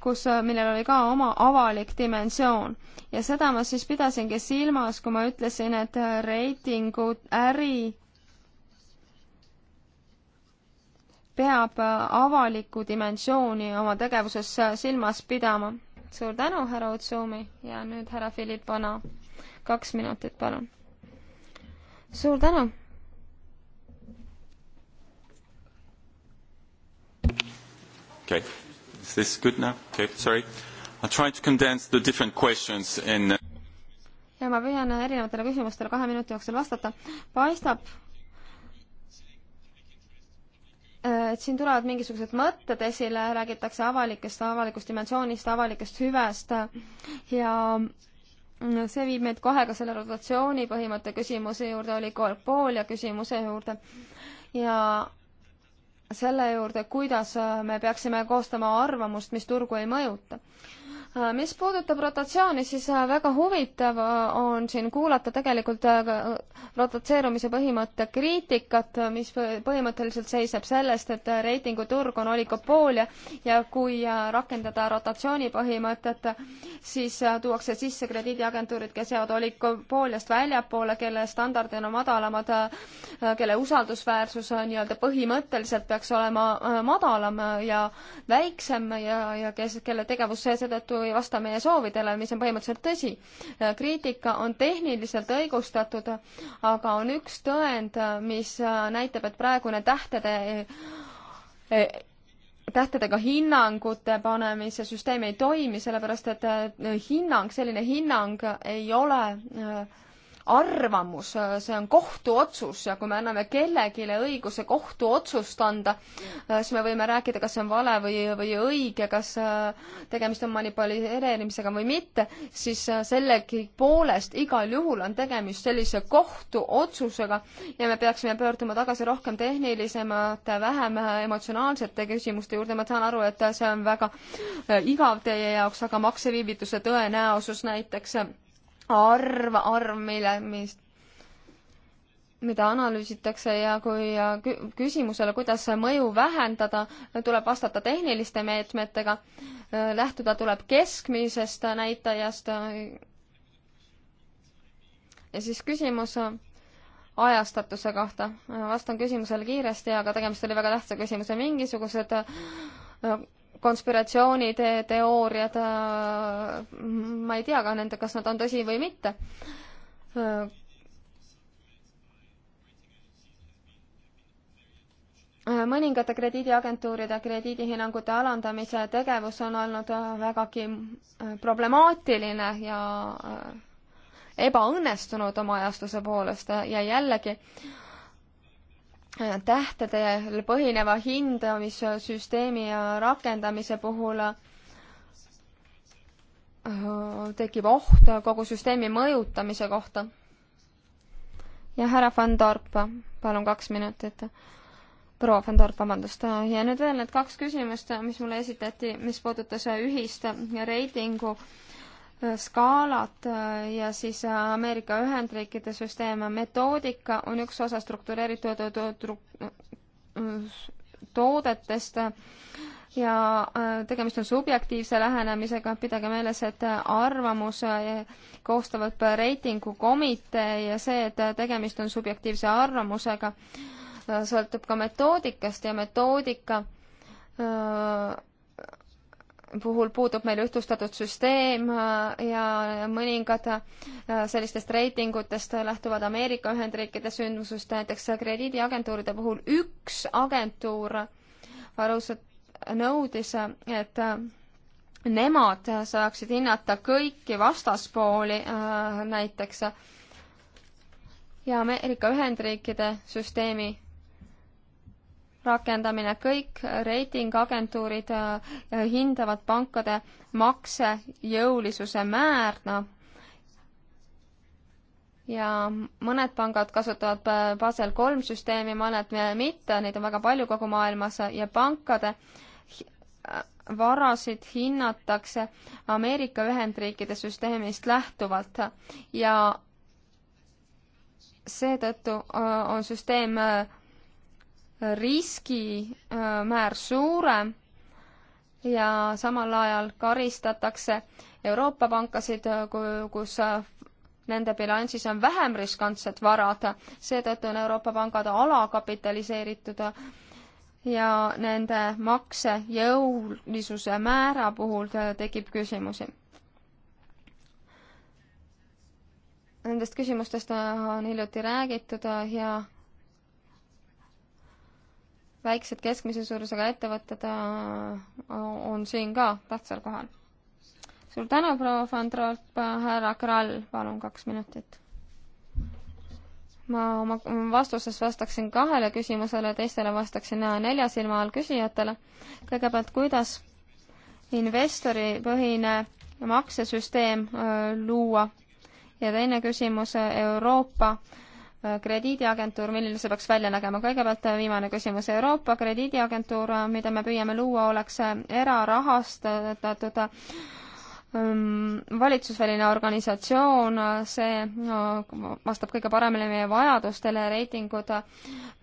kus, millel oli ka oma avalik dimensioon. ja seda ma siis pidasingi silmas, kui ma ütlesin, et reitingud, äri peab avalikku dimensiooni oma tegevuses silmas pidama. suur tänu, härra Utsumi ja nüüd härra Philippona. kaks minutit, palun. suur tänu Okay. Is this good now? Okay, sorry. I'll try to condense the different questions in uh, ja ma püüan uh, erinevatele küsimustele kahe minuti jooksul vastata. paistab, uh, et siin tulevad mingisugused mõtted esile, räägitakse avalikest, avalikust dimensioonist, avalikest hüvest ja mm, see viib meid kohe ka selle rotatsiooni põhimõtte küsimuse juurde, oli kolpoolia küsimuse juurde ja selle juurde, kuidas äh, me peaksime koostama arvamust, mis turgu ei mõjuta Äh, mis puudutab rotatsiooni, siis äh, väga huvitav äh, on siin kuulata tegelikult rotatseerumise põhimõtte kriitikat, mis põhimõtteliselt seisneb sellest, et reitinguturg on oligopoolia ja kui rakendada rotatsiooni põhimõtet, siis tuuakse sisse krediidiagentuurid, kes jäävad oligopooliast väljapoole, kelle standardid on madalamad, kelle usaldusväärsus nii-öelda põhimõtteliselt peaks olema madalam ja väiksem ja, ja kes, kelle tegevus seetõttu sisu ei vasta meie soovidele, mis on põhimõtteliselt tõsi. kriitika on tehniliselt õigustatud, aga on üks tõend, mis näitab, et praegune tähtede tähtedega hinnangute panemise süsteem ei toimi, sellepärast et hinnang, selline hinnang ei ole äh, arvamus, see on kohtuotsus ja kui me anname kellelegi õiguse kohtuotsust anda, siis me võime rääkida, kas see on vale või, või õige, kas äh, tegemist on manipuleerimisega või mitte, siis äh, sellegipoolest igal juhul on tegemist sellise kohtuotsusega ja me peaksime pöörduma tagasi rohkem tehnilisemate, vähem äh, emotsionaalsete küsimuste juurde, ma saan aru, et see on väga igav teie jaoks, aga makseviivituse tõenäosus näiteks arv, arv, mille, mis, mida analüüsitakse ja kui küsimusele, kuidas mõju vähendada, tuleb vastata tehniliste meetmetega, lähtuda tuleb keskmisest näitajast. ja siis küsimus ajastatuse kohta. vastan küsimusele kiiresti, aga tegemist oli väga tähtsa küsimuse. mingisugused konspiratsiooniteooriad, äh, ma ei tea ka nende, kas nad on tõsi või mitte. Äh, mõningate krediidiagentuuride krediidihinnangute alandamise tegevus on olnud äh, vägagi problemaatiline ja ebaõnnestunud oma ajastuse poolest ja jällegi äh, tähtedel põhineva hindamissüsteemi rakendamise puhul äh, tekib oht kogu süsteemi mõjutamise kohta. ja härra Van Dorp, palun kaks minutit. proua Van Dorp, vabandust. ja nüüd veel need kaks küsimust, mis mulle esitati, mis puudutas ühist reitingu äh, skaalat äh, ja siis äh, Ameerika Ühendriikide süsteem, metoodika on üks osa struktureeritud äh, toodetest ja tegemist on subjektiivse lähenemisega, pidage meeles, et arvamuse koostavad reitingukomitee ja see, et tegemist on subjektiivse arvamusega, sõltub ka metoodikast ja metoodika öö, puhul puudub meil ühtlustatud süsteem äh, ja mõningad äh, sellistest reitingutest lähtuvad Ameerika Ühendriikide sündmusest, näiteks krediidiagentuuride puhul üks agentuur alusel nõudis, et äh, nemad saaksid hinnata kõiki vastaspooli näiteks ja Ameerika Ühendriikide süsteemi rakendamine, kõik reitinguagentuurid äh, hindavad pankade maksejõulisuse määrna ja mõned pangad kasutavad äh, Basel kolm süsteemi, mõned mitte, neid on väga palju kogu maailmas ja pankade äh, varasid hinnatakse Ameerika Ühendriikide süsteemist lähtuvalt ja seetõttu on süsteem riskimäär äh, suurem ja samal ajal karistatakse Euroopa pankasid, äh, kus äh, nende bilansis on vähem riskantsed varad, seetõttu on Euroopa pangad alakapitaliseeritud ja nende makse jõulisuse määra puhul tekib küsimusi. Nendest küsimustest on hiljuti räägitud ja väiksed keskmise suurusega ettevõtted äh, on siin ka tähtsal kohal. suur tänu, proua van Trolp, härra Krall, palun kaks minutit. ma oma vastuses vastaksin kahele küsimusele, teistele vastaksin nelja silma all küsijatele. kõigepealt, kuidas investoripõhine maksesüsteem äh, luua ja teine küsimus Euroopa äh, Äh, krediidiagentuur, milline see peaks välja nägema? kõigepealt äh, viimane küsimus. Euroopa krediidiagentuur, äh, mida me püüame luua, oleks erarahastatud ähm, valitsusväline organisatsioon, see vastab kõige paremini meie vajadustele, reitingud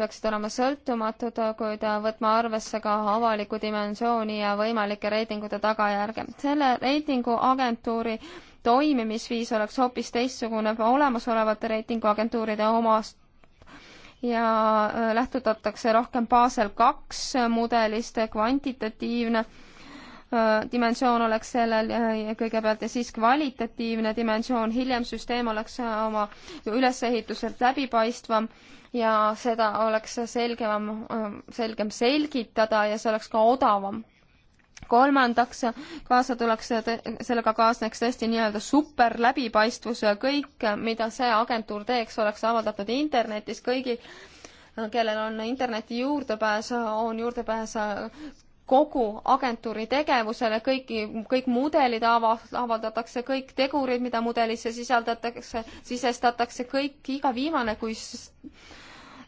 peaksid olema sõltumatud, kuid võtma arvesse ka avalikku dimensiooni ja võimalikke reitingute tagajärge. selle reitinguagentuuri toimimisviis oleks hoopis teistsugune olemasolevate reitinguagentuuride omast ja äh, lähtutatakse rohkem Basel kaks mudelist, kvantitatiivne äh, dimensioon oleks sellel kõigepealt ja siis kvalitatiivne dimensioon, hiljem süsteem oleks äh, oma ülesehituselt läbipaistvam ja seda oleks selgem, selgem selgitada ja see oleks ka odavam kolmandaks, kaasa tuleks, sellega kaasneks tõesti nii-öelda super läbipaistvus, kõik, mida see agentuur teeks, oleks avaldatud internetis, kõigi, kellel on interneti juurdepääs, on juurdepääs kogu agentuuri tegevusele, kõiki, kõik mudelid ava-, avaldatakse, kõik tegurid, mida mudelisse sisaldatakse, sisestatakse, kõik, iga viimane kui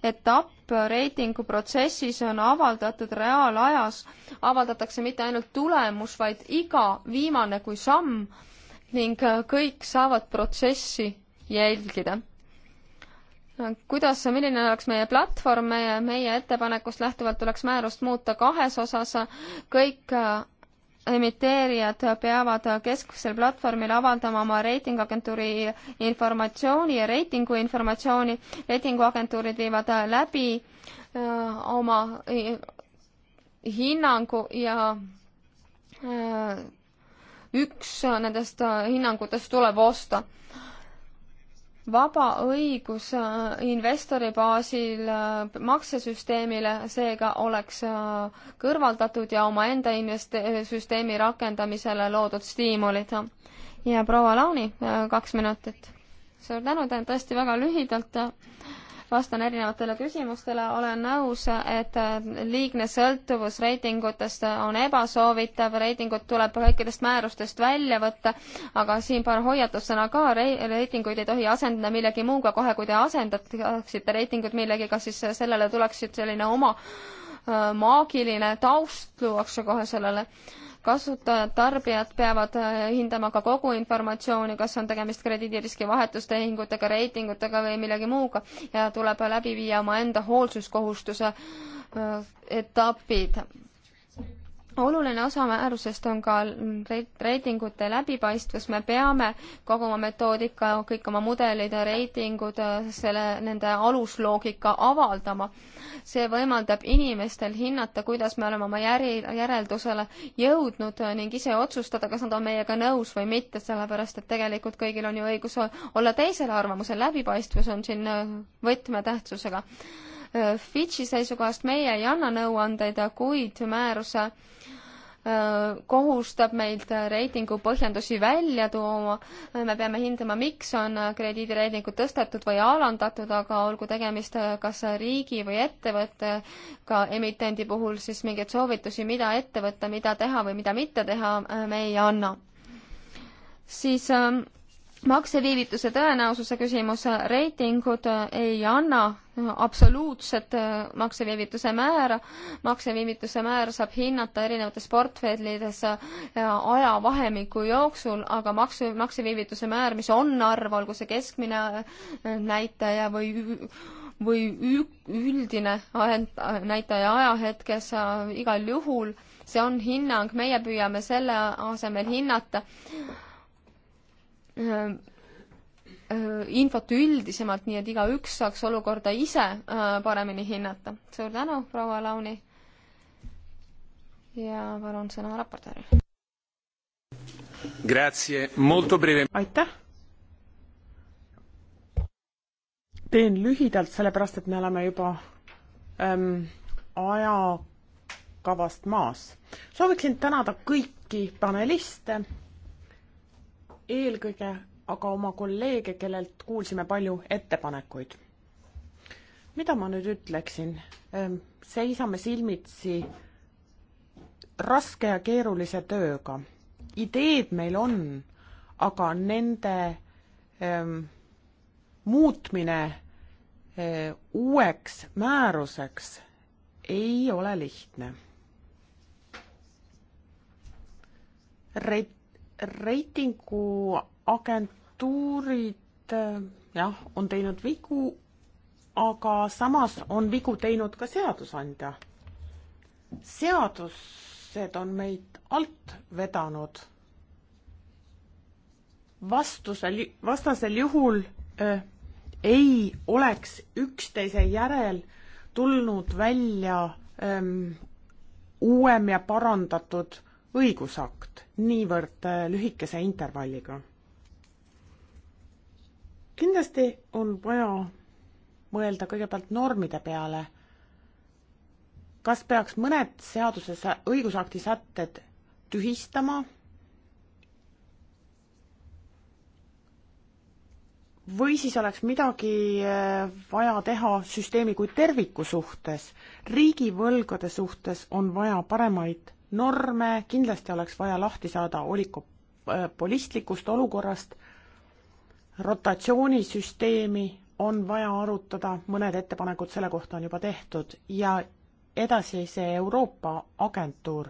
etapp reitingu protsessis on avaldatud reaalajas, avaldatakse mitte ainult tulemus, vaid iga viimane kui samm ning äh, kõik saavad protsessi jälgida kuidas, milline oleks meie platvorm, meie, meie ettepanekust lähtuvalt tuleks määrust muuta kahes osas, kõik äh, emiteerijad peavad kesksel platvormil avaldama oma reitinguagentuuri informatsiooni ja reitingu informatsiooni. reitinguagentuurid viivad läbi öö, äh, oma äh, hinnangu ja öö, äh, üks nendest hinnangutest tuleb osta vaba õigus äh, investori baasil äh, maksesüsteemile seega oleks äh, kõrvaldatud ja omaenda invest-, süsteemi rakendamisele loodud stiimulid. ja proua Launi, kaks minutit. suur tänu, teen tõesti väga lühidalt vastan erinevatele küsimustele, olen nõus, et liigne sõltuvus reitingutest on ebasoovitav, reitingud tuleb kõikidest määrustest välja võtta, aga siin paar hoiatussõna ka, reitinguid ei tohi asendada millegi muuga, kohe kui te asendaksite reitingut millegiga, siis sellele tuleks selline oma äh, maagiline taust luuakse kohe sellele äh, kasutajad, tarbijad peavad äh, hindama ka kogu informatsiooni, kas on tegemist krediidiriski vahetustehingutega, reitingutega või millegi muuga ja tuleb läbi viia omaenda hoolsuskohustuse äh, etapid oluline osa määrusest on ka reitingute läbipaistvus, me peame kogu oma metoodika, kõik oma mudelid ja reitingud, äh, selle, nende alusloogika avaldama. see võimaldab inimestel hinnata, kuidas me oleme oma järi, järeldusele jõudnud äh, ning ise otsustada, kas nad on meiega nõus või mitte, sellepärast et tegelikult kõigil on ju õigus olla teisel arvamusel, läbipaistvus on siin äh, võtmetähtsusega Äh, Fidži seisukohast meie ei anna nõuandeid, kuid määruse äh, kohustab meilt reitingu põhjendusi välja tooma, me peame hindama, miks on krediidireitingut tõstetud või alandatud, aga olgu tegemist äh, kas riigi või ettevõttega emitendi puhul, siis mingeid soovitusi, mida ette võtta, mida teha või mida mitte teha, me ei anna. siis ähm, makseviivituse tõenäosuse küsimus, reitingud ei anna absoluutset äh, makseviivituse määra, makseviivituse määr saab hinnata erinevates portfellides äh, ajavahemiku jooksul, aga maksu, makseviivituse määr, mis on arv, olgu see keskmine äh, näitaja või või üldine näitaja ajahetkes igal juhul, see on hinnang, meie püüame selle asemel hinnata äh, Äh, äh, infot üldisemalt, nii et igaüks saaks olukorda ise äh, paremini hinnata. suur tänu, proua Launi. ja palun sõna raportööril. Grazie, molto breve. aitäh. teen lühidalt, sellepärast et me oleme juba ähm, ajakavast maas. sooviksin tänada kõiki paneliste eelkõige aga oma kolleege, kellelt kuulsime palju ettepanekuid. mida ma nüüd ütleksin? Ehm, seisame silmitsi raske ja keerulise tööga. ideed meil on, aga nende ähm, muutmine äh, uueks määruseks ei ole lihtne. Ret-, reitinguagentuurid äh, jah, on teinud vigu, aga samas on vigu teinud ka seadusandja. seadused on meid alt vedanud. vastusel, vastasel juhul äh, ei oleks üksteise järel tulnud välja ähm, uuem ja parandatud õigusakt niivõrd äh, lühikese intervalliga. kindlasti on vaja mõelda kõigepealt normide peale. kas peaks mõned seaduses õigusakti sätted tühistama või siis oleks midagi äh, vaja teha süsteemi kui terviku suhtes, riigivõlgade suhtes on vaja paremaid norme, kindlasti oleks vaja lahti saada oligopolistlikust äh, olukorrast, rotatsioonisüsteemi on vaja arutada, mõned ettepanekud selle kohta on juba tehtud ja edasi see Euroopa agentuur.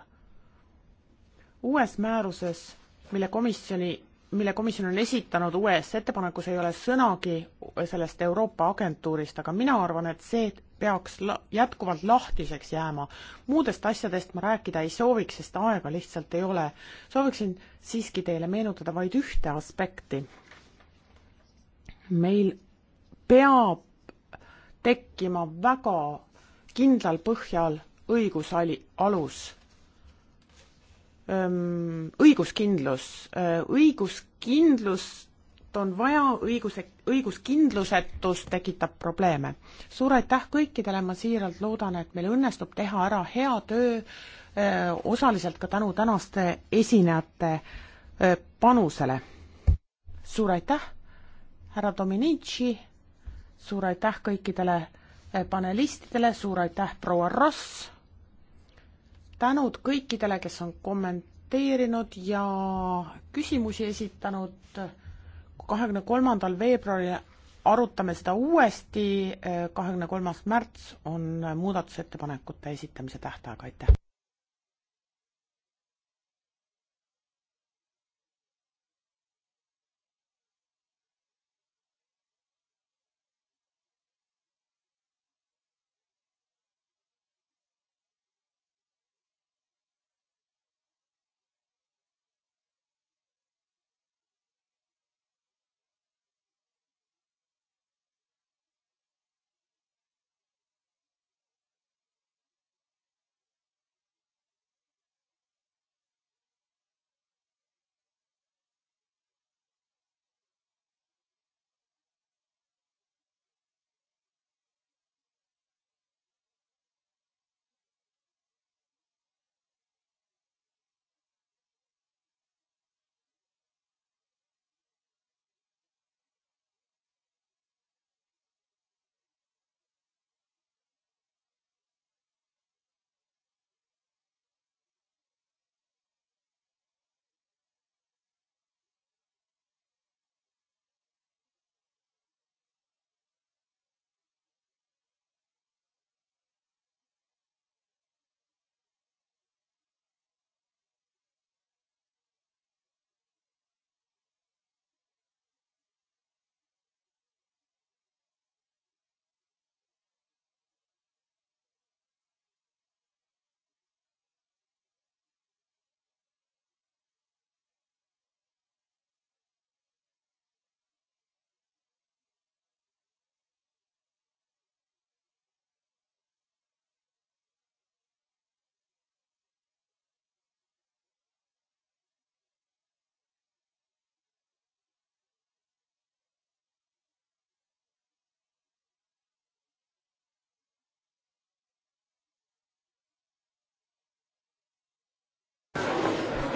uues määruses, mille komisjoni mille komisjon on esitanud uues ettepanekus, ei ole sõnagi sellest Euroopa agentuurist, aga mina arvan, et see peaks la-, jätkuvalt lahtiseks jääma. muudest asjadest ma rääkida ei sooviks, sest aega lihtsalt ei ole. sooviksin siiski teile meenutada vaid ühte aspekti. meil peab tekkima väga kindlal põhjal õigusali-, alus õiguskindlus, õiguskindlust on vaja, õiguse, õiguskindlusetus tekitab probleeme. suur aitäh kõikidele, ma siiralt loodan, et meil õnnestub teha ära hea töö, osaliselt ka tänu tänaste esinejate panusele. suur aitäh, härra Dominici, suur aitäh kõikidele panelistidele, suur aitäh, proua Ross tänud kõikidele, kes on kommenteerinud ja küsimusi esitanud. kahekümne kolmandal veebruaril arutame seda uuesti, kahekümne kolmas märts on muudatusettepanekute esitamise tähtaeg, aitäh!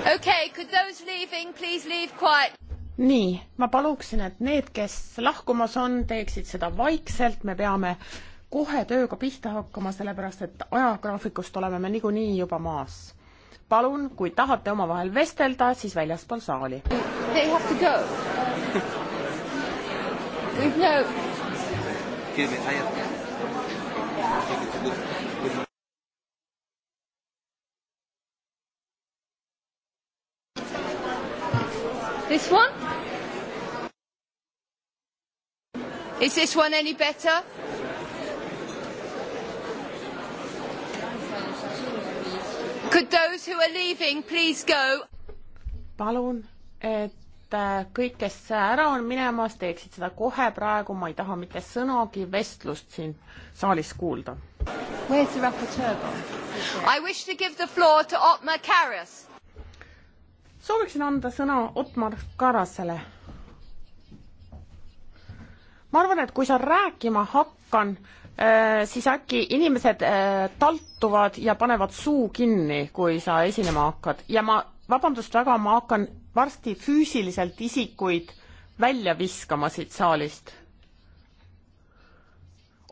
Okay, could those leaving please leave quiet? nii, ma paluksin, et need, kes lahkumas on, teeksid seda vaikselt, me peame kohe tööga pihta hakkama, sellepärast et ajagraafikust oleme me niikuinii juba maas. palun, kui tahate omavahel vestelda, siis väljaspool saali. They have to go. We've no. Give me, I have. Is this one any better? Could those who are leaving please go? palun, et äh, kõik, kes ära on minemas, teeksid seda kohe praegu, ma ei taha mitte sõnagi vestlust siin saalis kuulda. Where's the rapporteur gone? I wish to give the floor to Otmar Karas. sooviksin anda sõna Otmar Karasele ma arvan, et kui sa rääkima hakkan, äh, siis äkki inimesed äh, taltuvad ja panevad suu kinni, kui sa esinema hakkad ja ma, vabandust väga, ma hakkan varsti füüsiliselt isikuid välja viskama siit saalist.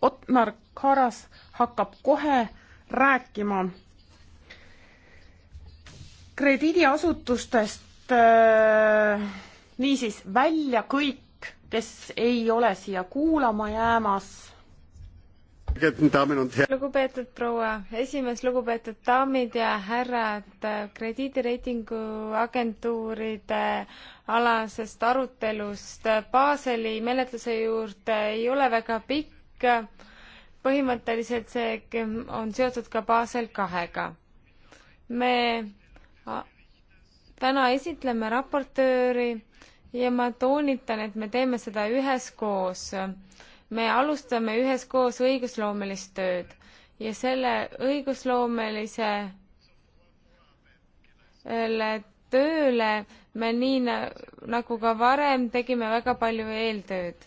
Otmar Karas hakkab kohe rääkima krediidiasutustest äh, niisiis välja kõik kes ei ole siia kuulama jäämas. lugupeetud proua esimees, lugupeetud daamid ja härrad, krediidireitingu agentuuride alasest arutelust Baseli menetluse juurde ei ole väga pikk. põhimõtteliselt see on seotud ka Basel kahega. me täna esitleme raportööri ja ma toonitan, et me teeme seda üheskoos. me alustame üheskoos õigusloomelist tööd ja selle õigusloomelise tööle me nii nagu ka varem tegime väga palju eeltööd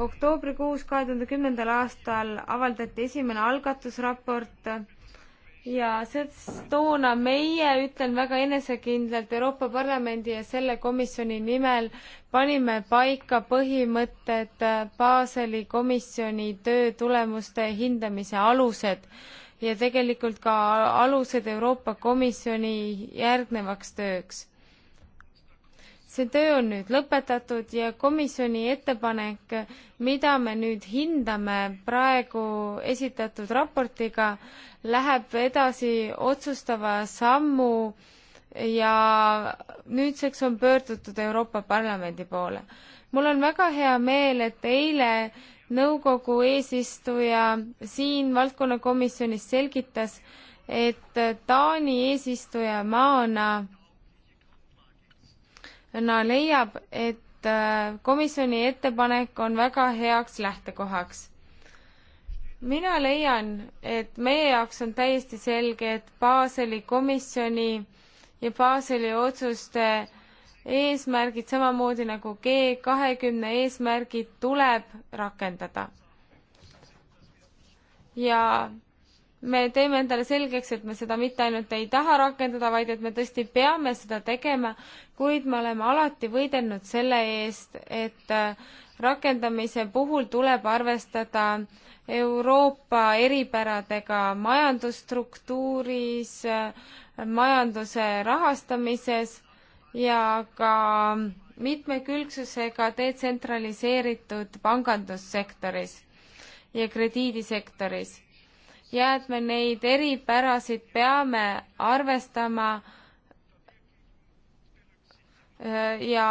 oktoobrikuus 2010. aastal avaldati esimene algatusraport ja toona meie, ütlen väga enesekindlalt Euroopa Parlamendi ja selle komisjoni nimel, panime paika põhimõtted äh, Baseli komisjoni töö tulemuste hindamise alused ja tegelikult ka alused Euroopa Komisjoni järgnevaks tööks see töö on nüüd lõpetatud ja komisjoni ettepanek, mida me nüüd hindame praegu esitatud raportiga, läheb edasi otsustava sammu ja nüüdseks on pöördutud Euroopa Parlamendi poole. mul on väga hea meel, et eile nõukogu eesistuja siin valdkonnakomisjonis selgitas, et Taani eesistujamaana na leiab, et äh, komisjoni ettepanek on väga heaks lähtekohaks. mina leian, et meie jaoks on täiesti selge, et Baseli komisjoni ja Baseli otsuste eesmärgid samamoodi nagu G kahekümne eesmärgid tuleb rakendada. ja me teeme endale selgeks, et me seda mitte ainult ei taha rakendada, vaid et me tõesti peame seda tegema, kuid me oleme alati võidelnud selle eest, et äh, rakendamise puhul tuleb arvestada Euroopa eripäradega majandusstruktuuris, äh, majanduse rahastamises ja ka mitmekülgsusega detsentraliseeritud pangandussektoris ja krediidisektoris ja et me neid eripärasid peame arvestama äh, ja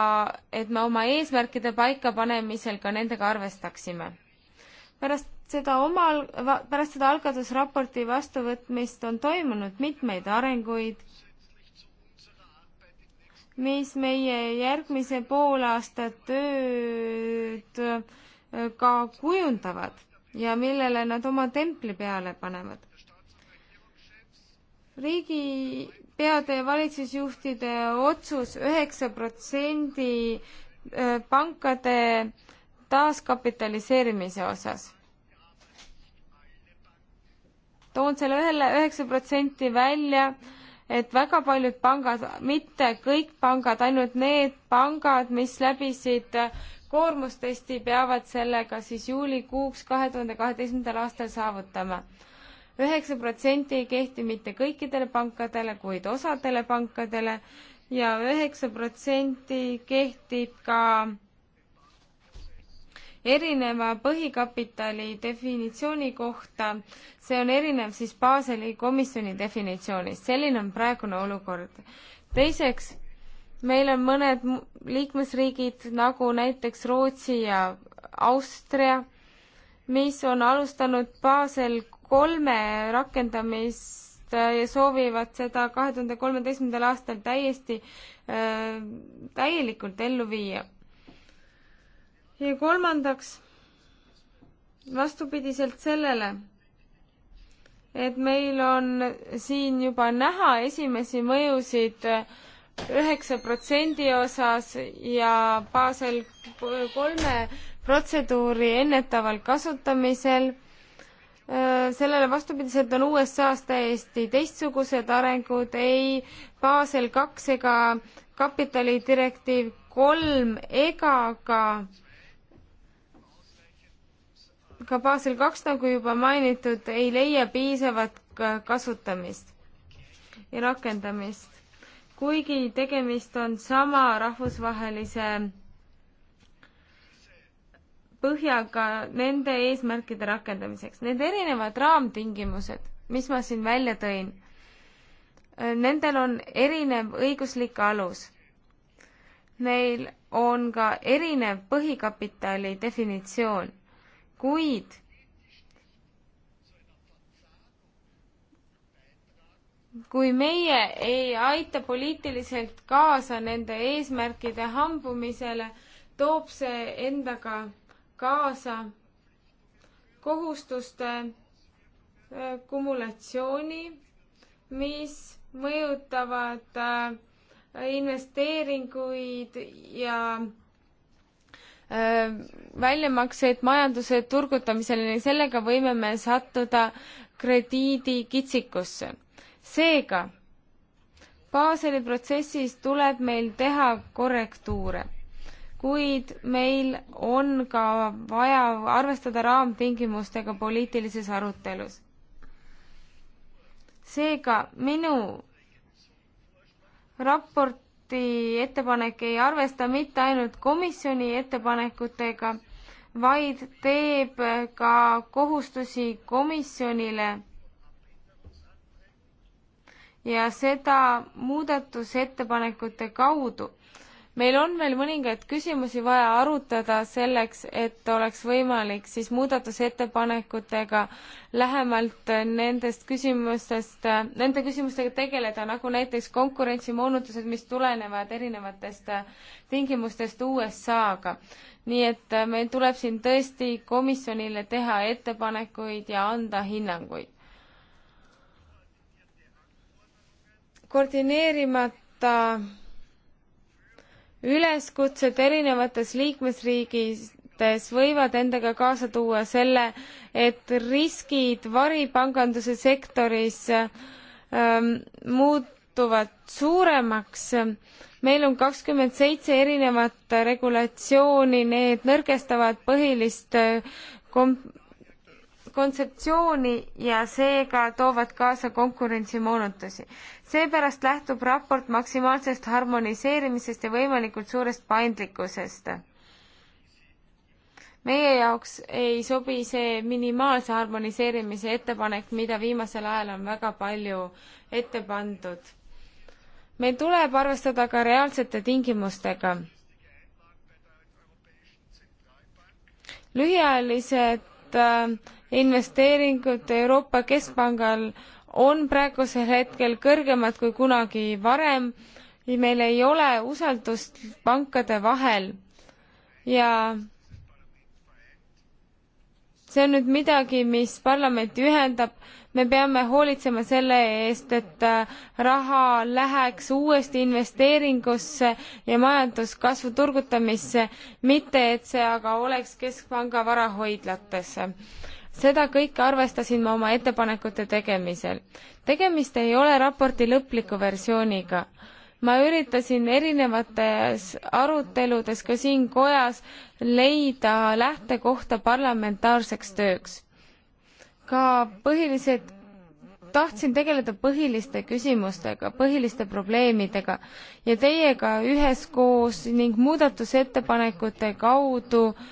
et me oma eesmärkide paikapanemisel ka nendega arvestaksime. pärast seda omal, pärast seda algatusraporti vastuvõtmist on toimunud mitmeid arenguid, mis meie järgmise poolaasta tööd äh, ka kujundavad ja millele nad oma templi peale panevad. riigipeade ja valitsusjuhtide otsus üheksa protsendi pankade taaskapitaliseerimise osas. toon selle ühele üheksa protsenti välja, et väga paljud pangad, mitte kõik pangad, ainult need pangad, mis läbisid koormustesti peavad sellega siis juulikuuks kahe tuhande kaheteistkümnendal aastal saavutama. üheksa protsenti ei kehti mitte kõikidele pankadele, kuid osadele pankadele ja üheksa protsenti kehtib ka erineva põhikapitali definitsiooni kohta, see on erinev siis Baseli komisjoni definitsioonist, selline on praegune olukord. teiseks, meil on mõned liikmesriigid nagu näiteks Rootsi ja Austria, mis on alustanud Basel kolme rakendamist äh, ja soovivad seda kahe tuhande kolmeteistkümnendal aastal täiesti äh,, täielikult ellu viia. ja kolmandaks, vastupidiselt sellele, et meil on siin juba näha esimesi mõjusid äh, üheksa protsendi osas ja baasel kolme protseduuri ennetaval kasutamisel. Äh, sellele vastupidiselt on USA-s täiesti teistsugused arengud, ei baasel kaks ega kapitalidirektiiv kolm ega ka ka baasel kaks, nagu juba mainitud, ei leia piisavat kasutamist ja rakendamist kuigi tegemist on sama rahvusvahelise põhjaga nende eesmärkide rakendamiseks. Need erinevad raamtingimused, mis ma siin välja tõin, nendel on erinev õiguslik alus. Neil on ka erinev põhikapitali definitsioon, kuid kui meie ei aita poliitiliselt kaasa nende eesmärkide hambumisele, toob see endaga kaasa kohustuste äh, kumulatsiooni, mis mõjutavad äh, investeeringuid ja äh, väljamakseid majanduse turgutamisele ja sellega võime me sattuda krediidikitsikusse seega, Baseli protsessis tuleb meil teha korrektuure, kuid meil on ka vaja arvestada raamtingimustega poliitilises arutelus. seega minu raporti ettepanek ei arvesta mitte ainult komisjoni ettepanekutega, vaid teeb ka kohustusi komisjonile ja seda muudatusettepanekute kaudu. meil on veel mõningaid küsimusi vaja arutada selleks, et oleks võimalik siis muudatusettepanekutega lähemalt nendest küsimustest, nende küsimustega tegeleda, nagu näiteks konkurentsimoonutused, mis tulenevad erinevatest tingimustest USA-ga. nii et meil tuleb siin tõesti komisjonile teha ettepanekuid ja anda hinnanguid koordineerimata üleskutsed erinevates liikmesriigides võivad endaga kaasa tuua selle, et riskid varipanganduse sektoris ähm, muutuvad suuremaks. meil on kakskümmend seitse erinevat regulatsiooni, need nõrgestavad põhilist äh, kom-, kontseptsiooni ja seega toovad kaasa konkurentsimoonutusi. seepärast lähtub raport maksimaalsest harmoniseerimisest ja võimalikult suurest paindlikkusest. meie jaoks ei sobi see minimaalse harmoniseerimise ettepanek, mida viimasel ajal on väga palju ette pandud. meil tuleb arvestada ka reaalsete tingimustega. lühiajalised et äh, investeeringud Euroopa Keskpangal on praegusel hetkel kõrgemad kui kunagi varem ja meil ei ole usaldust pankade vahel ja see on nüüd midagi, mis parlamenti ühendab, me peame hoolitsema selle eest, et äh, raha läheks uuesti investeeringusse ja majanduskasvu turgutamisse, mitte et see aga oleks keskpanga varahoidlatesse seda kõike arvestasin ma oma ettepanekute tegemisel. tegemist ei ole raporti lõpliku versiooniga. ma üritasin erinevates aruteludes ka siin kojas leida lähtekohta parlamentaarseks tööks. ka põhilised tahtsin tegeleda põhiliste küsimustega, põhiliste probleemidega ja teiega üheskoos ning muudatusettepanekute kaudu äh,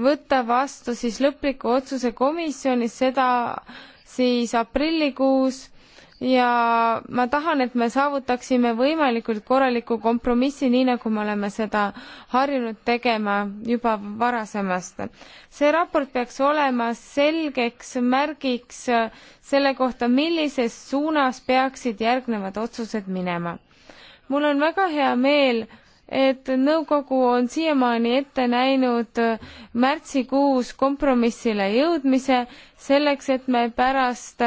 võtta vastu siis lõpliku otsuse komisjonis, seda siis aprillikuus ja ma tahan, et me saavutaksime võimalikult korraliku kompromissi, nii nagu me oleme seda harjunud tegema juba varasemast. see raport peaks olema selgeks märgiks selle kohta, millises suunas peaksid järgnevad otsused minema. mul on väga hea meel, et nõukogu on siiamaani ette näinud märtsikuus kompromissile jõudmise selleks, et me pärast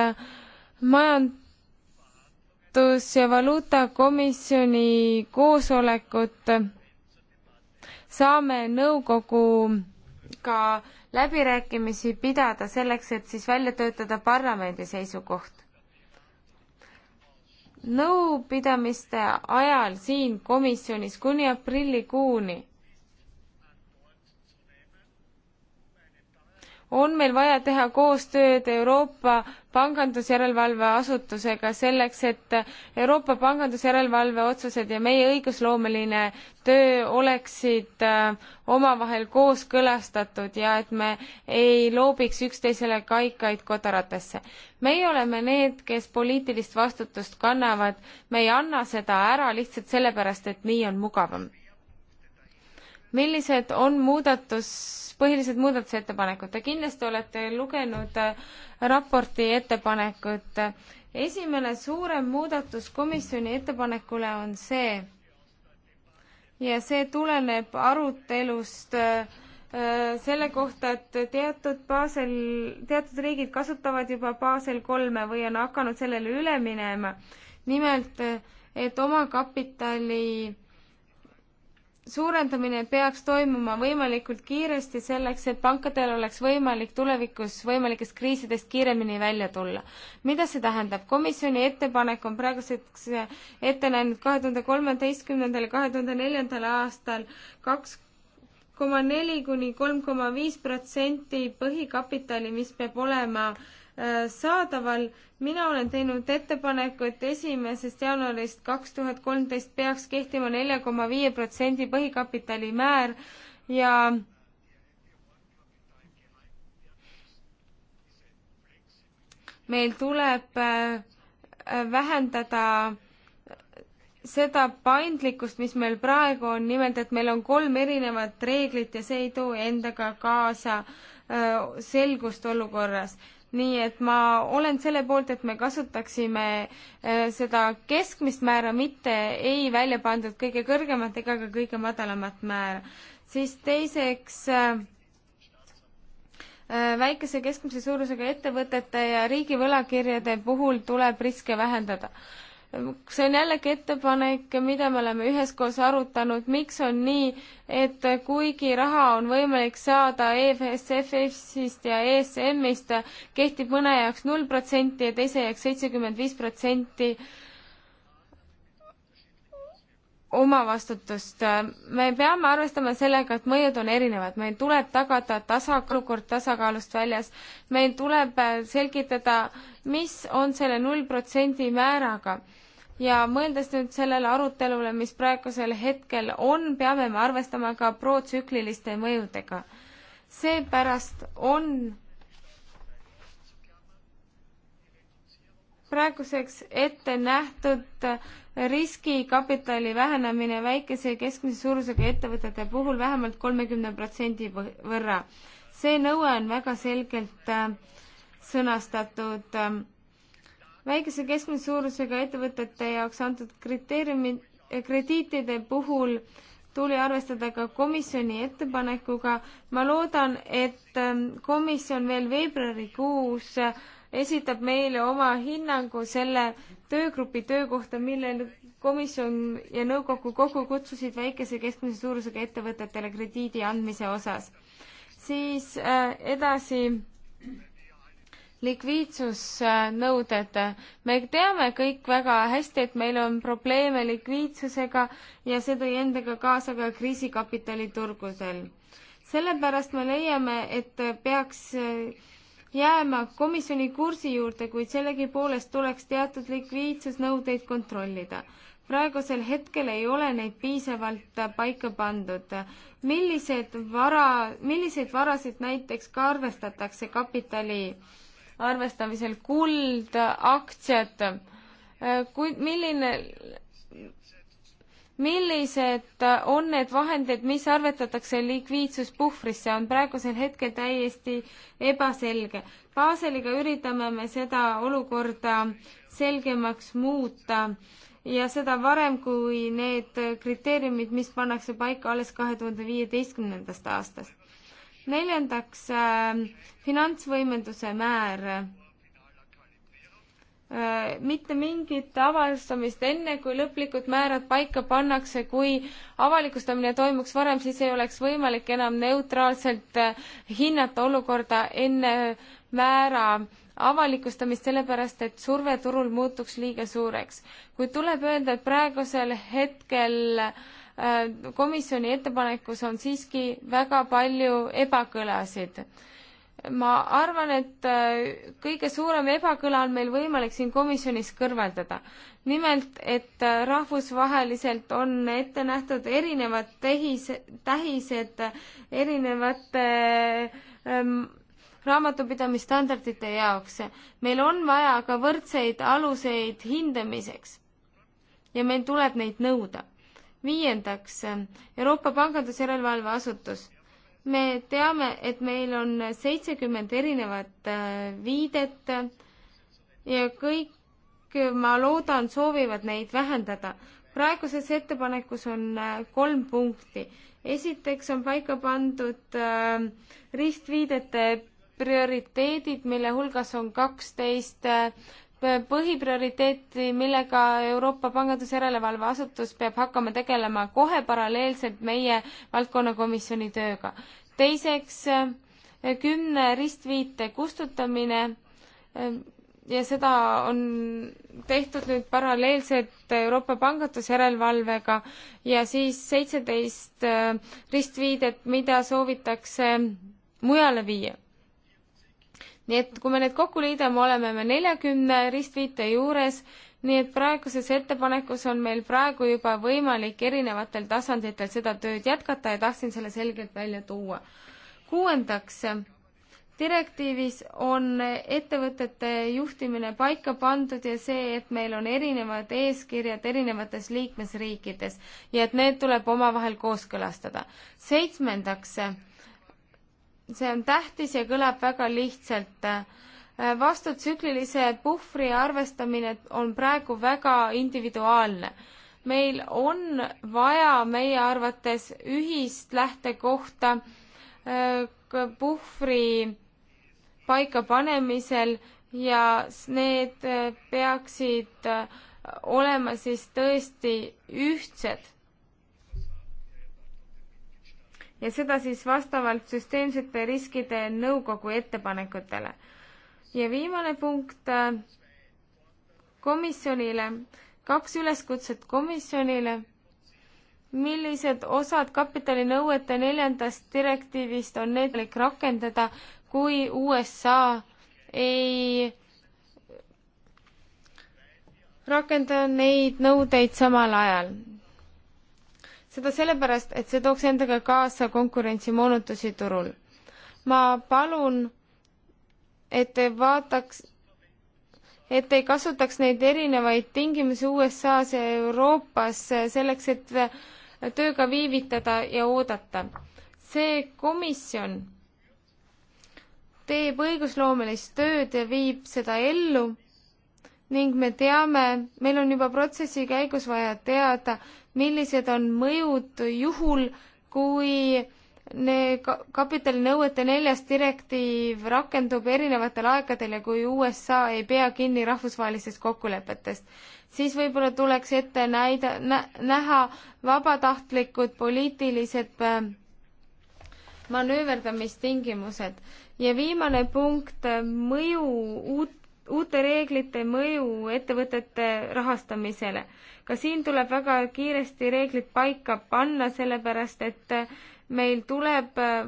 majandus- ja valuutakomisjoni koosolekut saame nõukoguga läbirääkimisi pidada selleks, et siis välja töötada parlamendi seisukoht nõupidamiste ajal siin komisjonis kuni aprillikuuni on meil vaja teha koostööd Euroopa pangandusjärelevalve asutusega selleks, et Euroopa pangandusjärelevalve otsused ja meie õigusloomeline töö oleksid äh, omavahel kooskõlastatud ja et me ei loobiks üksteisele kaikaid kodaratesse. meie oleme need, kes poliitilist vastutust kannavad, me ei anna seda ära lihtsalt sellepärast, et nii on mugavam millised on muudatus, põhilised muudatusettepanekud? Te kindlasti olete lugenud äh, raporti ettepanekut. esimene suurem muudatus komisjoni ettepanekule on see ja see tuleneb arutelust äh, selle kohta, et teatud baasel, teatud riigid kasutavad juba baasel kolme või on hakanud sellele üle minema. nimelt, äh, et omakapitali suurendamine peaks toimuma võimalikult kiiresti selleks, et pankadel oleks võimalik tulevikus võimalikest kriisidest kiiremini välja tulla. mida see tähendab? komisjoni ettepanek on praeguseks ette näinud kahe tuhande kolmeteistkümnendal ja kahe tuhande neljandal aastal kaks koma neli kuni kolm koma viis protsenti põhikapitali, mis peab olema äh, Äh, saadaval. mina olen teinud ettepaneku, et esimesest jaanuarist kaks tuhat kolmteist peaks kehtima nelja koma viie protsendi põhikapitali määr ja meil tuleb äh, vähendada seda paindlikkust, mis meil praegu on, nimelt et meil on kolm erinevat reeglit ja see ei too endaga kaasa äh, selgust olukorras nii et ma olen selle poolt, et me kasutaksime äh, seda keskmist määra, mitte ei välja pandud kõige kõrgemat ega ka kõige madalamat määra. siis teiseks äh, äh, väikese keskmise suurusega ettevõtete ja riigi võlakirjade puhul tuleb riske vähendada see on jällegi ettepanek, mida me oleme üheskoos arutanud, miks on nii, et kuigi raha on võimalik saada EFSF-ist ja ESM-ist, kehtib mõne jaoks null protsenti ja teise jaoks seitsekümmend viis protsenti omavastutust. me peame arvestama sellega, et mõjud on erinevad, meil tuleb tagada tasakaalukord tasakaalust väljas, meil tuleb selgitada, mis on selle null protsendi määraga ja mõeldes nüüd sellele arutelule, mis praegusel hetkel on, peame me arvestama ka protsükliliste mõjudega. seepärast on praeguseks ette nähtud riskikapitali vähenemine väikese ja keskmise suurusega ettevõtete puhul vähemalt kolmekümne protsendi võrra. see nõue on väga selgelt äh, sõnastatud väikese keskmise suurusega ettevõtete jaoks antud kriteeriumid, eh, krediitide puhul tuli arvestada ka komisjoni ettepanekuga. ma loodan, et ähm, komisjon veel veebruarikuus esitab meile oma hinnangu selle töögrupi töö kohta, mille komisjon ja nõukogu kokku kutsusid väikese keskmise suurusega ettevõtetele krediidi andmise osas. siis äh, edasi likviidsusnõuded. me teame kõik väga hästi, et meil on probleeme likviidsusega ja see tõi endaga kaasa ka kriisikapitali turgudel. sellepärast me leiame, et peaks jääma komisjoni kursi juurde, kuid sellegipoolest tuleks teatud likviidsusnõudeid kontrollida praegusel hetkel ei ole neid piisavalt paika pandud. millised vara, milliseid varasid näiteks ka arvestatakse kapitali äh, arvestamisel kuld, aktsiad, kui, milline, millised on need vahendid, mis arvestatakse likviidsuspuhvrisse, on praegusel hetkel täiesti ebaselge. Baseliga üritame me seda olukorda selgemaks muuta ja seda varem kui need kriteeriumid, mis pannakse paika alles kahe tuhande viieteistkümnendast aastast neljandaks äh,, finantsvõimenduse määr äh,. mitte mingit avastamist enne, kui lõplikud määrad paika pannakse, kui avalikustamine toimuks varem, siis ei oleks võimalik enam neutraalselt äh, hinnata olukorda enne määra avalikustamist, sellepärast et surve turul muutuks liiga suureks. kuid tuleb öelda, et praegusel hetkel äh, Äh, komisjoni ettepanekus on siiski väga palju ebakõlasid. ma arvan, et äh, kõige suurem ebakõla on meil võimalik siin komisjonis kõrvaldada. nimelt, et äh, rahvusvaheliselt on ette nähtud erinevad tehis, tähised erinevate ähm, raamatupidamisstandardite jaoks. meil on vaja ka võrdseid aluseid hindamiseks ja meil tuleb neid nõuda viiendaks, Euroopa Pangandusjärelevalve Asutus. me teame, et meil on seitsekümmend erinevat äh, viidet ja kõik, ma loodan, soovivad neid vähendada. praeguses ettepanekus on äh, kolm punkti. esiteks on paika pandud äh, ristviidete prioriteedid, mille hulgas on kaksteist Äh, põhiprioriteeti, millega Euroopa Pangandusjärelevalve Asutus peab hakkama tegelema kohe paralleelselt meie valdkonnakomisjoni tööga. teiseks, äh, kümne ristviite kustutamine äh, ja seda on tehtud nüüd paralleelselt Euroopa pangandusjärelevalvega ja siis seitseteist ristviidet, mida soovitakse mujale viia nii et kui me need kokku liidame, oleme me neljakümne ristviite juures, nii et praeguses ettepanekus on meil praegu juba võimalik erinevatel tasanditel seda tööd jätkata ja tahtsin selle selgelt välja tuua. kuuendaks, direktiivis on ettevõtete juhtimine paika pandud ja see, et meil on erinevad eeskirjad erinevates liikmesriikides ja et need tuleb omavahel kooskõlastada. seitsmendaks see on tähtis ja kõlab väga lihtsalt. Äh, vastutsüklilise puhvri arvestamine on praegu väga individuaalne. meil on vaja meie arvates ühist lähtekohta äh, puhvri paikapanemisel ja need äh, peaksid olema siis tõesti ühtsed ja seda siis vastavalt süsteemsete riskide nõukogu ettepanekutele. ja viimane punkt äh, komisjonile, kaks üleskutset komisjonile, millised osad kapitalinõuete neljandast direktiivist on need võimalik rakendada, kui USA ei rakenda neid nõudeid samal ajal seda sellepärast, et see tooks endaga kaasa konkurentsimoonutusi turul. ma palun, et te vaataks, et ei kasutaks neid erinevaid tingimusi USA-s ja Euroopas selleks, et tööga viivitada ja oodata. see komisjon teeb õigusloomelist tööd ja viib seda ellu ning me teame, meil on juba protsessi käigus vaja teada, millised on mõjud juhul, kui kapitalinõuete neljas direktiiv rakendub erinevatel aegadel ja kui USA ei pea kinni rahvusvahelistest kokkulepetest, siis võib-olla tuleks ette näida nä,, näha vabatahtlikud poliitilised ähm, manööverdamistingimused. ja viimane punkt, äh, mõju uut uute reeglite mõju ettevõtete rahastamisele. ka siin tuleb väga kiiresti reeglid paika panna, sellepärast et meil tuleb äh,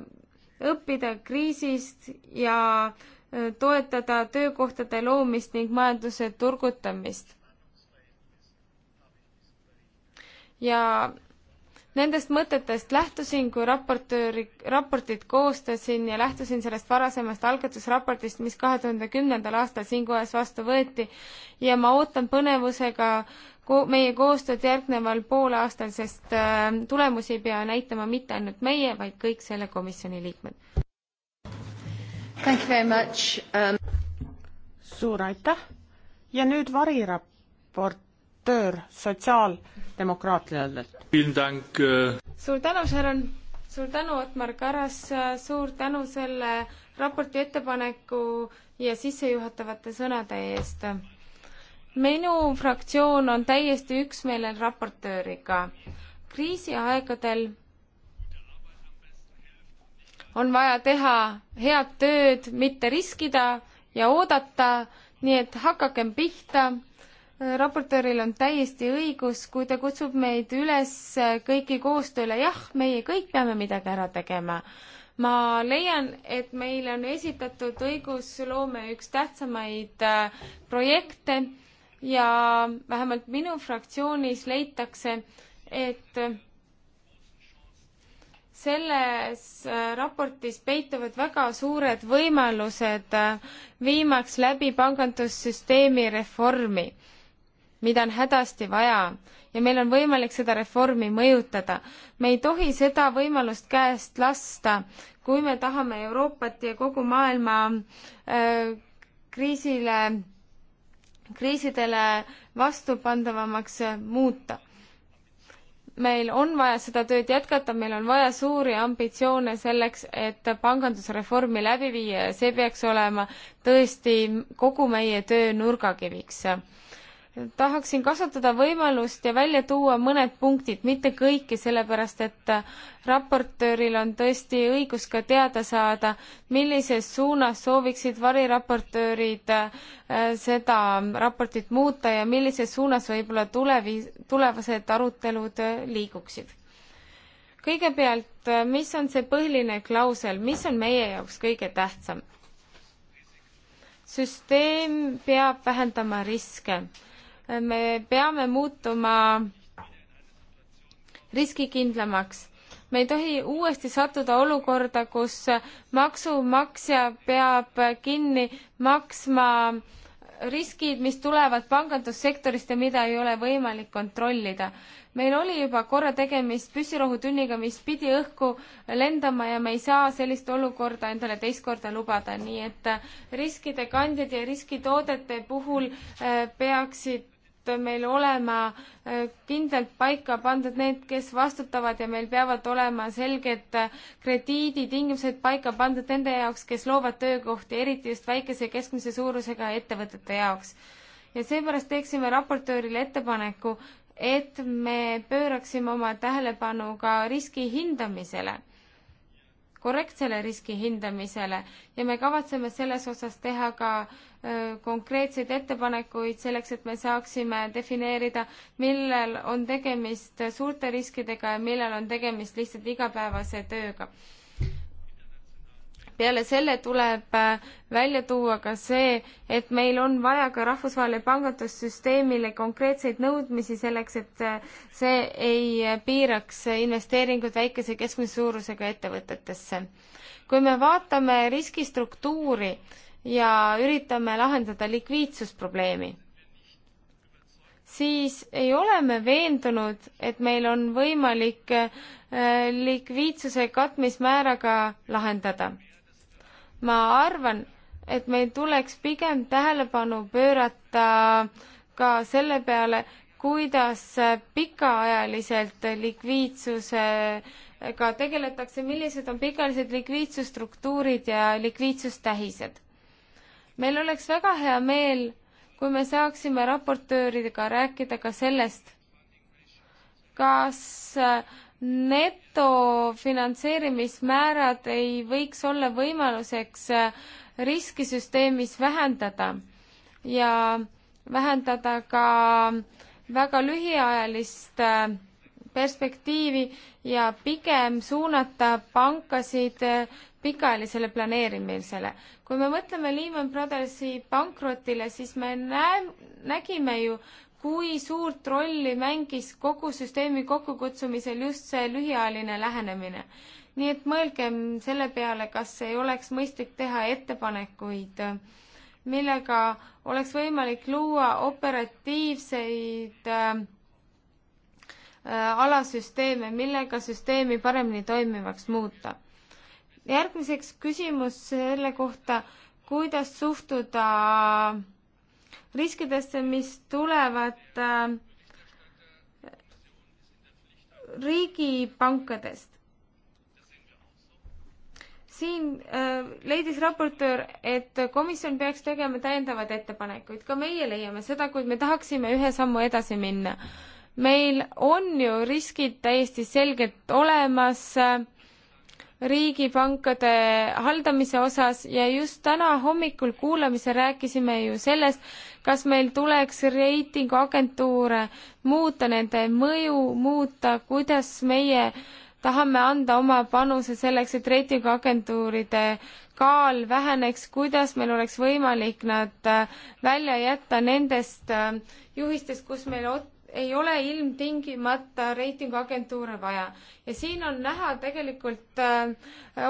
õppida kriisist ja äh, toetada töökohtade loomist ning majanduse turgutamist. ja Nendest mõtetest lähtusin, kui raportööri, raportit koostasin ja lähtusin sellest varasemast algatusraportist, mis kahe tuhande kümnendal aastal siin kohas vastu võeti ja ma ootan põnevusega ko-, meie koostööd järgneval poolaastal, sest äh, tulemusi ei pea näitama mitte ainult meie, vaid kõik selle komisjoni liikmed. Um... suur aitäh ja nüüd variraport raportöör sotsiaaldemokraatidelt. Äh, suur tänu, Sharon! suur tänu, Otmar Karas, suur tänu selle raporti ettepaneku ja sissejuhatavate sõnade eest. minu fraktsioon on täiesti üksmeelel raportööriga. kriisiaegadel on vaja teha head tööd, mitte riskida ja oodata, nii et hakakem pihta raportööril on täiesti õigus, kui ta kutsub meid üles kõiki koostööle, jah, meie kõik peame midagi ära tegema. ma leian, et meile on esitatud õigusloome üks tähtsamaid äh, projekte ja vähemalt minu fraktsioonis leitakse, et selles äh, raportis peituvad väga suured võimalused äh, viimaks läbi pangandussüsteemi reformi mida on hädasti vaja ja meil on võimalik seda reformi mõjutada. me ei tohi seda võimalust käest lasta, kui me tahame Euroopat ja kogu maailma äh, kriisile, kriisidele vastupandavamaks äh, muuta meil on vaja seda tööd jätkata, meil on vaja suuri ambitsioone selleks, et pangandusreformi läbi viia ja see peaks olema tõesti kogu meie töö nurgakiviks tahaksin kasutada võimalust ja välja tuua mõned punktid, mitte kõiki, sellepärast et raportööril on tõesti õigus ka teada saada, millises suunas sooviksid variraportöörid äh, seda raportit muuta ja millises suunas võib-olla tulevi-, tulevased arutelud äh, liiguksid. kõigepealt, äh, mis on see põhiline klausel, mis on meie jaoks kõige tähtsam? süsteem peab vähendama riske me peame muutuma riskikindlamaks. me ei tohi uuesti sattuda olukorda, kus maksumaksja peab kinni maksma riskid, mis tulevad pangandussektorist ja mida ei ole võimalik kontrollida. meil oli juba korra tegemist püssirohutünniga, mis pidi õhku lendama ja me ei saa sellist olukorda endale teist korda lubada, nii et riskide kandjad ja riskitoodete puhul eh, peaksid meil olema äh, kindlalt paika pandud need, kes vastutavad ja meil peavad olema selged äh, krediiditingimused paika pandud nende jaoks, kes loovad töökohti, eriti just väikese ja keskmise suurusega ettevõtete jaoks. ja seepärast teeksime raportöörile ettepaneku, et me pööraksime oma tähelepanu ka riski hindamisele korrektsele riski hindamisele ja me kavatseme selles osas teha ka öö, konkreetseid ettepanekuid selleks, et me saaksime defineerida, millel on tegemist suurte riskidega ja millel on tegemist lihtsalt igapäevase tööga peale selle tuleb äh, välja tuua ka see, et meil on vaja ka rahvusvahelisele pangandussüsteemile konkreetseid nõudmisi selleks, et äh, see ei äh, piiraks investeeringuid väikese keskmise suurusega ettevõtetesse. kui me vaatame riskistruktuuri ja üritame lahendada likviidsusprobleemi, siis ei ole me veendunud, et meil on võimalik likviidsuse katmismääraga lahendada ma arvan, et meil tuleks pigem tähelepanu pöörata ka selle peale, kuidas pikaajaliselt likviidsusega tegeletakse, millised on pikaajalised likviidsusstruktuurid ja likviidsustähised. meil oleks väga hea meel, kui me saaksime raportööridega rääkida ka sellest, kas netofinantseerimismäärad ei võiks olla võimaluseks äh, riskisüsteemis vähendada ja vähendada ka väga lühiajalist äh, perspektiivi ja pigem suunata pankasid äh, pikaajalisele planeerimisele. kui me mõtleme Lehman Brothersi pankrotile, siis me näe-, nägime ju, kui suurt rolli mängis kogu süsteemi kokkukutsumisel just see lühiajaline lähenemine. nii et mõelgem selle peale, kas ei oleks mõistlik teha ettepanekuid, millega oleks võimalik luua operatiivseid äh, alasüsteeme, millega süsteemi paremini toimivaks muuta. järgmiseks küsimus selle kohta, kuidas suhtuda äh, riskidesse, mis tulevad äh, riigipankadest. siin äh, leidis raportöör, et komisjon peaks tegema täiendavaid ettepanekuid, ka meie leiame seda, kuid me tahaksime ühe sammu edasi minna. meil on ju riskid täiesti selgelt olemas äh, riigipankade haldamise osas ja just täna hommikul kuulamisel rääkisime ju sellest, kas meil tuleks reitinguagentuure muuta, nende mõju muuta, kuidas meie tahame anda oma panuse selleks, et reitinguagentuuride kaal väheneks, kuidas meil oleks võimalik nad äh, välja jätta nendest äh, juhistest, kus meil ot-, ei ole ilmtingimata reitinguagentuure vaja. ja siin on näha tegelikult äh,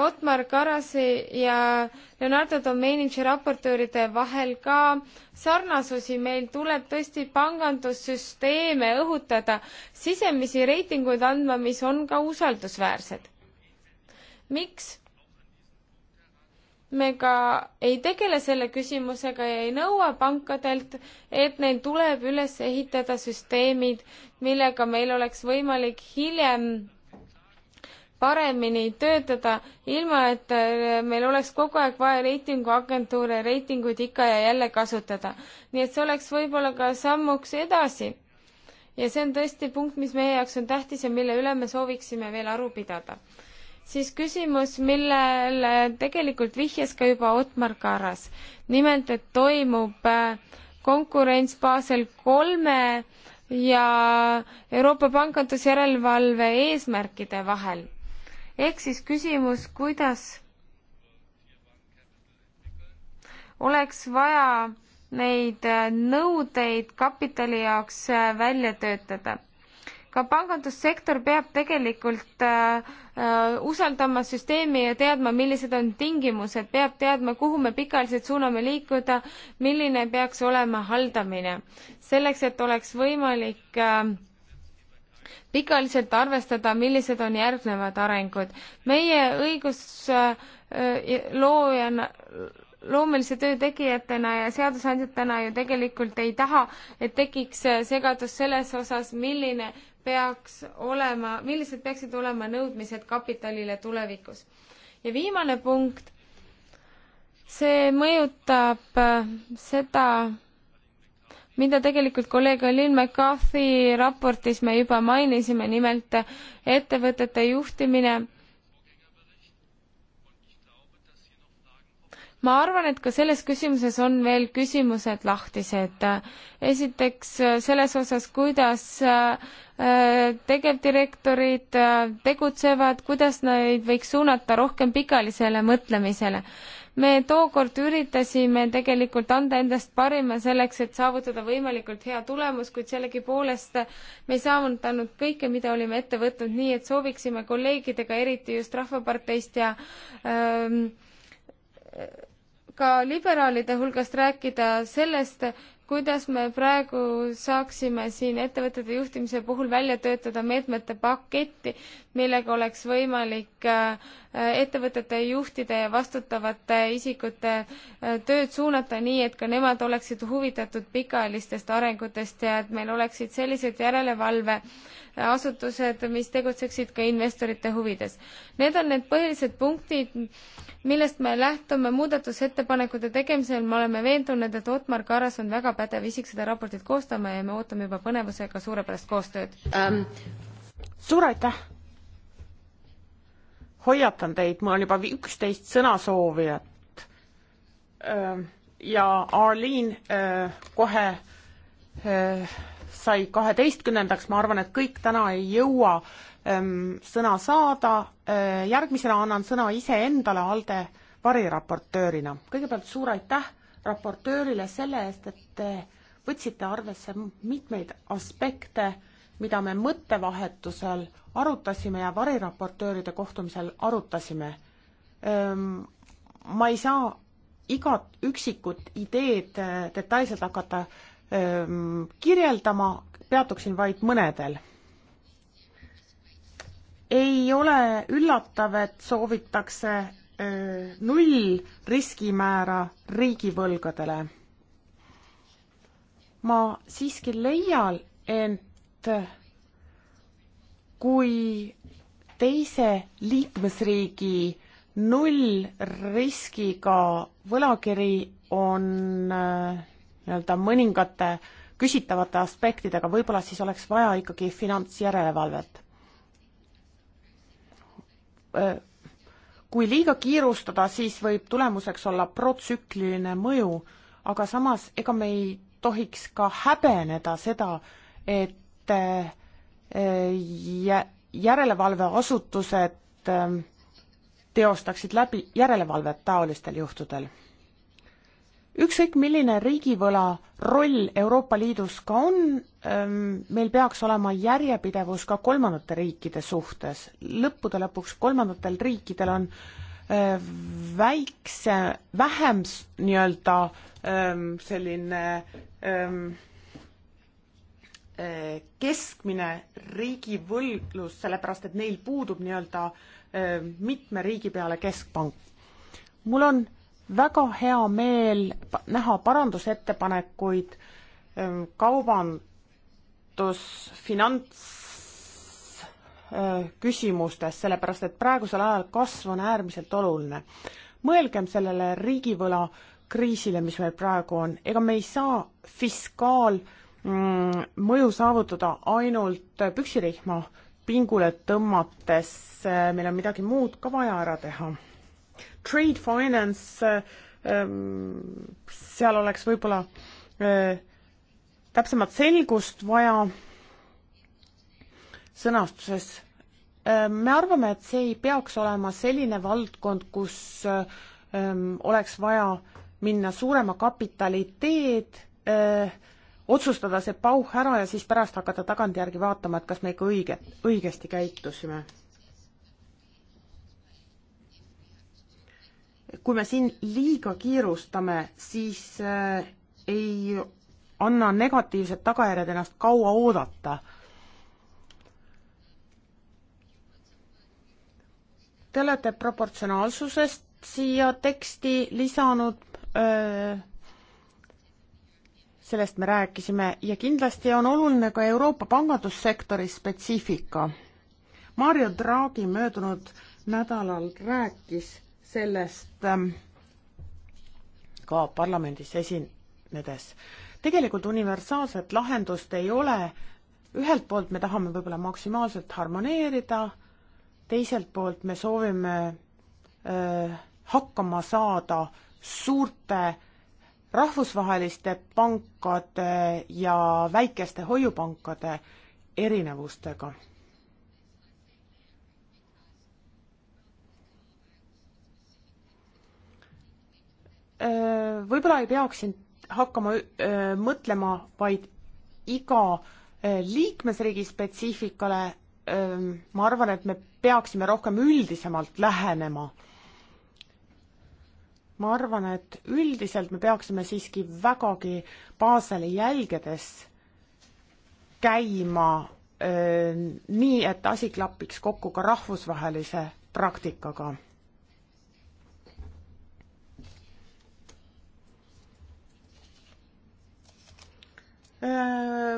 Otmar Karasi ja Leonardo Domenici raportööride vahel ka sarnasusi, meil tuleb tõesti pangandussüsteeme õhutada, sisemisi reitinguid andma, mis on ka usaldusväärsed. miks? me ka ei tegele selle küsimusega ja ei nõua pankadelt, et neil tuleb üles ehitada süsteemid, millega meil oleks võimalik hiljem paremini töötada, ilma et äh, meil oleks kogu aeg vaja reitinguagentuure reitinguid ikka ja jälle kasutada. nii et see oleks võib-olla ka sammuks edasi. ja see on tõesti punkt, mis meie jaoks on tähtis ja mille üle me sooviksime veel aru pidada siis küsimus, millele tegelikult vihjas ka juba Otmar Karas. nimelt, et toimub äh, konkurents baasel kolme ja Euroopa pangandusjärelevalve eesmärkide vahel. ehk siis küsimus, kuidas oleks vaja neid äh, nõudeid kapitali jaoks äh, välja töötada ka pangandussektor peab tegelikult äh, äh, usaldama süsteemi ja teadma, millised on tingimused, peab teadma, kuhu me pikaajaliselt suuname liikuda, milline peaks olema haldamine. selleks, et oleks võimalik äh, pikaliselt arvestada, millised on järgnevad arengud. meie õigusloojana äh, äh loomelise töö tegijatena ja seadusandjatena ju tegelikult ei taha, et tekiks äh, segadus selles osas, milline peaks olema, millised peaksid olema nõudmised kapitalile tulevikus. ja viimane punkt, see mõjutab äh, seda, mida tegelikult kolleeg Lynn McCarthy raportis me juba mainisime, nimelt äh, ettevõtete juhtimine ma arvan, et ka selles küsimuses on veel küsimused lahtised. esiteks äh, selles osas, kuidas äh, tegevdirektorid äh, tegutsevad, kuidas neid võiks suunata rohkem pikalisele mõtlemisele. me tookord üritasime tegelikult anda endast parima selleks, et saavutada võimalikult hea tulemus, kuid sellegipoolest me ei saavutanud kõike, mida olime ette võtnud, nii et sooviksime kolleegidega, eriti just Rahvaparteist ja öö, ähm, ka liberaalide hulgast rääkida sellest, kuidas me praegu saaksime siin ettevõtete juhtimise puhul välja töötada meetmete paketti, millega oleks võimalik äh, ettevõtete juhtide ja vastutavate isikute äh, tööd suunata nii, et ka nemad oleksid huvitatud pikaajalistest arengutest ja et meil oleksid sellised järelevalveasutused, mis tegutseksid ka investorite huvides. Need on need põhilised punktid, millest me lähtume muudatusettepanekute tegemisel, me oleme veendunud, et Otmar Karas on väga pädev isik seda raportit koostama ja me ootame juba põnevusega suurepärast koostööd um,. suur aitäh! hoiatan teid, mul on juba üksteist sõnasoovijat. ja Arliin kohe sai kaheteistkümnendaks, ma arvan, et kõik täna ei jõua sõna saada. järgmisena annan sõna iseendale ALDE variraportöörina. kõigepealt suur aitäh raportöörile selle eest, et te võtsite arvesse mitmeid aspekte mida me mõttevahetusel arutasime ja variraportööride kohtumisel arutasime. ma ei saa igat üksikut ideed äh, detailselt hakata öö, kirjeldama, peatuksin vaid mõnedel. ei ole üllatav, et soovitakse öö, null riskimäära riigivõlgadele. ma siiski leian, et et kui teise liikmesriigi nullriskiga võlakiri on äh, nii-öelda mõningate küsitavate aspektidega, võib-olla siis oleks vaja ikkagi finantsjärelevalvet. Äh, kui liiga kiirustada, siis võib tulemuseks olla protsükliline mõju, aga samas ega me ei tohiks ka häbeneda seda, et ette eh, järelevalveasutused eh, teostaksid läbi järelevalvet taolistel juhtudel. ükskõik, milline riigivõla roll Euroopa Liidus ka on, eh, meil peaks olema järjepidevus ka kolmandate riikide suhtes. lõppude lõpuks kolmandatel riikidel on väikse, vähem nii-öelda selline öö, Eh, keskmine riigivõlglus, sellepärast et neil puudub nii-öelda eh, mitme riigi peale keskpank. mul on väga hea meel näha parandusettepanekuid eh, kaubandus, finants küsimustes, sellepärast et praegusel ajal kasv on äärmiselt oluline. mõelgem sellele riigivõla kriisile, mis meil praegu on, ega me ei saa fiskaal äh, Mm, mõju saavutada ainult püksirihma pingule tõmmates, eh, meil on midagi muud ka vaja ära teha. Trade finance, eh, mm, seal oleks võib-olla eh, täpsemat selgust vaja sõnastuses. me arvame, et see ei peaks olema selline valdkond, kus mm, oleks vaja minna suurema kapitali teed, otsustada see pauh ära ja siis pärast hakata tagantjärgi vaatama, et kas me ikka õige, õigesti käitusime. kui me siin liiga kiirustame, siis äh, ei anna negatiivsed tagajärjed ennast kaua oodata. Te olete proportsionaalsusest siia teksti lisanud öö, äh, sellest me rääkisime ja kindlasti on oluline ka Euroopa pangandussektori spetsiifika. Mario Draghi möödunud nädalal rääkis sellest ähm, ka parlamendis esinedes. tegelikult universaalset lahendust ei ole, ühelt poolt me tahame võib-olla maksimaalselt harmoneerida, teiselt poolt me soovime öö, äh, hakkama saada suurte rahvusvaheliste pankade ja väikeste hoiupankade erinevustega. võib-olla ei peaks siin hakkama mõtlema vaid iga liikmesriigi spetsiifikale, ma arvan, et me peaksime rohkem üldisemalt lähenema ma arvan, et üldiselt me peaksime siiski vägagi baasele jälgedes käima öö, nii, et asi klapiks kokku ka rahvusvahelise praktikaga.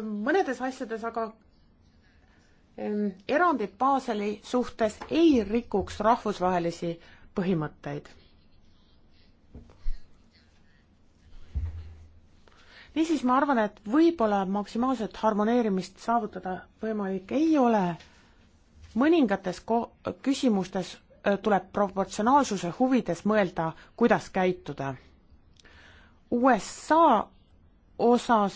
mõnedes asjades aga öö, erandid Baseli suhtes ei rikuks rahvusvahelisi põhimõtteid niisiis, ma arvan, et võib-olla maksimaalset harmoneerimist saavutada võimalik ei ole. mõningates ko-, küsimustes äh, tuleb proportsionaalsuse huvides mõelda, kuidas käituda. USA osas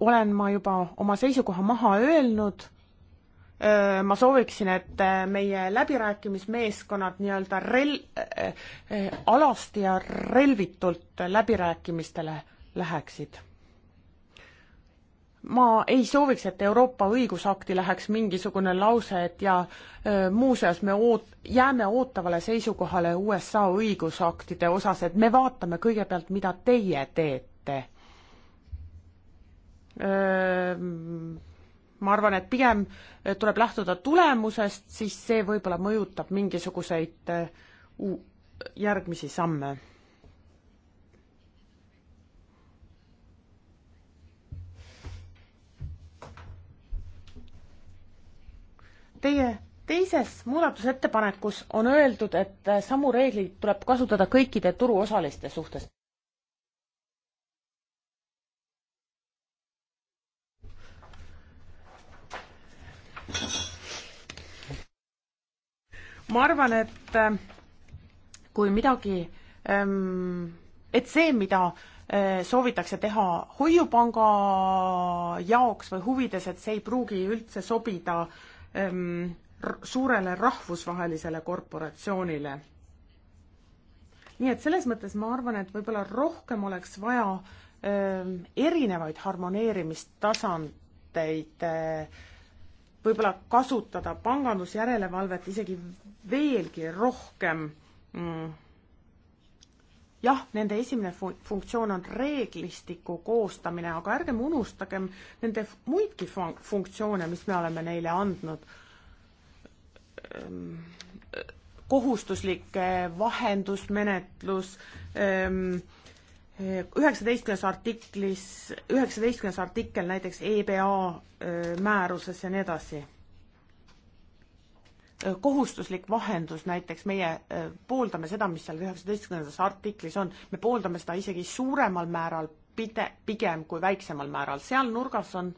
olen ma juba oma seisukoha maha öelnud Äh, ma sooviksin, et äh, meie läbirääkimismeeskonnad nii-öelda rel- äh,, äh, alasti ja relvitult läbirääkimistele läheksid. ma ei sooviks, et Euroopa õigusakti läheks mingisugune lause, et ja äh, muuseas me oot-, jääme ootavale seisukohale USA õigusaktide osas, et me vaatame kõigepealt, mida teie teete öö, äh, ma arvan, et pigem tuleb lähtuda tulemusest, siis see võib-olla mõjutab mingisuguseid äh, järgmisi samme. Teie teises muudatusettepanekus on öeldud, et samu reegleid tuleb kasutada kõikide turuosaliste suhtes ma arvan, et äh, kui midagi, ähm, et see, mida äh, soovitakse teha hoiupanga jaoks või huvides, et see ei pruugi üldse sobida ähm, suurele rahvusvahelisele korporatsioonile. nii et selles mõttes ma arvan, et võib-olla rohkem oleks vaja ähm, erinevaid harmoneerimistasa-, mõtteid äh, võib-olla kasutada pangandusjärelevalvet isegi veelgi rohkem mm, jah, nende esimene fu-, funktsioon on reeglistiku koostamine, aga ärgem unustagem nende muidki fun-, funktsioone, mis me oleme neile andnud. Ehm, kohustuslik vahendusmenetlus, ehm, üheksateistkümnes artiklis, üheksateistkümnes artikkel näiteks EBA määruses ja nii edasi. kohustuslik vahendus näiteks, meie pooldame seda, mis seal üheksateistkümnendas artiklis on, me pooldame seda isegi suuremal määral pide-, pigem kui väiksemal määral, seal nurgas on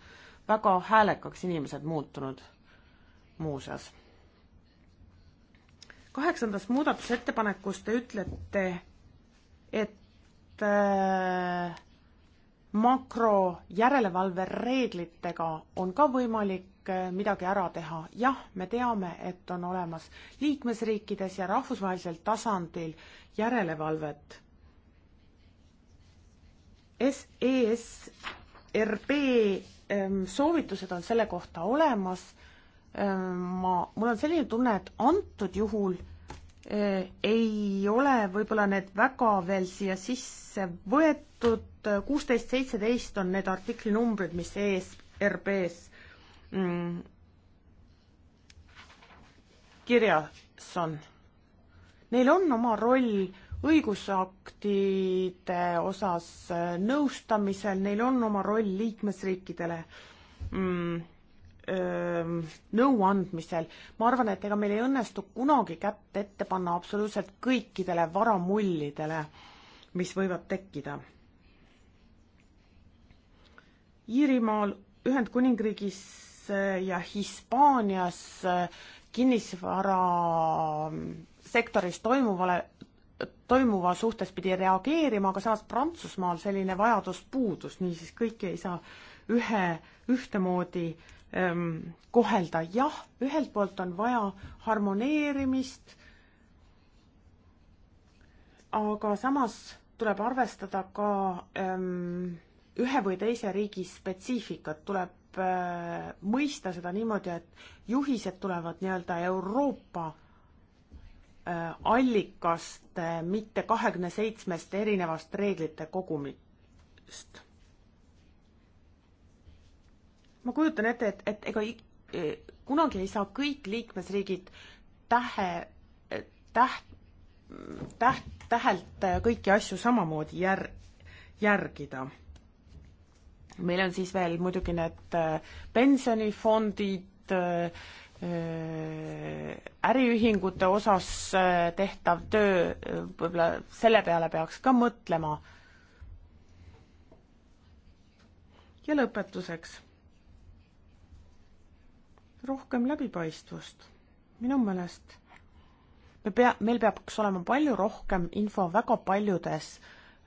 väga häälekaks inimesed muutunud muuseas. kaheksandas muudatusettepanekus te ütlete, et Äh, makrojärelevalve reeglitega on ka võimalik äh, midagi ära teha. jah, me teame, et on olemas liikmesriikides ja rahvusvahelisel tasandil järelevalvet. ESRB ähm, soovitused on selle kohta olemas. Ähm, ma, mul on selline tunne, et antud juhul Äh, ei ole võib-olla need väga veel siia sisse võetud, kuusteist, seitseteist on need artikli numbrid, mis ESRB-s mm, kirjas on. Neil on oma roll õigusaktide osas äh, nõustamisel, neil on oma roll liikmesriikidele mm, nõuandmisel, ma arvan, et ega meil ei õnnestu kunagi kätt ette panna absoluutselt kõikidele varamullidele, mis võivad tekkida. Iirimaal, Ühendkuningriigis ja Hispaanias kinnisvarasektoris toimuvale, toimuva suhtes pidi reageerima, aga samas Prantsusmaal selline vajadus puudus, niisiis kõike ei saa ühe, ühtemoodi äh, ähm, kohelda. jah, ühelt poolt on vaja harmoneerimist, aga samas tuleb arvestada ka ähm, ühe või teise riigi spetsiifikat, tuleb äh, mõista seda niimoodi, et juhised tulevad nii-öelda Euroopa äh, allikast äh,, mitte kahekümne seitsmest erinevast reeglite kogumist ma kujutan ette, et, et ega e, kunagi ei saa kõik liikmesriigid tähe, täht, täht, tähelt kõiki asju samamoodi jär-, järgida. meil on siis veel muidugi need e, pensionifondid, e, äriühingute osas tehtav töö, võib-olla selle peale peaks ka mõtlema. ja lõpetuseks rohkem läbipaistvust. minu meelest me pea, meil peaks olema palju rohkem info väga paljudes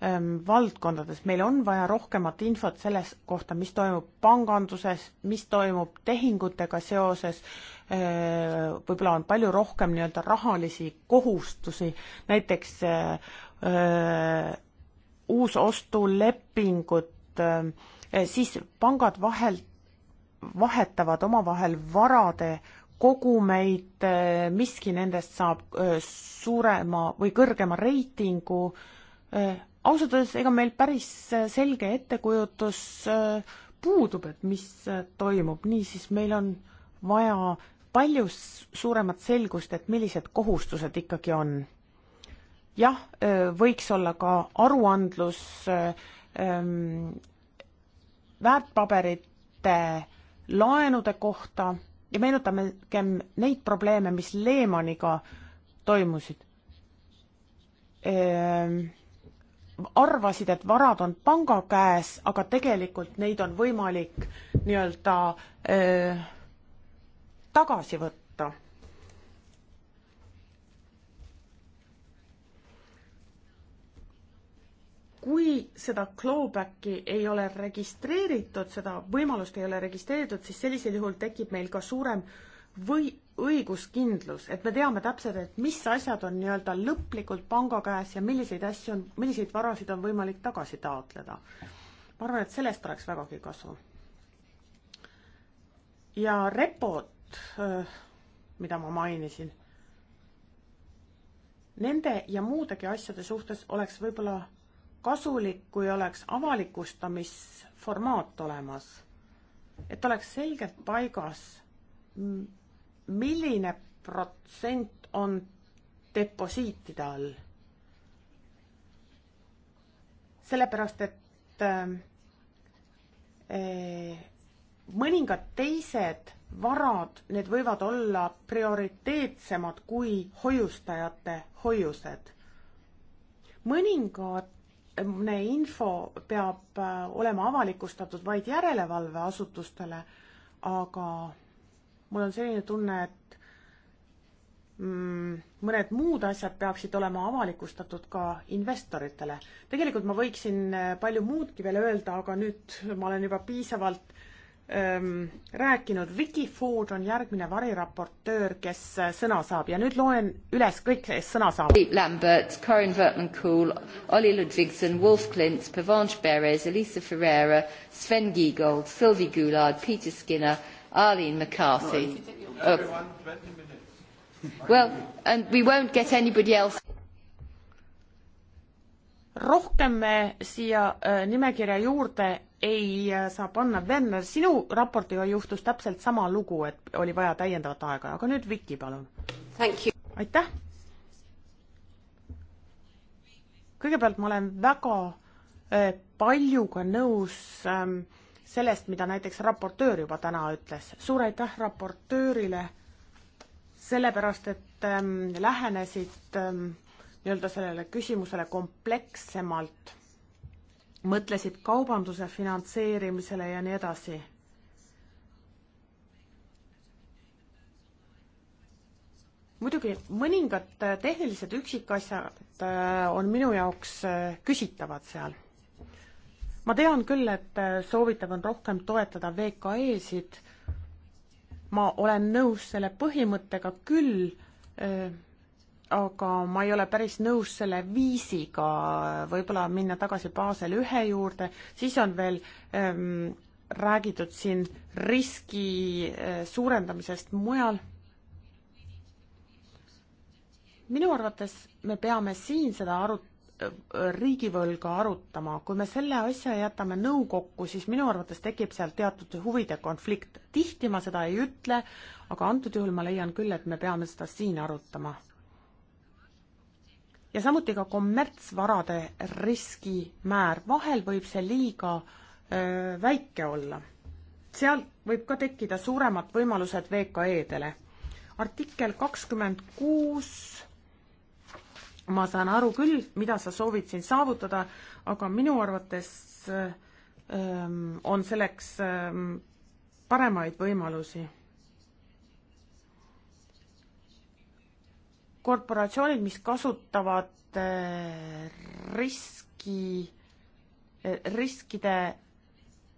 ähm, valdkondades, meil on vaja rohkemat infot selles kohta, mis toimub panganduses, mis toimub tehingutega seoses äh,, võib-olla on palju rohkem nii-öelda rahalisi kohustusi, näiteks äh, äh, uusostulepingud äh,, siis pangad vahel vahetavad omavahel varade kogumeid, miski nendest saab suurema või kõrgema reitingu. ausalt öeldes, ega meil päris selge ettekujutus puudub, et mis toimub, niisiis meil on vaja palju suuremat selgust, et millised kohustused ikkagi on. jah, võiks olla ka aruandlus väärtpaberite laenude kohta ja meenutagem neid probleeme, mis Lehmaniga toimusid ähm,. arvasid, et varad on panga käes, aga tegelikult neid on võimalik nii-öelda äh, tagasi võtta kui seda clawback'i ei ole registreeritud, seda võimalust ei ole registreeritud, siis sellisel juhul tekib meil ka suurem või õiguskindlus, et me teame täpselt, et mis asjad on nii-öelda lõplikult panga käes ja milliseid asju on, milliseid varasid on võimalik tagasi taotleda. ma arvan, et sellest oleks vägagi kasu. ja repod, äh, mida ma mainisin, nende ja muudegi asjade suhtes oleks võib-olla kasulik, kui oleks avalikustamisformaat olemas. et oleks selgelt paigas, milline protsent on deposiitide all. sellepärast, et äh, eh, mõningad teised varad, need võivad olla prioriteetsemad kui hoiustajate hoiused. mõningad info peab äh, olema avalikustatud vaid järelevalveasutustele, aga mul on selline tunne, et mm, mõned muud asjad peaksid olema avalikustatud ka investoritele. tegelikult ma võiksin äh, palju muudki veel öelda, aga nüüd ma olen juba piisavalt ähm, rääkinud, Vicky Ford on järgmine variraportöör, kes äh, sõna saab ja nüüd loen üles kõik, kes sõna saavad. Philippe Lambert, Corin Wortmann-Kool, Olli Ludvigson, Wolf Klint, Pavanche Beres, Elisa Ferreira, Sven Giegold, Sylvie Goulard, Peter Skinner, Arlene McCarthy no,. Uh, well, and we won't get anybody else rohkem me siia äh, nimekirja juurde ei äh, saa panna. Werner, sinu raportiga juhtus täpselt sama lugu, et oli vaja täiendavat aega, aga nüüd Viki, palun. aitäh. kõigepealt ma olen väga eh, paljuga nõus ähm, sellest, mida näiteks raportöör juba täna ütles. suur aitäh raportöörile, sellepärast et ähm, lähenesid ähm, nii-öelda sellele küsimusele komplekssemalt mõtlesid kaubanduse finantseerimisele ja nii edasi. muidugi mõningad tehnilised üksikasjad äh, on minu jaoks äh, küsitavad seal. ma tean küll, et äh, soovitav on rohkem toetada VKE-sid, ma olen nõus selle põhimõttega küll, aga ma ei ole päris nõus selle viisiga võib-olla minna tagasi baasel ühe juurde, siis on veel ähm, räägitud siin riski äh, suurendamisest mujal. minu arvates me peame siin seda arut-, äh, riigivõlga arutama, kui me selle asja jätame nõukokku, siis minu arvates tekib seal teatud huvide konflikt. tihti ma seda ei ütle, aga antud juhul ma leian küll, et me peame seda siin arutama ja samuti ka kommertsvarade riskimäär, vahel võib see liiga öö, väike olla. seal võib ka tekkida suuremad võimalused VKE-dele. artikkel kakskümmend kuus, ma saan aru küll, mida sa soovid siin saavutada, aga minu arvates öö, on selleks öö, paremaid võimalusi korporatsioonid, mis kasutavad eh, riski, eh, riskide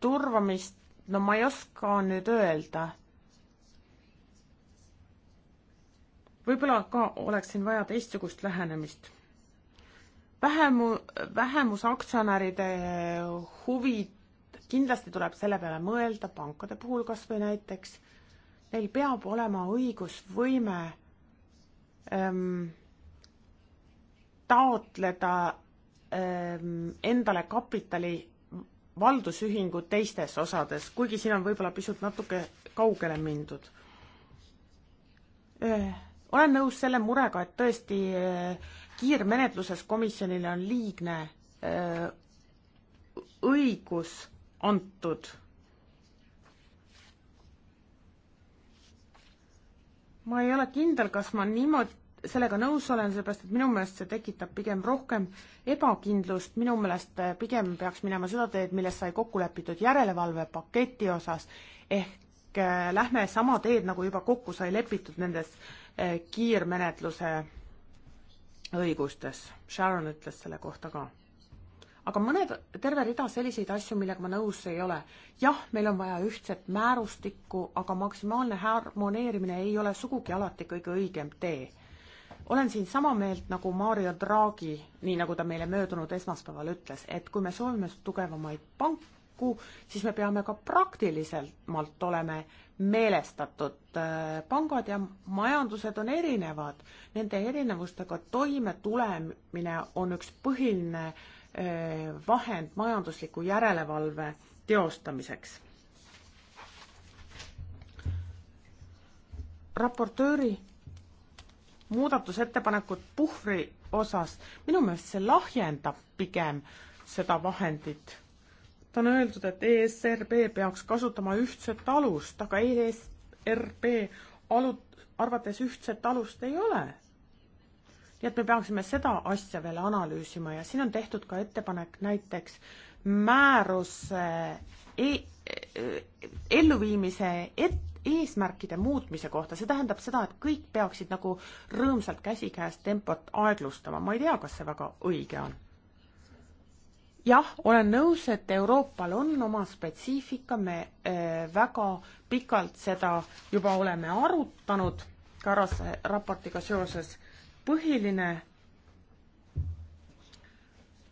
turvamist, no ma ei oska nüüd öelda. võib-olla ka oleks siin vaja teistsugust lähenemist. vähemu, vähemusaktsionäride huvid, kindlasti tuleb selle peale mõelda pankade puhul kas või näiteks, neil peab olema õigusvõime ähm, taotleda ähm, endale kapitali valdusühingu teistes osades, kuigi siin on võib-olla pisut natuke kaugele mindud. olen nõus selle murega, et tõesti kiirmenetluses komisjonile on liigne öö, õigus antud. ma ei ole kindel, kas ma niimoodi sellega nõus olen, sellepärast et minu meelest see tekitab pigem rohkem ebakindlust, minu meelest äh, pigem peaks minema seda teed, milles sai kokku lepitud järelevalvepaketi osas, ehk äh, lähme sama teed, nagu juba kokku sai lepitud nendes äh, kiirmenetluse õigustes. Sharon ütles selle kohta ka. aga mõned, terve rida selliseid asju, millega ma nõus ei ole. jah, meil on vaja ühtset määrustikku, aga maksimaalne harmoneerimine ei ole sugugi alati kõige õigem tee olen siin sama meelt nagu Mario Draghi, nii nagu ta meile möödunud esmaspäeval ütles, et kui me soovime tugevamaid panku, siis me peame ka praktilisemalt olema meelestatud. pangad ja majandused on erinevad, nende erinevustega toime tulemine on üks põhiline eh, vahend majandusliku järelevalve teostamiseks. raportööri muudatusettepanekut puhvri osas, minu meelest see lahjendab pigem seda vahendit. ta on öeldud, et ESRB peaks kasutama ühtset alust, aga ESRB alu-, arvates ühtset alust ei ole. nii et me peaksime seda asja veel analüüsima ja siin on tehtud ka ettepanek näiteks määruse e, e- elluviimise et-, eesmärkide muutmise kohta, see tähendab seda, et kõik peaksid nagu rõõmsalt käsikäes tempot aeglustama, ma ei tea, kas see väga õige on. jah, olen nõus, et Euroopal on oma spetsiifika, me äh, väga pikalt seda juba oleme arutanud Karase raportiga seoses, põhiline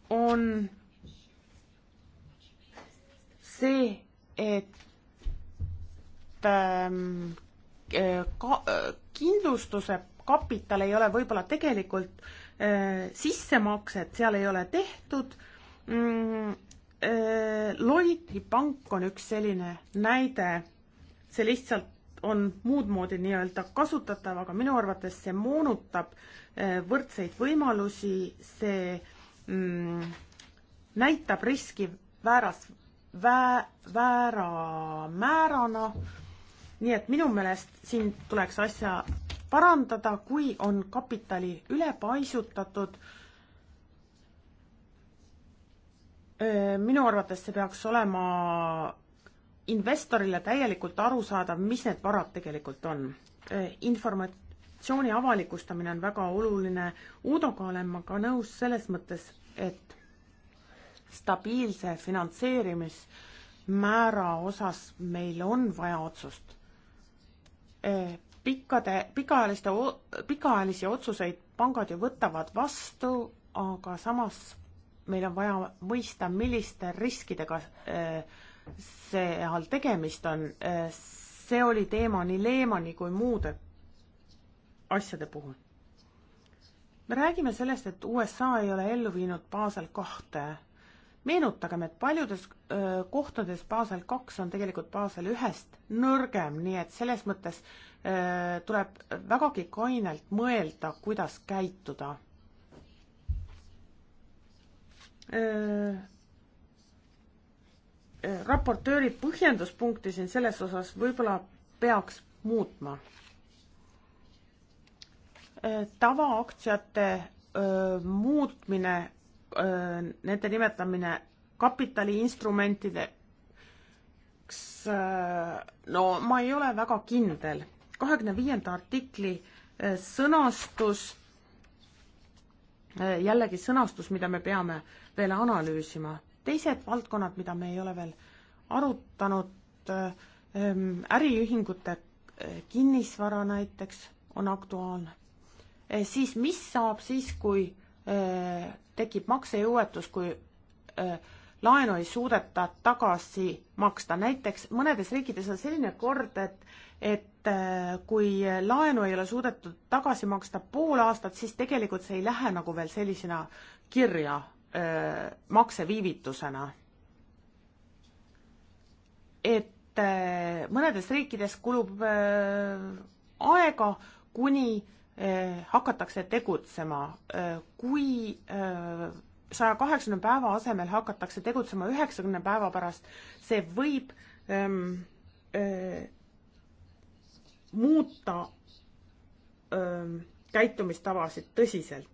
on see, et Ähm, äh, ka-, äh, kindlustuse kapital ei ole võib-olla tegelikult äh, sissemakset, seal ei ole tehtud mm,. Lloydi pank on üks selline näide, see lihtsalt on muud moodi nii-öelda kasutatav, aga minu arvates see moonutab võrdseid võimalusi, see mm, näitab riski vääras, vä-, väära määrana nii et minu meelest siin tuleks asja parandada, kui on kapitali ülepaisutatud. minu arvates see peaks olema investorile täielikult arusaadav, mis need varad tegelikult on. informatsiooni avalikustamine on väga oluline. Uudoga olen ma ka nõus selles mõttes, et stabiilse finantseerimismäära osas meil on vaja otsust Eh, pikkade, pikaajaliste, pikaajalisi otsuseid pangad ju võtavad vastu, aga samas meil on vaja mõista, milliste riskidega eh, seal tegemist on. Eh, see oli teema nii Lehmani kui muude asjade puhul. me räägime sellest, et USA ei ole ellu viinud Basel kahte meenutagem, et paljudes öö, kohtades baasel kaks on tegelikult baasel ühest nõrgem, nii et selles mõttes öö, tuleb vägagi kainelt mõelda, kuidas käituda. raportööri põhjenduspunkti siin selles osas võib-olla peaks muutma. tavaaktsiate öö, muutmine Äh, nende nimetamine kapitaliinstrumentide äh, no ma ei ole väga kindel. kahekümne viienda artikli äh, sõnastus, jällegi sõnastus, mida me peame veel analüüsima. teised valdkonnad, mida me ei ole veel arutanud, ähm, äriühingute kinnisvara näiteks on aktuaalne. siis mis saab siis, kui tekib maksejõuetus, kui öö, laenu ei suudeta tagasi maksta. näiteks mõnedes riikides on selline kord, et, et kui laenu ei ole suudetud tagasi maksta pool aastat, siis tegelikult see ei lähe nagu veel sellisena kirja öö, makseviivitusena. et öö, mõnedes riikides kulub öö, aega, kuni öö, Äh, hakatakse tegutsema, äh, kui äh, saja kaheksakümne päeva asemel hakatakse tegutsema üheksakümne päeva pärast, see võib ähm, äh, muuta ähm, käitumistavasid tõsiselt.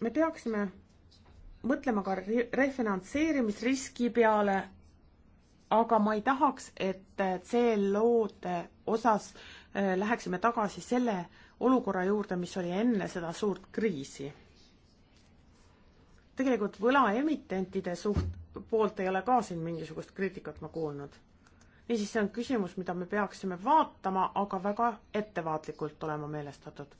me peaksime mõtlema ka refinantseerimisriski peale aga ma ei tahaks, et CLO-de osas äh, läheksime tagasi selle olukorra juurde, mis oli enne seda suurt kriisi. tegelikult võlaemitentide suht-, poolt ei ole ka siin mingisugust kriitikat ma kuulnud. niisiis, see on küsimus, mida me peaksime vaatama, aga väga ettevaatlikult olema meelestatud.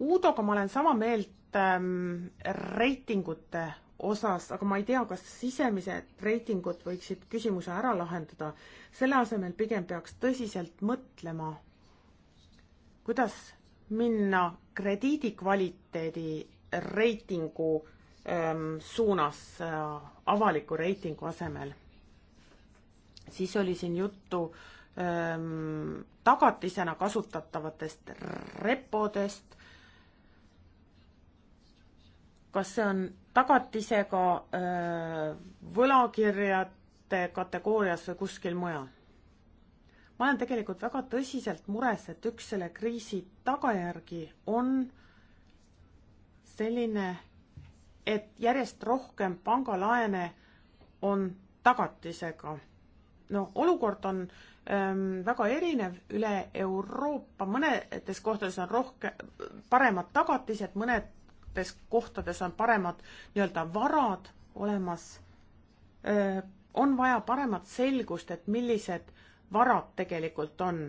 Uudoga ma olen sama meelt ähm, reitingute osas, aga ma ei tea, kas sisemised reitingud võiksid küsimuse ära lahendada. selle asemel pigem peaks tõsiselt mõtlema, kuidas minna krediidikvaliteedi reitingu ähm, suunas äh, avaliku reitingu asemel. siis oli siin juttu ähm, tagatisena kasutatavatest repodest. kas see on tagatisega võlakirjade kategoorias või kuskil mujal. ma olen tegelikult väga tõsiselt mures, et üks selle kriisi tagajärgi on selline, et järjest rohkem pangalaene on tagatisega. no olukord on ähm, väga erinev üle Euroopa, mõnedes kohtades on rohkem, paremad tagatised, mõned mingites kohtades on paremad nii-öelda varad olemas, on vaja paremat selgust, et millised varad tegelikult on.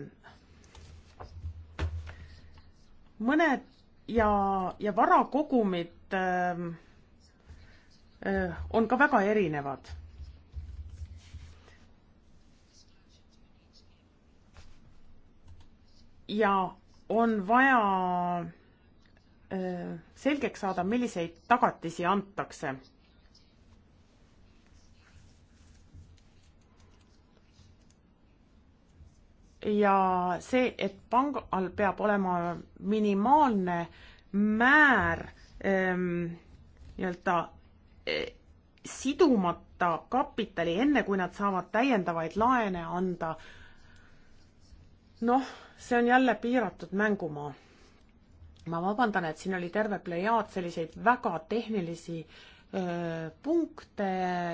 mõned ja, ja varakogumid öö, öö, on ka väga erinevad ja on vaja Äh, selgeks saada, milliseid tagatisi antakse. ja see, et pangal peab olema minimaalne määr ähm, nii-öelda äh, sidumata kapitali, enne kui nad saavad täiendavaid laene anda. noh, see on jälle piiratud mängumaa ma vabandan, et siin oli terve plejaad selliseid väga tehnilisi öö, punkte,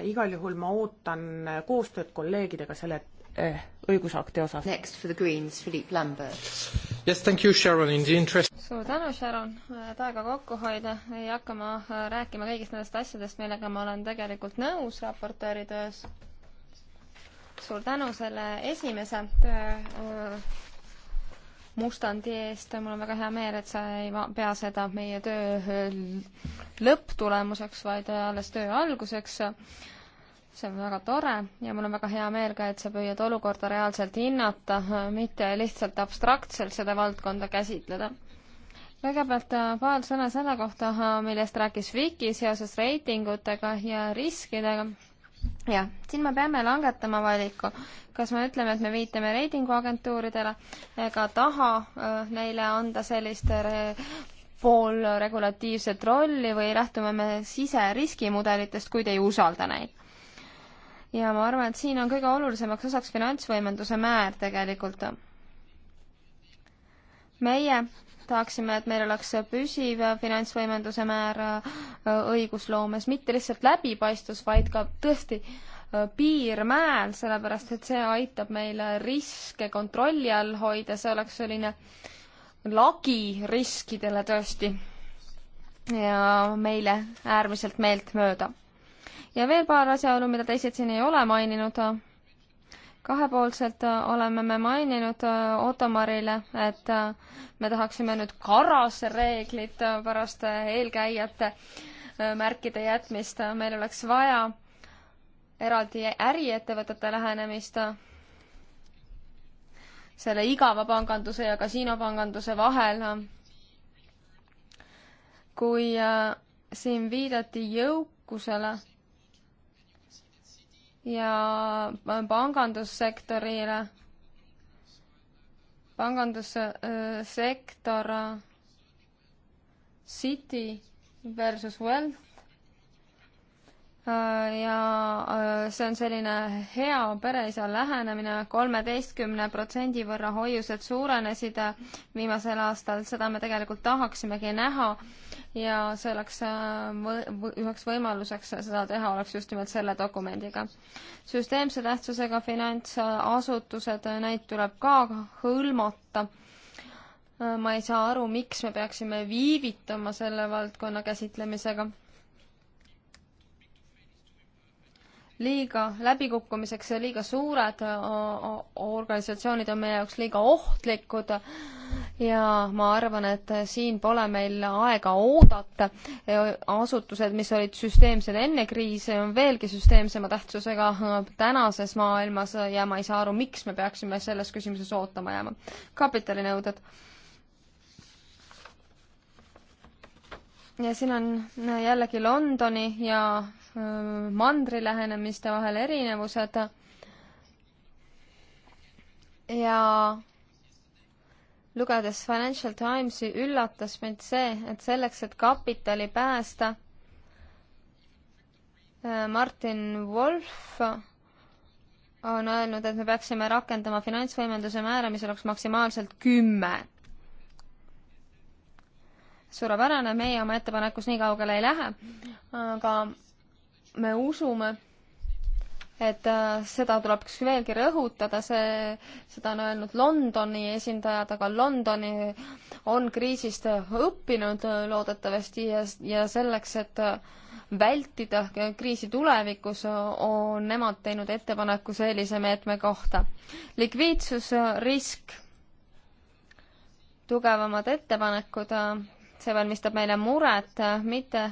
igal juhul ma ootan koostööd kolleegidega selle eh, õigusakti osas. Next for the Greens, Philippe Lambert. Yes, thank you, Sharon, in the interest suur tänu, Sharon, et aega kokku hoida, ei hakka ma rääkima kõigist nendest asjadest, millega ma olen tegelikult nõus raportööri töös. suur tänu selle esimese töö mustandi eest, mul on väga hea meel, et sa ei pea seda meie töö äh, lõpptulemuseks, vaid äh, alles töö alguseks. see on väga tore ja mul on väga hea meel ka, et sa püüad olukorda reaalselt hinnata, äh, mitte lihtsalt abstraktselt seda valdkonda käsitleda kõigepealt paar sõna selle kohta, millest rääkis Viki seoses reitingutega ja riskidega jah, siin me peame langetama valiku, kas me ütleme, et me viitame reitinguagentuuridele ega taha äh, neile anda sellist poolregulatiivset rolli või lähtume me siseriskimudelitest, kuid ei usalda neid. ja ma arvan, et siin on kõige olulisemaks osaks finantsvõimenduse määr tegelikult. meie tahaksime, et meil oleks püsiv finantsvõimenduse määr äh, õigusloomes, mitte lihtsalt läbipaistvus, vaid ka tõesti äh, piirmäär, sellepärast et see aitab meil riske kontrolli all hoida, see oleks selline lagi riskidele tõesti ja meile äärmiselt meeltmööda. ja veel paar asjaolu, mida teised siin ei ole maininud kahepoolselt äh, oleme me maininud äh, Ottomarile, et äh, me tahaksime nüüd karasreeglid pärast eelkäijate märkide jätmist, meil oleks vaja eraldi äriettevõtete lähenemist selle igava panganduse ja kasiinopanganduse vahel. kui siin viidati jõukusele ja pangandussektorile. pangandussektor City versus Wealth ja äh, see on selline hea pereisa lähenemine, kolmeteistkümne protsendi võrra hoiused suurenesid viimasel aastal, seda me tegelikult tahaksimegi näha ja see oleks äh, üheks võimaluseks seda teha oleks just nimelt selle dokumendiga. süsteemse tähtsusega finantsasutused, neid tuleb ka hõlmata. Äh, ma ei saa aru, miks me peaksime viivitama selle valdkonna käsitlemisega liiga läbikukkumiseks liiga suured, äh, organisatsioonid on meie jaoks liiga ohtlikud ja ma arvan, et äh, siin pole meil aega oodata. asutused, mis olid süsteemsed enne kriisi, on veelgi süsteemsema tähtsusega äh, tänases maailmas ja ma ei saa aru, miks me peaksime selles küsimuses ootama jääma. kapitalinõuded ja siin on jällegi Londoni ja mandri lähenemiste vahel erinevused. ja lugedes Financial Timesi üllatas mind see, et selleks, et kapitali päästa, äh, Martin Wolf on öelnud, et me peaksime rakendama finantsvõimenduse määra, mis oleks maksimaalselt kümme. suurepärane, meie oma ettepanekus nii kaugele ei lähe, aga me usume, et äh, seda tuleks veelgi rõhutada, see, seda on öelnud Londoni esindajad, aga Londoni on kriisist õppinud äh, loodetavasti ja, ja selleks, et äh, vältida kriisi tulevikus, on nemad teinud ettepaneku sellise meetme kohta. likviidsusrisk, tugevamad ettepanekud, see valmistab meile muret, mitte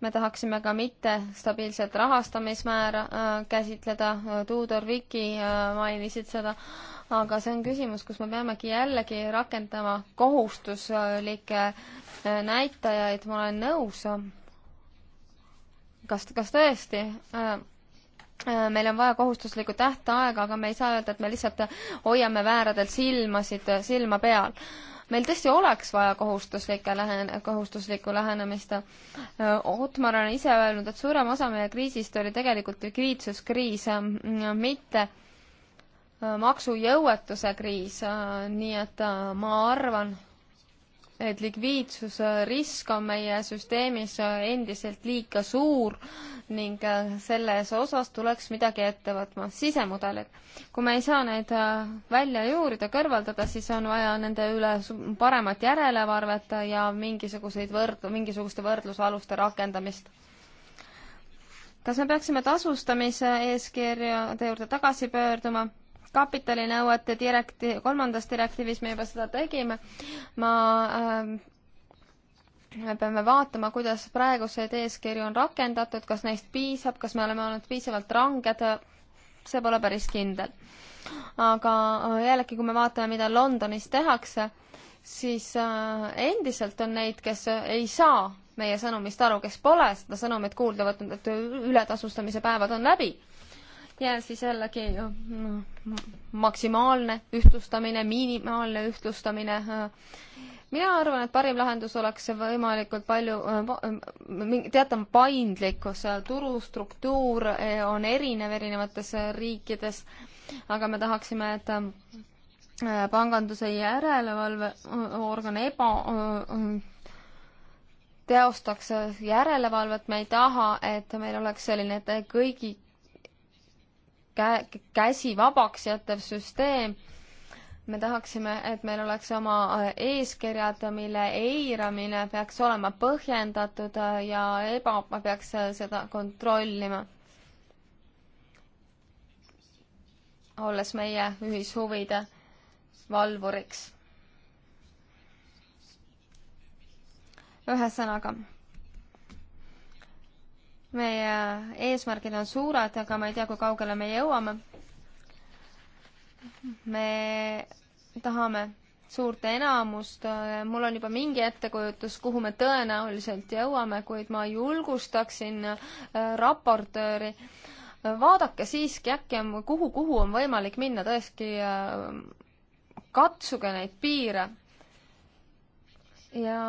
me tahaksime ka mittestabiilset rahastamismäära äh, käsitleda, Tuudor Viki äh, mainisid seda, aga see on küsimus, kus me peamegi jällegi rakendama kohustuslikke äh, näitajaid, ma olen nõus. kas, kas tõesti? meil on vaja kohustuslikku tähtaega, aga me ei saa öelda, et me lihtsalt hoiame vääradel silmasid silma peal meil tõesti oleks vaja kohustuslike lähene, kohustuslikku lähenemist. Otmar on ise öelnud, et suurem osa meie kriisist oli tegelikult likviidsuskriis, mitte maksujõuetuse kriis, nii et ma arvan, et likviidsusrisk on meie süsteemis äh, endiselt liiga suur ning äh, selles osas tuleks midagi ette võtma. sisemudelid. kui me ei saa neid äh, välja juurida, kõrvaldada, siis on vaja nende üle paremat järelevalvet ja mingisuguseid võrd-, mingisuguste võrdlusaluste rakendamist kas me peaksime tasustamise eeskirjade juurde tagasi pöörduma? kapitalinõuete direkti-, kolmandas direktiivis me juba seda tegime, ma äh, me peame vaatama, kuidas praeguseid eeskirju on rakendatud, kas neist piisab, kas me oleme olnud piisavalt ranged, see pole päris kindel. aga äh, jällegi, kui me vaatame, mida Londonis tehakse, siis äh, endiselt on neid, kes äh, ei saa meie sõnumist aru, kes pole seda sõnumit kuulda võtnud, et ületasustamise päevad on läbi ja siis jällegi maksimaalne ühtlustamine, minimaalne ühtlustamine. Äh. mina arvan, et parim lahendus oleks võimalikult palju, äh, äh, teatav paindlikkus, turustruktuur on erinev erinevates riikides, aga me tahaksime, et panganduse järelevalveorgan EBA teostaks järelevalvet, me ei taha, et meil oleks selline kõigi kä-, käsi vabaks jätev süsteem. me tahaksime, et meil oleks oma äh, eeskirjad, mille eiramine peaks olema põhjendatud äh, ja eba-, peaks äh, seda kontrollima. olles meie ühishuvide valvuriks. ühesõnaga meie äh, eesmärgid on suured, aga ma ei tea, kui kaugele me jõuame. me tahame suurt enamust, äh, mul on juba mingi ettekujutus, kuhu me tõenäoliselt jõuame, kuid ma julgustaksin äh, raportööri, vaadake siiski äkki on, kuhu, kuhu on võimalik minna, tõesti katsuge neid piire. ja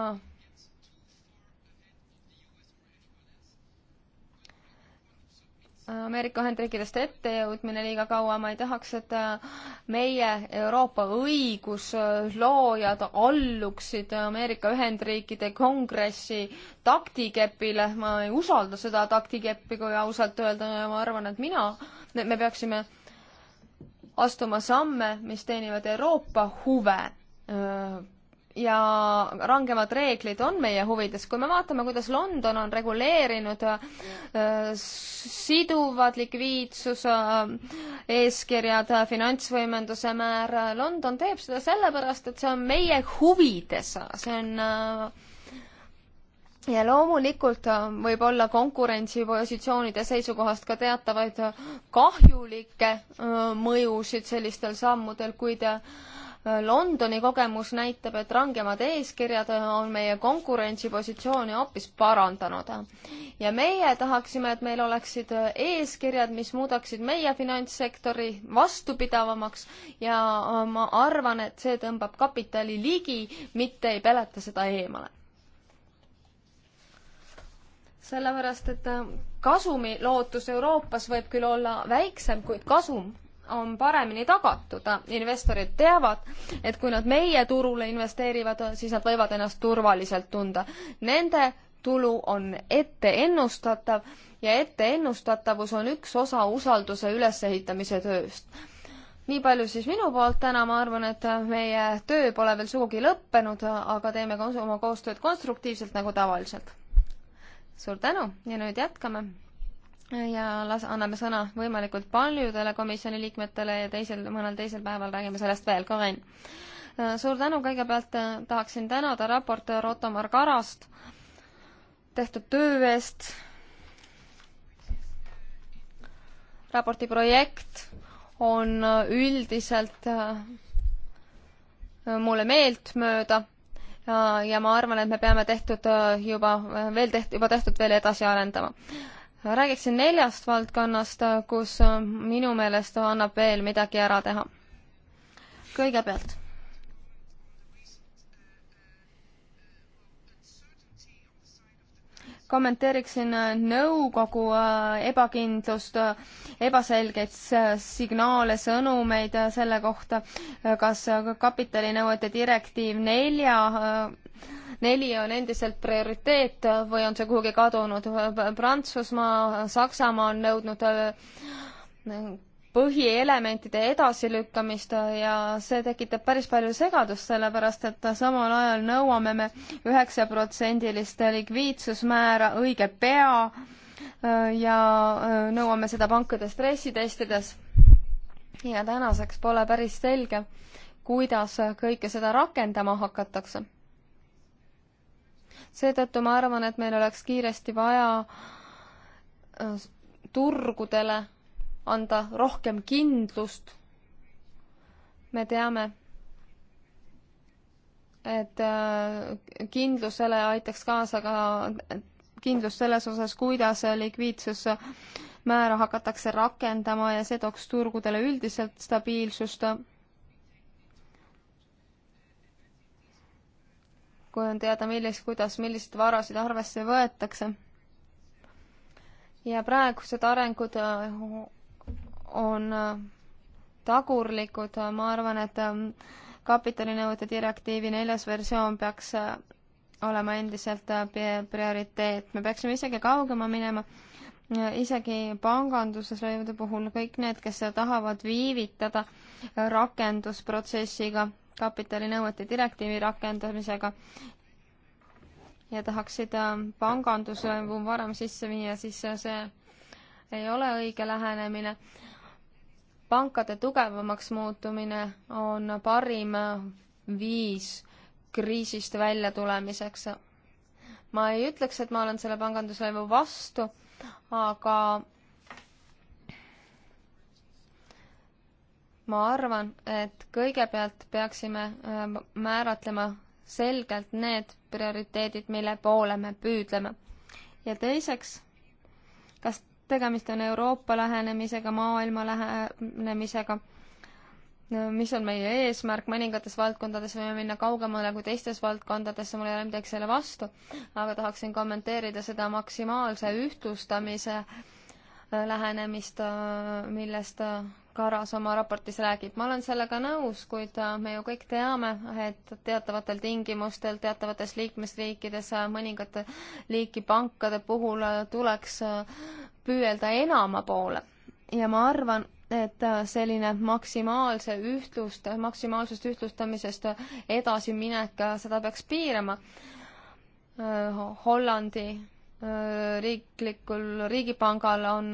Ameerika Ühendriikidest ettejõudmine liiga kaua, ma ei tahaks, et äh, meie Euroopa õigusloojad alluksid Ameerika Ühendriikide kongressi taktikepile, ma ei usalda seda taktikeppi, kui ausalt öelda, ja ma arvan, et mina, me peaksime astuma samme, mis teenivad Euroopa huve äh, ja rangemad reeglid on meie huvides, kui me vaatame, kuidas London on reguleerinud äh, siduvad likviidsuse äh, eeskirjad, äh, finantsvõimenduse määr, London teeb seda sellepärast, et see on meie huvides, see on ja loomulikult võib olla konkurentsipositsioonide seisukohast ka teatavaid kahjulikke mõjusid sellistel sammudel, kuid Londoni kogemus näitab, et rangemad eeskirjad on meie konkurentsipositsiooni hoopis parandanud. ja meie tahaksime, et meil oleksid eeskirjad, mis muudaksid meie finantssektori vastupidavamaks ja ma arvan, et see tõmbab kapitali ligi, mitte ei peleta seda eemale sellepärast, et kasumi lootus Euroopas võib küll olla väiksem, kuid kasum on paremini tagatud. investorid teavad, et kui nad meie turule investeerivad, siis nad võivad ennast turvaliselt tunda. Nende tulu on etteennustatav ja etteennustatavus on üks osa usalduse ülesehitamise tööst. nii palju siis minu poolt täna, ma arvan, et meie töö pole veel sugugi lõppenud, aga teeme ka oma koostööd konstruktiivselt nagu tavaliselt. suur tänu ja nüüd jätkame ja las-, anname sõna võimalikult paljudele komisjoni liikmetele ja teisel, mõnel teisel päeval räägime sellest veel, Karin. suur tänu, kõigepealt äh, tahaksin tänada raportöör Ottomar Karast tehtud töö eest. raporti projekt on äh, üldiselt äh, mulle meeltmööda ja ma arvan, et me peame tehtud juba veel teht-, juba tehtud veel edasi arendama räägiksin neljast valdkonnast, kus minu meelest annab veel midagi ära teha. kõigepealt kommenteeriksin äh, nõukogu äh, ebakindlust, äh, ebaselgeid signaale, sõnumeid selle kohta, kas kapitalinõuete direktiiv nelja neli on endiselt prioriteet või on see kuhugi kadunud. Prantsusmaa, Saksamaa on nõudnud põhielementide edasilükkamist ja see tekitab päris palju segadust, sellepärast et samal ajal nõuame me üheksaprotsendilist likviidsusmäära õige pea ja nõuame seda pankade stressitestides. ja tänaseks pole päris selge, kuidas kõike seda rakendama hakatakse. seetõttu ma arvan, et meil oleks kiiresti vaja turgudele anda rohkem kindlust. me teame, et äh, kindlusele aitaks kaasa ka kindlus selles osas, kuidas likviidsusmäära hakatakse rakendama ja see tooks turgudele üldiselt stabiilsust. kui on teada, millis, kuidas, milliseid varasid arvesse võetakse. ja praegused arengud äh, on äh, tagurlikud, ma arvan, et ähm, kapitalinõuete direktiivi neljas versioon peaks äh, olema endiselt äh, prioriteet, me peaksime isegi kaugema minema, isegi panganduses lõivude puhul kõik need, kes tahavad viivitada rakendusprotsessiga, kapitalinõuete direktiivi rakendamisega ja tahaksid panganduslõivu varem sisse viia, siis see ei ole õige lähenemine pankade tugevamaks muutumine on parim viis kriisist väljatulemiseks. ma ei ütleks, et ma olen selle panganduslaivu vastu, aga ma arvan, et kõigepealt peaksime äh, määratlema selgelt need prioriteedid, mille poole me püüdleme. ja teiseks, kas tegemist on Euroopa lähenemisega, maailma lähenemisega, mis on meie eesmärk, mõningates valdkondades võime minna kaugemale kui teistes valdkondades, mul ei ole midagi selle vastu, aga tahaksin kommenteerida seda maksimaalse ühtlustamise äh, lähenemist, äh, millest äh, Karas oma raportis räägib. ma olen sellega nõus, kuid me ju kõik teame, et teatavatel tingimustel teatavates liikmesriikides mõningate liiki pankade puhul tuleks püüelda enama poole ja ma arvan, et selline maksimaalse ühtlust, maksimaalsest ühtlustamisest edasiminek, seda peaks piirama. Hollandi riiklikul riigipangal on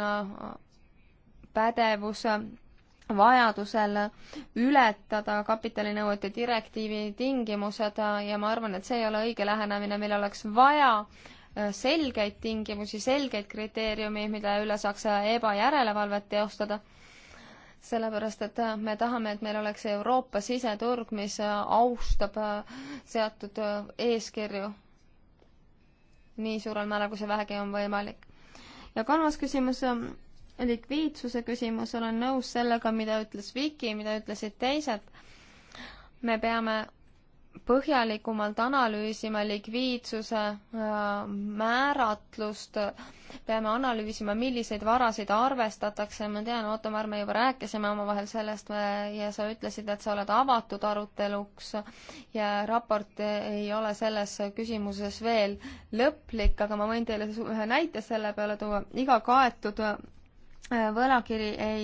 pädevus vajadusel ületada kapitalinõuete direktiivi tingimused ja ma arvan, et see ei ole õige lähenemine, meil oleks vaja äh, Äh, selgeid tingimusi, selgeid kriteeriumi, mille üle saaks äh, EBA järelevalvet teostada. sellepärast, et äh, me tahame, et meil oleks Euroopa siseturg, mis austab seatud eeskirju nii suurel määral, kui see vähegi on võimalik. ja kolmas küsimus, ähm, likviidsuse küsimus, olen nõus sellega, mida ütles Viki, mida ütlesid teised. me peame põhjalikumalt analüüsima likviidsuse äh, määratlust, peame analüüsima, milliseid varasid arvestatakse, ma tean, Otto Marr, me juba rääkisime omavahel sellest äh, ja sa ütlesid, et sa oled avatud aruteluks ja raport ei ole selles küsimuses veel lõplik, aga ma võin teile ühe näite selle peale tuua, iga kaetud Äh, võlakiri ei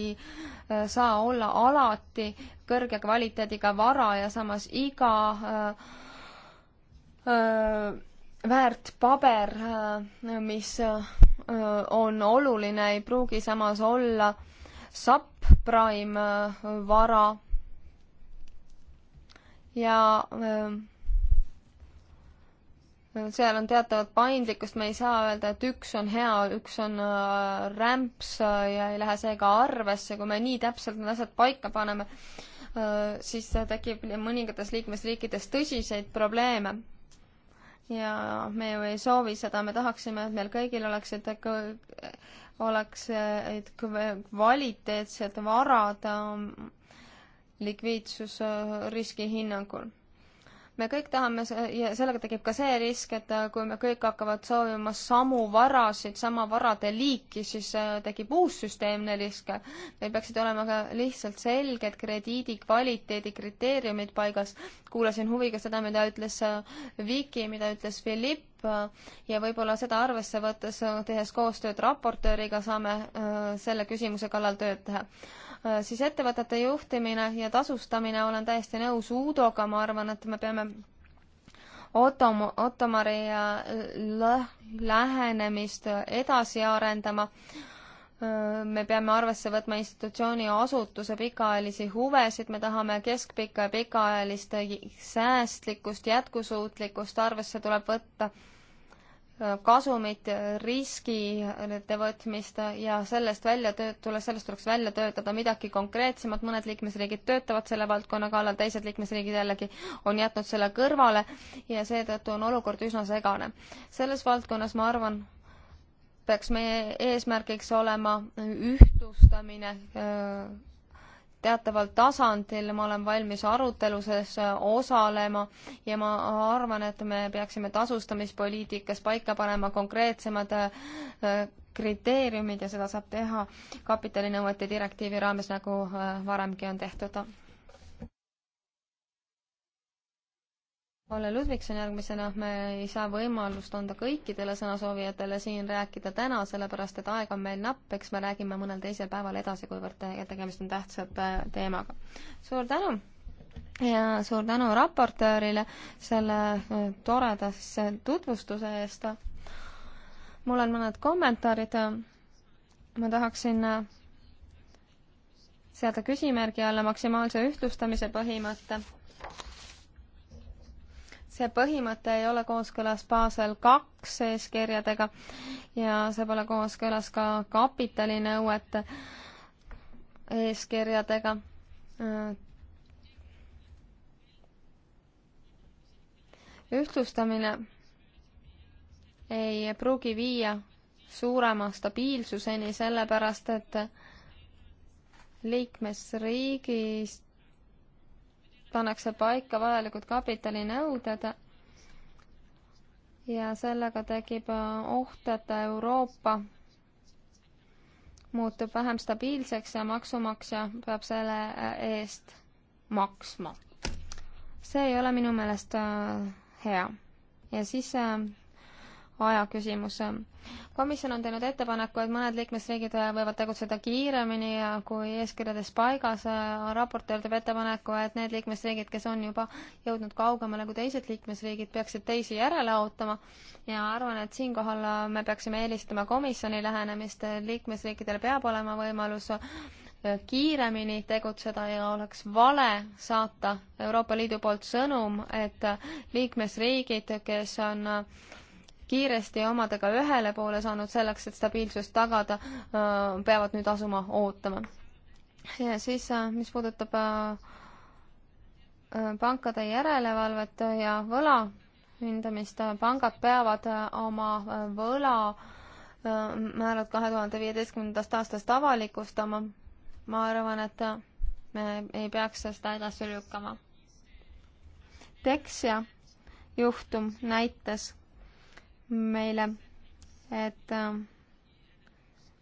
äh, saa olla alati kõrge kvaliteediga vara ja samas iga äh, äh, väärtpaber äh,, mis äh, on oluline, ei pruugi samas olla subprime vara ja öö, seal on teatavat paindlikkust, me ei saa öelda, et üks on hea, üks on äh, rämps äh, ja ei lähe seega arvesse, kui me nii täpselt need asjad paika paneme, äh, siis tekib mõningates liikmesriikides tõsiseid probleeme. ja me ju ei soovi seda, me tahaksime, et meil kõigil oleksid, oleksid kvaliteetsed varad likviidsusriski hinnangul me kõik tahame ja sellega tekib ka see risk, et äh, kui me kõik hakkavad soovima samu varasid, sama varade liiki, siis äh, tekib uus süsteemne risk. meil peaksid olema ka lihtsalt selged krediidi kvaliteedi kriteeriumid paigas. kuulasin huviga seda, mida ütles äh, Viki, mida ütles Philipp ja võib-olla seda arvesse võttes, tehes koostööd raportööriga, saame selle küsimuse kallal tööd teha Äh, siis ettevõtete juhtimine ja tasustamine, olen täiesti nõus Uudoga, ma arvan, et me peame Otom-, Ottomari äh, lähenemist edasi arendama. Äh, me peame arvesse võtma institutsiooni ja asutuse pikaajalisi huvesid, me tahame keskpikka ja pikaajalist säästlikkust, jätkusuutlikkust, arvesse tuleb võtta kasumit, riskide võtmist ja sellest välja tööt-, tule-, sellest tuleks välja töötada midagi konkreetsemat, mõned liikmesriigid töötavad selle valdkonna kallal, teised liikmesriigid jällegi on jätnud selle kõrvale ja seetõttu on olukord üsna segane. selles valdkonnas, ma arvan, peaks meie eesmärgiks olema ühtlustamine öö, teataval tasandil ma olen valmis aruteluses äh, osalema ja ma arvan, et me peaksime tasustamispoliitikas paika panema konkreetsemad äh, kriteeriumid ja seda saab teha kapitalinõuete direktiivi raames, nagu äh, varemgi on tehtud. Olle Ludvigson järgmisena, me ei saa võimalust anda kõikidele sõnasoovijatele siin rääkida täna, sellepärast et aeg on meil napp, eks me räägime mõnel teisel päeval edasi, kuivõrd tegemist on tähtsa äh, teemaga. suur tänu ja suur tänu raportöörile selle äh, toreda siis tutvustuse eest. mul on mõned kommentaarid. ma tahaksin äh, seada küsimärgi alla maksimaalse ühtlustamise põhimõtte see põhimõte ei ole kooskõlas Basel kaks eeskirjadega ja see pole kooskõlas ka kapitalinõuete eeskirjadega. ühtlustamine ei pruugi viia suurema stabiilsuseni, sellepärast et liikmesriigist pannakse paika vajalikud kapitalinõuded ja sellega tekib äh, oht, et Euroopa muutub vähem stabiilseks ja maksumaksja peab selle äh, eest maksma. see ei ole minu meelest äh, hea. ja siis aja küsimus. komisjon on teinud ettepaneku, et mõned liikmesriigid võivad tegutseda kiiremini ja kui eeskirjades paigas, äh, raportöör teeb ettepaneku, et need liikmesriigid, kes on juba jõudnud kaugemale kui teised liikmesriigid, peaksid teisi järele ootama ja arvan, et siinkohal äh, me peaksime eelistama komisjoni lähenemist, liikmesriikidel peab olema võimalus äh, kiiremini tegutseda ja oleks vale saata Euroopa Liidu poolt sõnum, et liikmesriigid, kes on äh, kiiresti omadega ühele poole saanud selleks, et stabiilsust tagada, peavad nüüd asuma ootama. ja siis, mis puudutab pankade järelevalvet ja võla hindamist, pangad peavad oma võla määrad kahe tuhande viieteistkümnendast aastast avalikustama. ma arvan, et me ei peaks seda edasi lükkama. Texia juhtum näitas meile, et äh,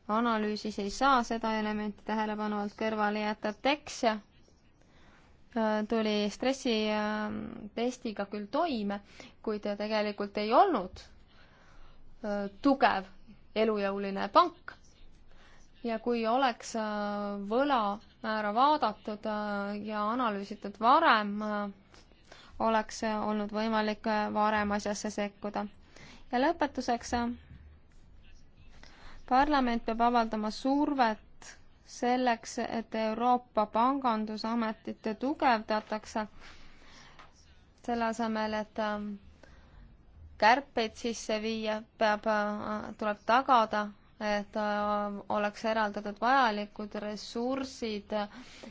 analüüsis ei saa seda elementi tähelepanu alt kõrvale jätta. Texia äh, tuli stressitestiga äh, küll toime, kuid tegelikult ei olnud tugev elujõuline pank. ja kui oleks võlamäära vaadatud ja analüüsitud varem, oleks olnud võimalik varem asjasse sekkuda ja lõpetuseks, parlament peab avaldama survet selleks, et Euroopa Pangandusametit tugevdatakse, selle asemel, et äh, kärpeid sisse viia, peab, äh, tuleb tagada et äh, oleks eraldatud vajalikud ressursid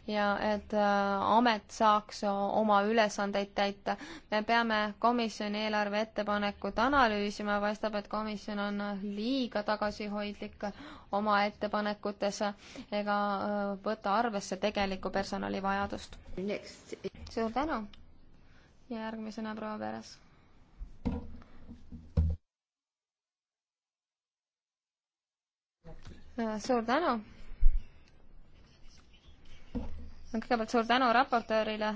ja et äh, amet saaks oma ülesandeid täita. me peame komisjoni eelarve ettepanekut analüüsima, paistab, et komisjon on liiga tagasihoidlik oma ettepanekutes ega äh, võta arvesse tegelikku personalivajadust. suur tänu ja järgmisena proua Peres Äh, suur tänu. kõigepealt suur tänu raportöörile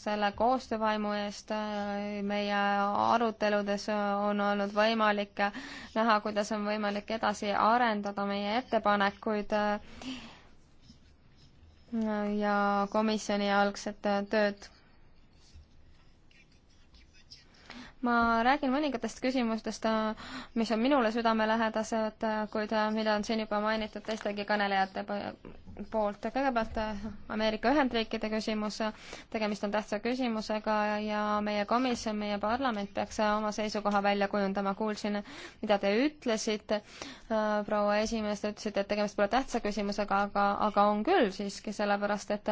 selle koostöövaimu eest. Äh, meie aruteludes on olnud võimalik näha, kuidas on võimalik edasi arendada meie ettepanekuid äh, ja komisjoni algset tööd ma räägin mõningatest küsimustest, äh, mis on minule südamelähedased, äh, kuid äh, mida on siin juba mainitud teistegi kõnelejate poolt. kõigepealt Ameerika Ühendriikide küsimus, tegemist on tähtsa küsimusega ja meie komisjon, meie parlament peaks oma seisukoha välja kujundama. kuulsin, mida te ütlesite, proua esimees, te ütlesite, et tegemist pole tähtsa küsimusega, aga, aga on küll siiski, sellepärast et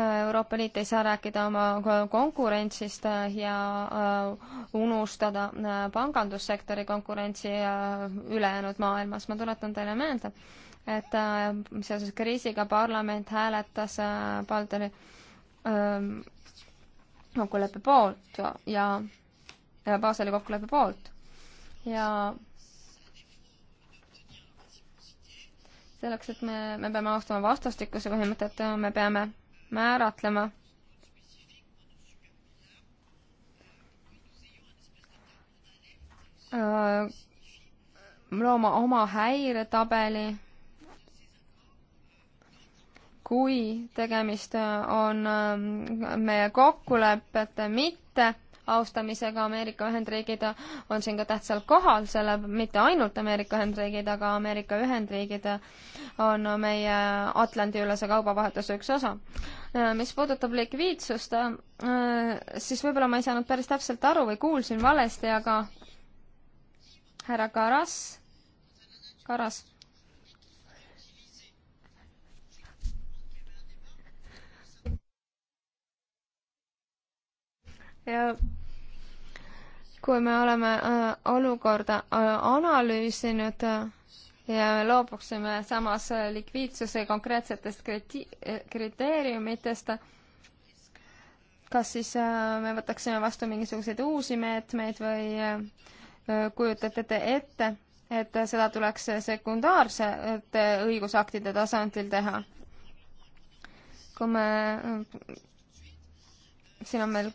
Euroopa Liit ei saa rääkida oma konkurentsist ja äh, unustada äh, pangandussektori konkurentsi äh, ülejäänud maailmas. ma tuletan teile meelde, et seoses kriisiga parlament hääletas Balderi kokkuleppe poolt ja Baseli kokkuleppe poolt ja selleks, et me, me peame austama vastastikuse põhimõtet, me peame määratlema äh, looma oma häiretabeli, kui tegemist on äh, meie kokkulepete mitte austamisega Ameerika Ühendriigid on siin ka tähtsal kohal, selle, mitte ainult Ameerika Ühendriigid, aga Ameerika Ühendriigid on meie Atlandi-ülese kaubavahetuse üks osa. mis puudutab likviidsust, siis võib-olla ma ei saanud päris täpselt aru või kuulsin valesti, aga härra Karas, Karas ja kui me oleme äh, olukorda äh, analüüsinud äh, ja loobuksime samas likviidsuse konkreetsetest kriti-, kriteeriumitest, kas siis me võtaksime vastu mingisuguseid uusi meetmeid või kujutate te ette, et seda tuleks sekundaarsete õigusaktide tasandil teha? kui me, siin on meil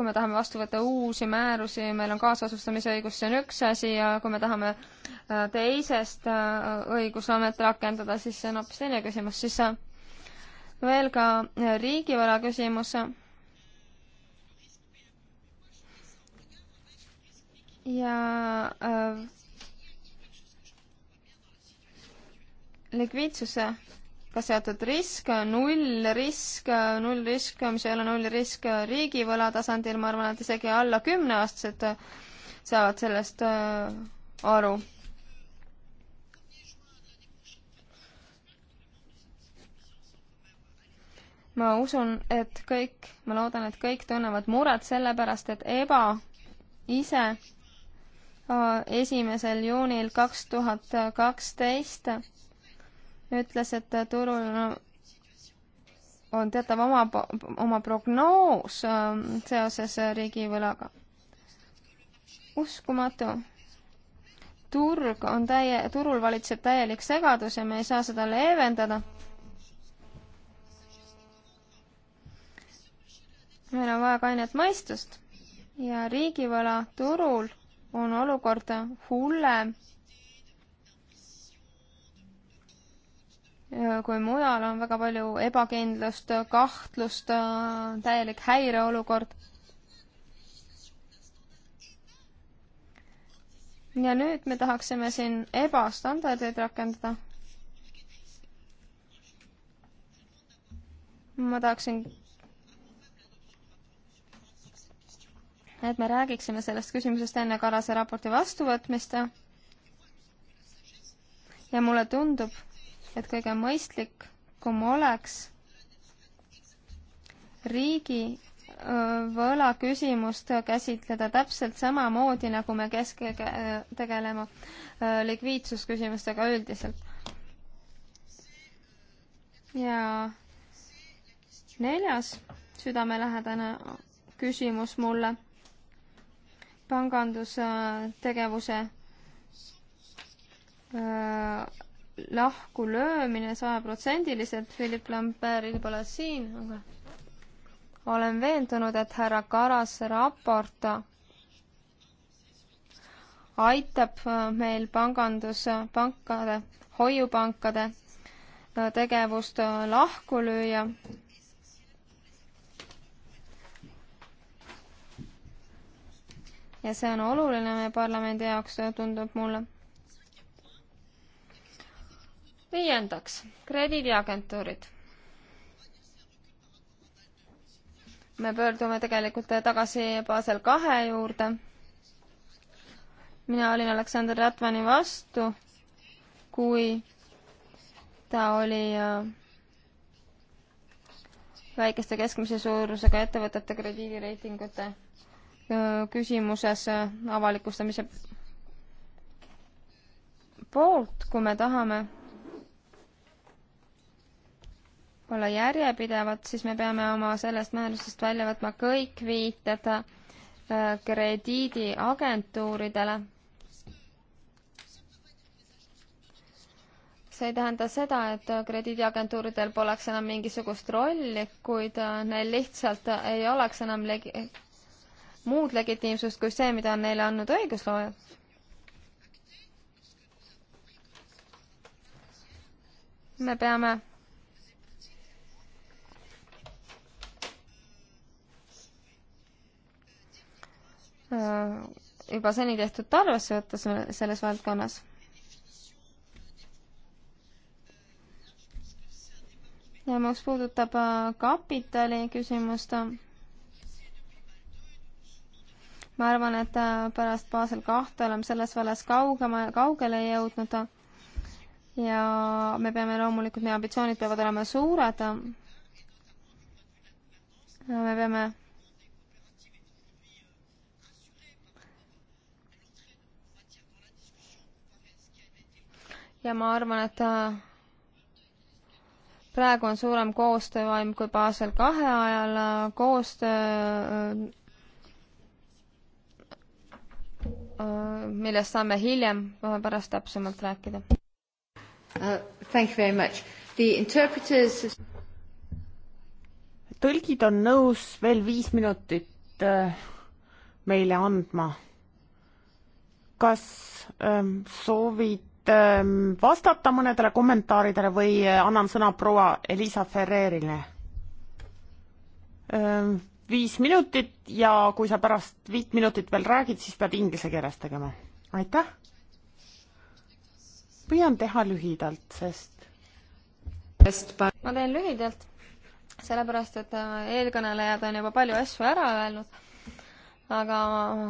kui me tahame vastu võtta uusi määrusi, meil on kaasasustamise õigus, see on üks asi ja kui me tahame äh, teisest äh, õigusamet rakendada, siis see on hoopis teine küsimus, siis äh, veel ka riigivara küsimus. ja äh, likviidsuse ka seatud risk, null risk, null risk, mis ei ole null risk riigivõla tasandil, ma arvan, et isegi alla kümneaastased saavad sellest äh, aru. ma usun, et kõik, ma loodan, et kõik tunnevad muret selle pärast, et EBA ise äh, esimesel juunil kaks tuhat kaksteist ütles, et turul on teatav oma, oma prognoos ähm, seoses äh, riigivõlaga. uskumatu. turg on täie, turul valitseb täielik segadus ja me ei saa seda leevendada. meil on vaja kainet mõistust ja riigivõla turul on olukord hullem kui mujal on väga palju ebakindlust, kahtlust, täielik häireolukord. ja nüüd me tahaksime siin ebastandardeid rakendada. ma tahaksin, et me räägiksime sellest küsimusest enne Kallase raporti vastuvõtmist. ja mulle tundub et kõige mõistlikum oleks riigi võlaküsimust käsitleda täpselt samamoodi, nagu me kesk-, tegeleme likviidsusküsimustega üldiselt. ja neljas südamelähedane küsimus mulle pangandustegevuse lahkulöömine sajaprotsendiliselt, Philip Lambertil pole siin, aga olen veendunud, et härra Karase raport aitab äh, meil pangandus, pankade, hoiupankade äh, tegevust äh, lahku lüüa. ja see on oluline meie parlamendi jaoks, tundub mulle viiendaks, krediidiagentuurid. me pöördume tegelikult tagasi Basel kahe juurde. mina olin Aleksander Ratmani vastu, kui ta oli äh, väikeste keskmise suurusega ettevõtete krediidireitingute äh, küsimuses äh, avalikustamise poolt, kui me tahame pole järjepidevad, siis me peame oma sellest määrusest välja võtma kõik viited äh, krediidiagentuuridele. see ei tähenda seda, et krediidiagentuuridel poleks enam mingisugust rolli, kuid äh, neil lihtsalt ei oleks enam legi-, muud legitiimsust kui see, mida on neile andnud õigusloojad. me peame Äh, juba seni tehtut arvesse võtta selles valdkonnas. ja mis puudutab äh, kapitali küsimust, ma arvan, et äh, pärast Basel kahte oleme selles vallas kaugema, kaugele jõudnud ja me peame loomulikult, meie ambitsioonid peavad olema suured. me peame ja ma arvan, et äh, praegu on suurem koostöövaim kui Basel kahe ajal, koostöö äh, äh, millest saame hiljem pärast täpsemalt rääkida uh,. Thank you very much. The interpreters is... tõlgid on nõus veel viis minutit uh, meile andma. kas um, soovid Ähm, vastata mõnedele kommentaaridele või äh, annan sõna proua Elisa Ferreerile? Ähm, viis minutit ja kui sa pärast viit minutit veel räägid, siis pead inglise keeles tegema. aitäh! püüan teha lühidalt, sest ma teen lühidalt, sellepärast et äh, eelkõnelejad on juba palju asju ära öelnud, aga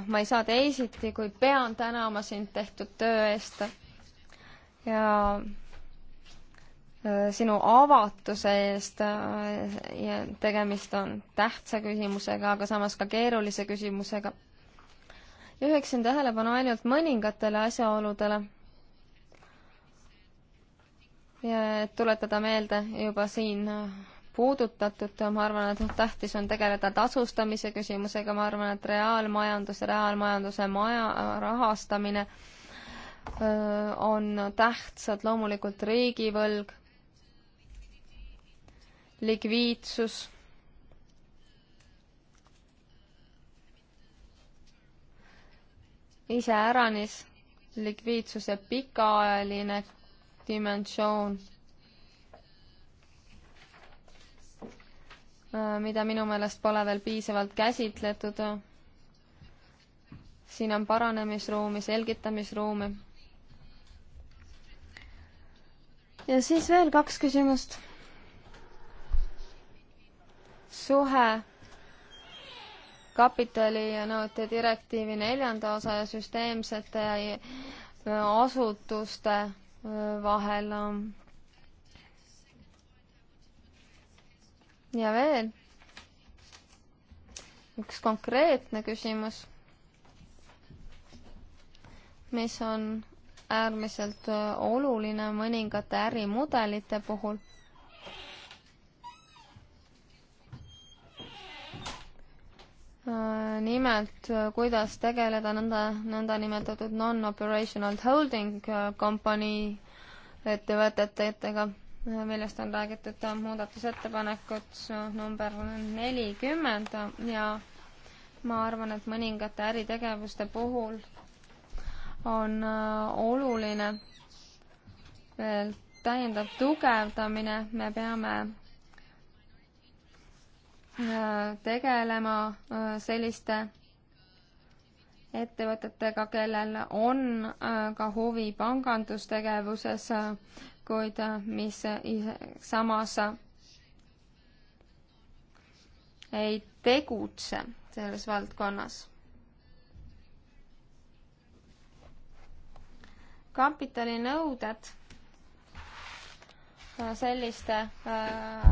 ma ei saa teisiti, kui pean tänama sind tehtud töö eest ja äh, sinu avatuse eest äh, ja tegemist on tähtsa küsimusega, aga samas ka keerulise küsimusega. juhiksin tähelepanu ainult mõningatele asjaoludele. ja et tuletada meelde juba siin äh, puudutatud, ma arvan, et noh, tähtis on tegeleda tasustamise küsimusega, ma arvan, et reaalmajandus, reaalmajanduse maja rahastamine äh, on tähtsad loomulikult riigivõlg, likviidsus, iseäranis likviidsuse pikaajaline dimensioon, mida minu meelest pole veel piisavalt käsitletud. siin on paranemisruumi, selgitamisruumi ja siis veel kaks küsimust. suhe kapitalinõuete direktiivi neljanda osa ja süsteemsete asutuste vahel. ja veel üks konkreetne küsimus, mis on äärmiselt äh, oluline mõningate ärimudelite puhul. Äh, nimelt, äh, kuidas tegeleda nõnda, nõndanimetatud non-operational holding company ettevõtetega, millest on räägitud muudatusettepanekut number nelikümmend ja ma arvan, et mõningate äritegevuste puhul on äh, oluline veel täiendav tugevdamine, me peame äh, tegelema äh, selliste ettevõtetega, kellel on ka huvi pangandustegevuses, kuid mis samas ei tegutse selles valdkonnas kapitalinõuded äh, selliste äh,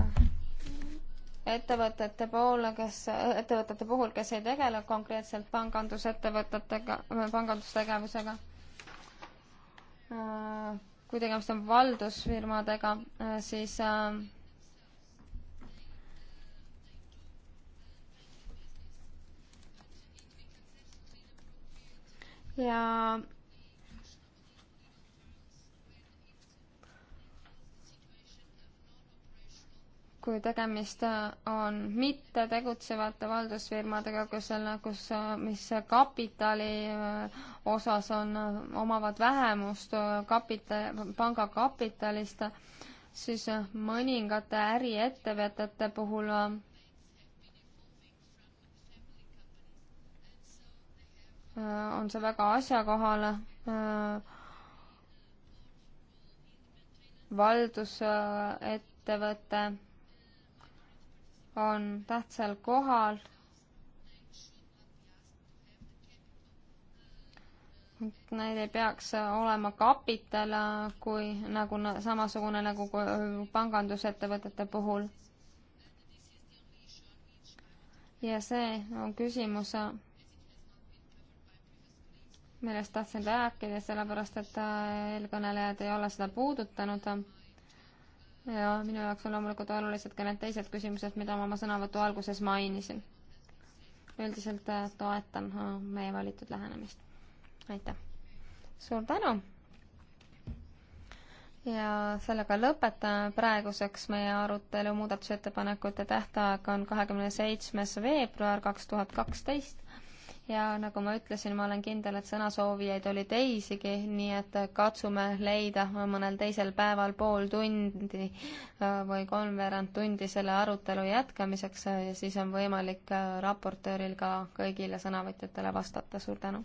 ettevõtete poole, kes, ettevõtete puhul, kes ei tegele konkreetselt pangandusettevõtetega, pangandustegevusega. Äh, kui tegemist on valdusfirmadega, siis ja kui tegemist äh, on mitte tegutsevate valdusfirmadega, kus on, äh, kus, äh, mis kapitali osas on, omavad vähemust kapita-, panga kapitalist, siis mõningate äriettevõtete puhul on see väga asjakohane valdusettevõte on tähtsal kohal. Need ei peaks olema kapital, kui nagu samasugune nagu pangandusettevõtete puhul. ja see on küsimus, millest tahtsin rääkida, sellepärast et äh, eelkõnelejad ei ole seda puudutanud ja minu jaoks on loomulikult olulised ka need teised küsimused, mida ma oma sõnavõtu alguses mainisin. üldiselt äh, toetan äh, meie valitud lähenemist. aitäh! suur tänu! ja sellega lõpetame praeguseks meie arutelu muudatusettepanekute tähtaeg on kahekümne seitsmes veebruar kaks tuhat kaksteist ja nagu ma ütlesin, ma olen kindel, et sõnasoovijaid oli teisigi, nii et katsume leida mõnel teisel päeval pool tundi äh, või kolmveerand tundi selle arutelu jätkamiseks äh, ja siis on võimalik äh, raportööril ka kõigile sõnavõtjatele vastata. suur tänu!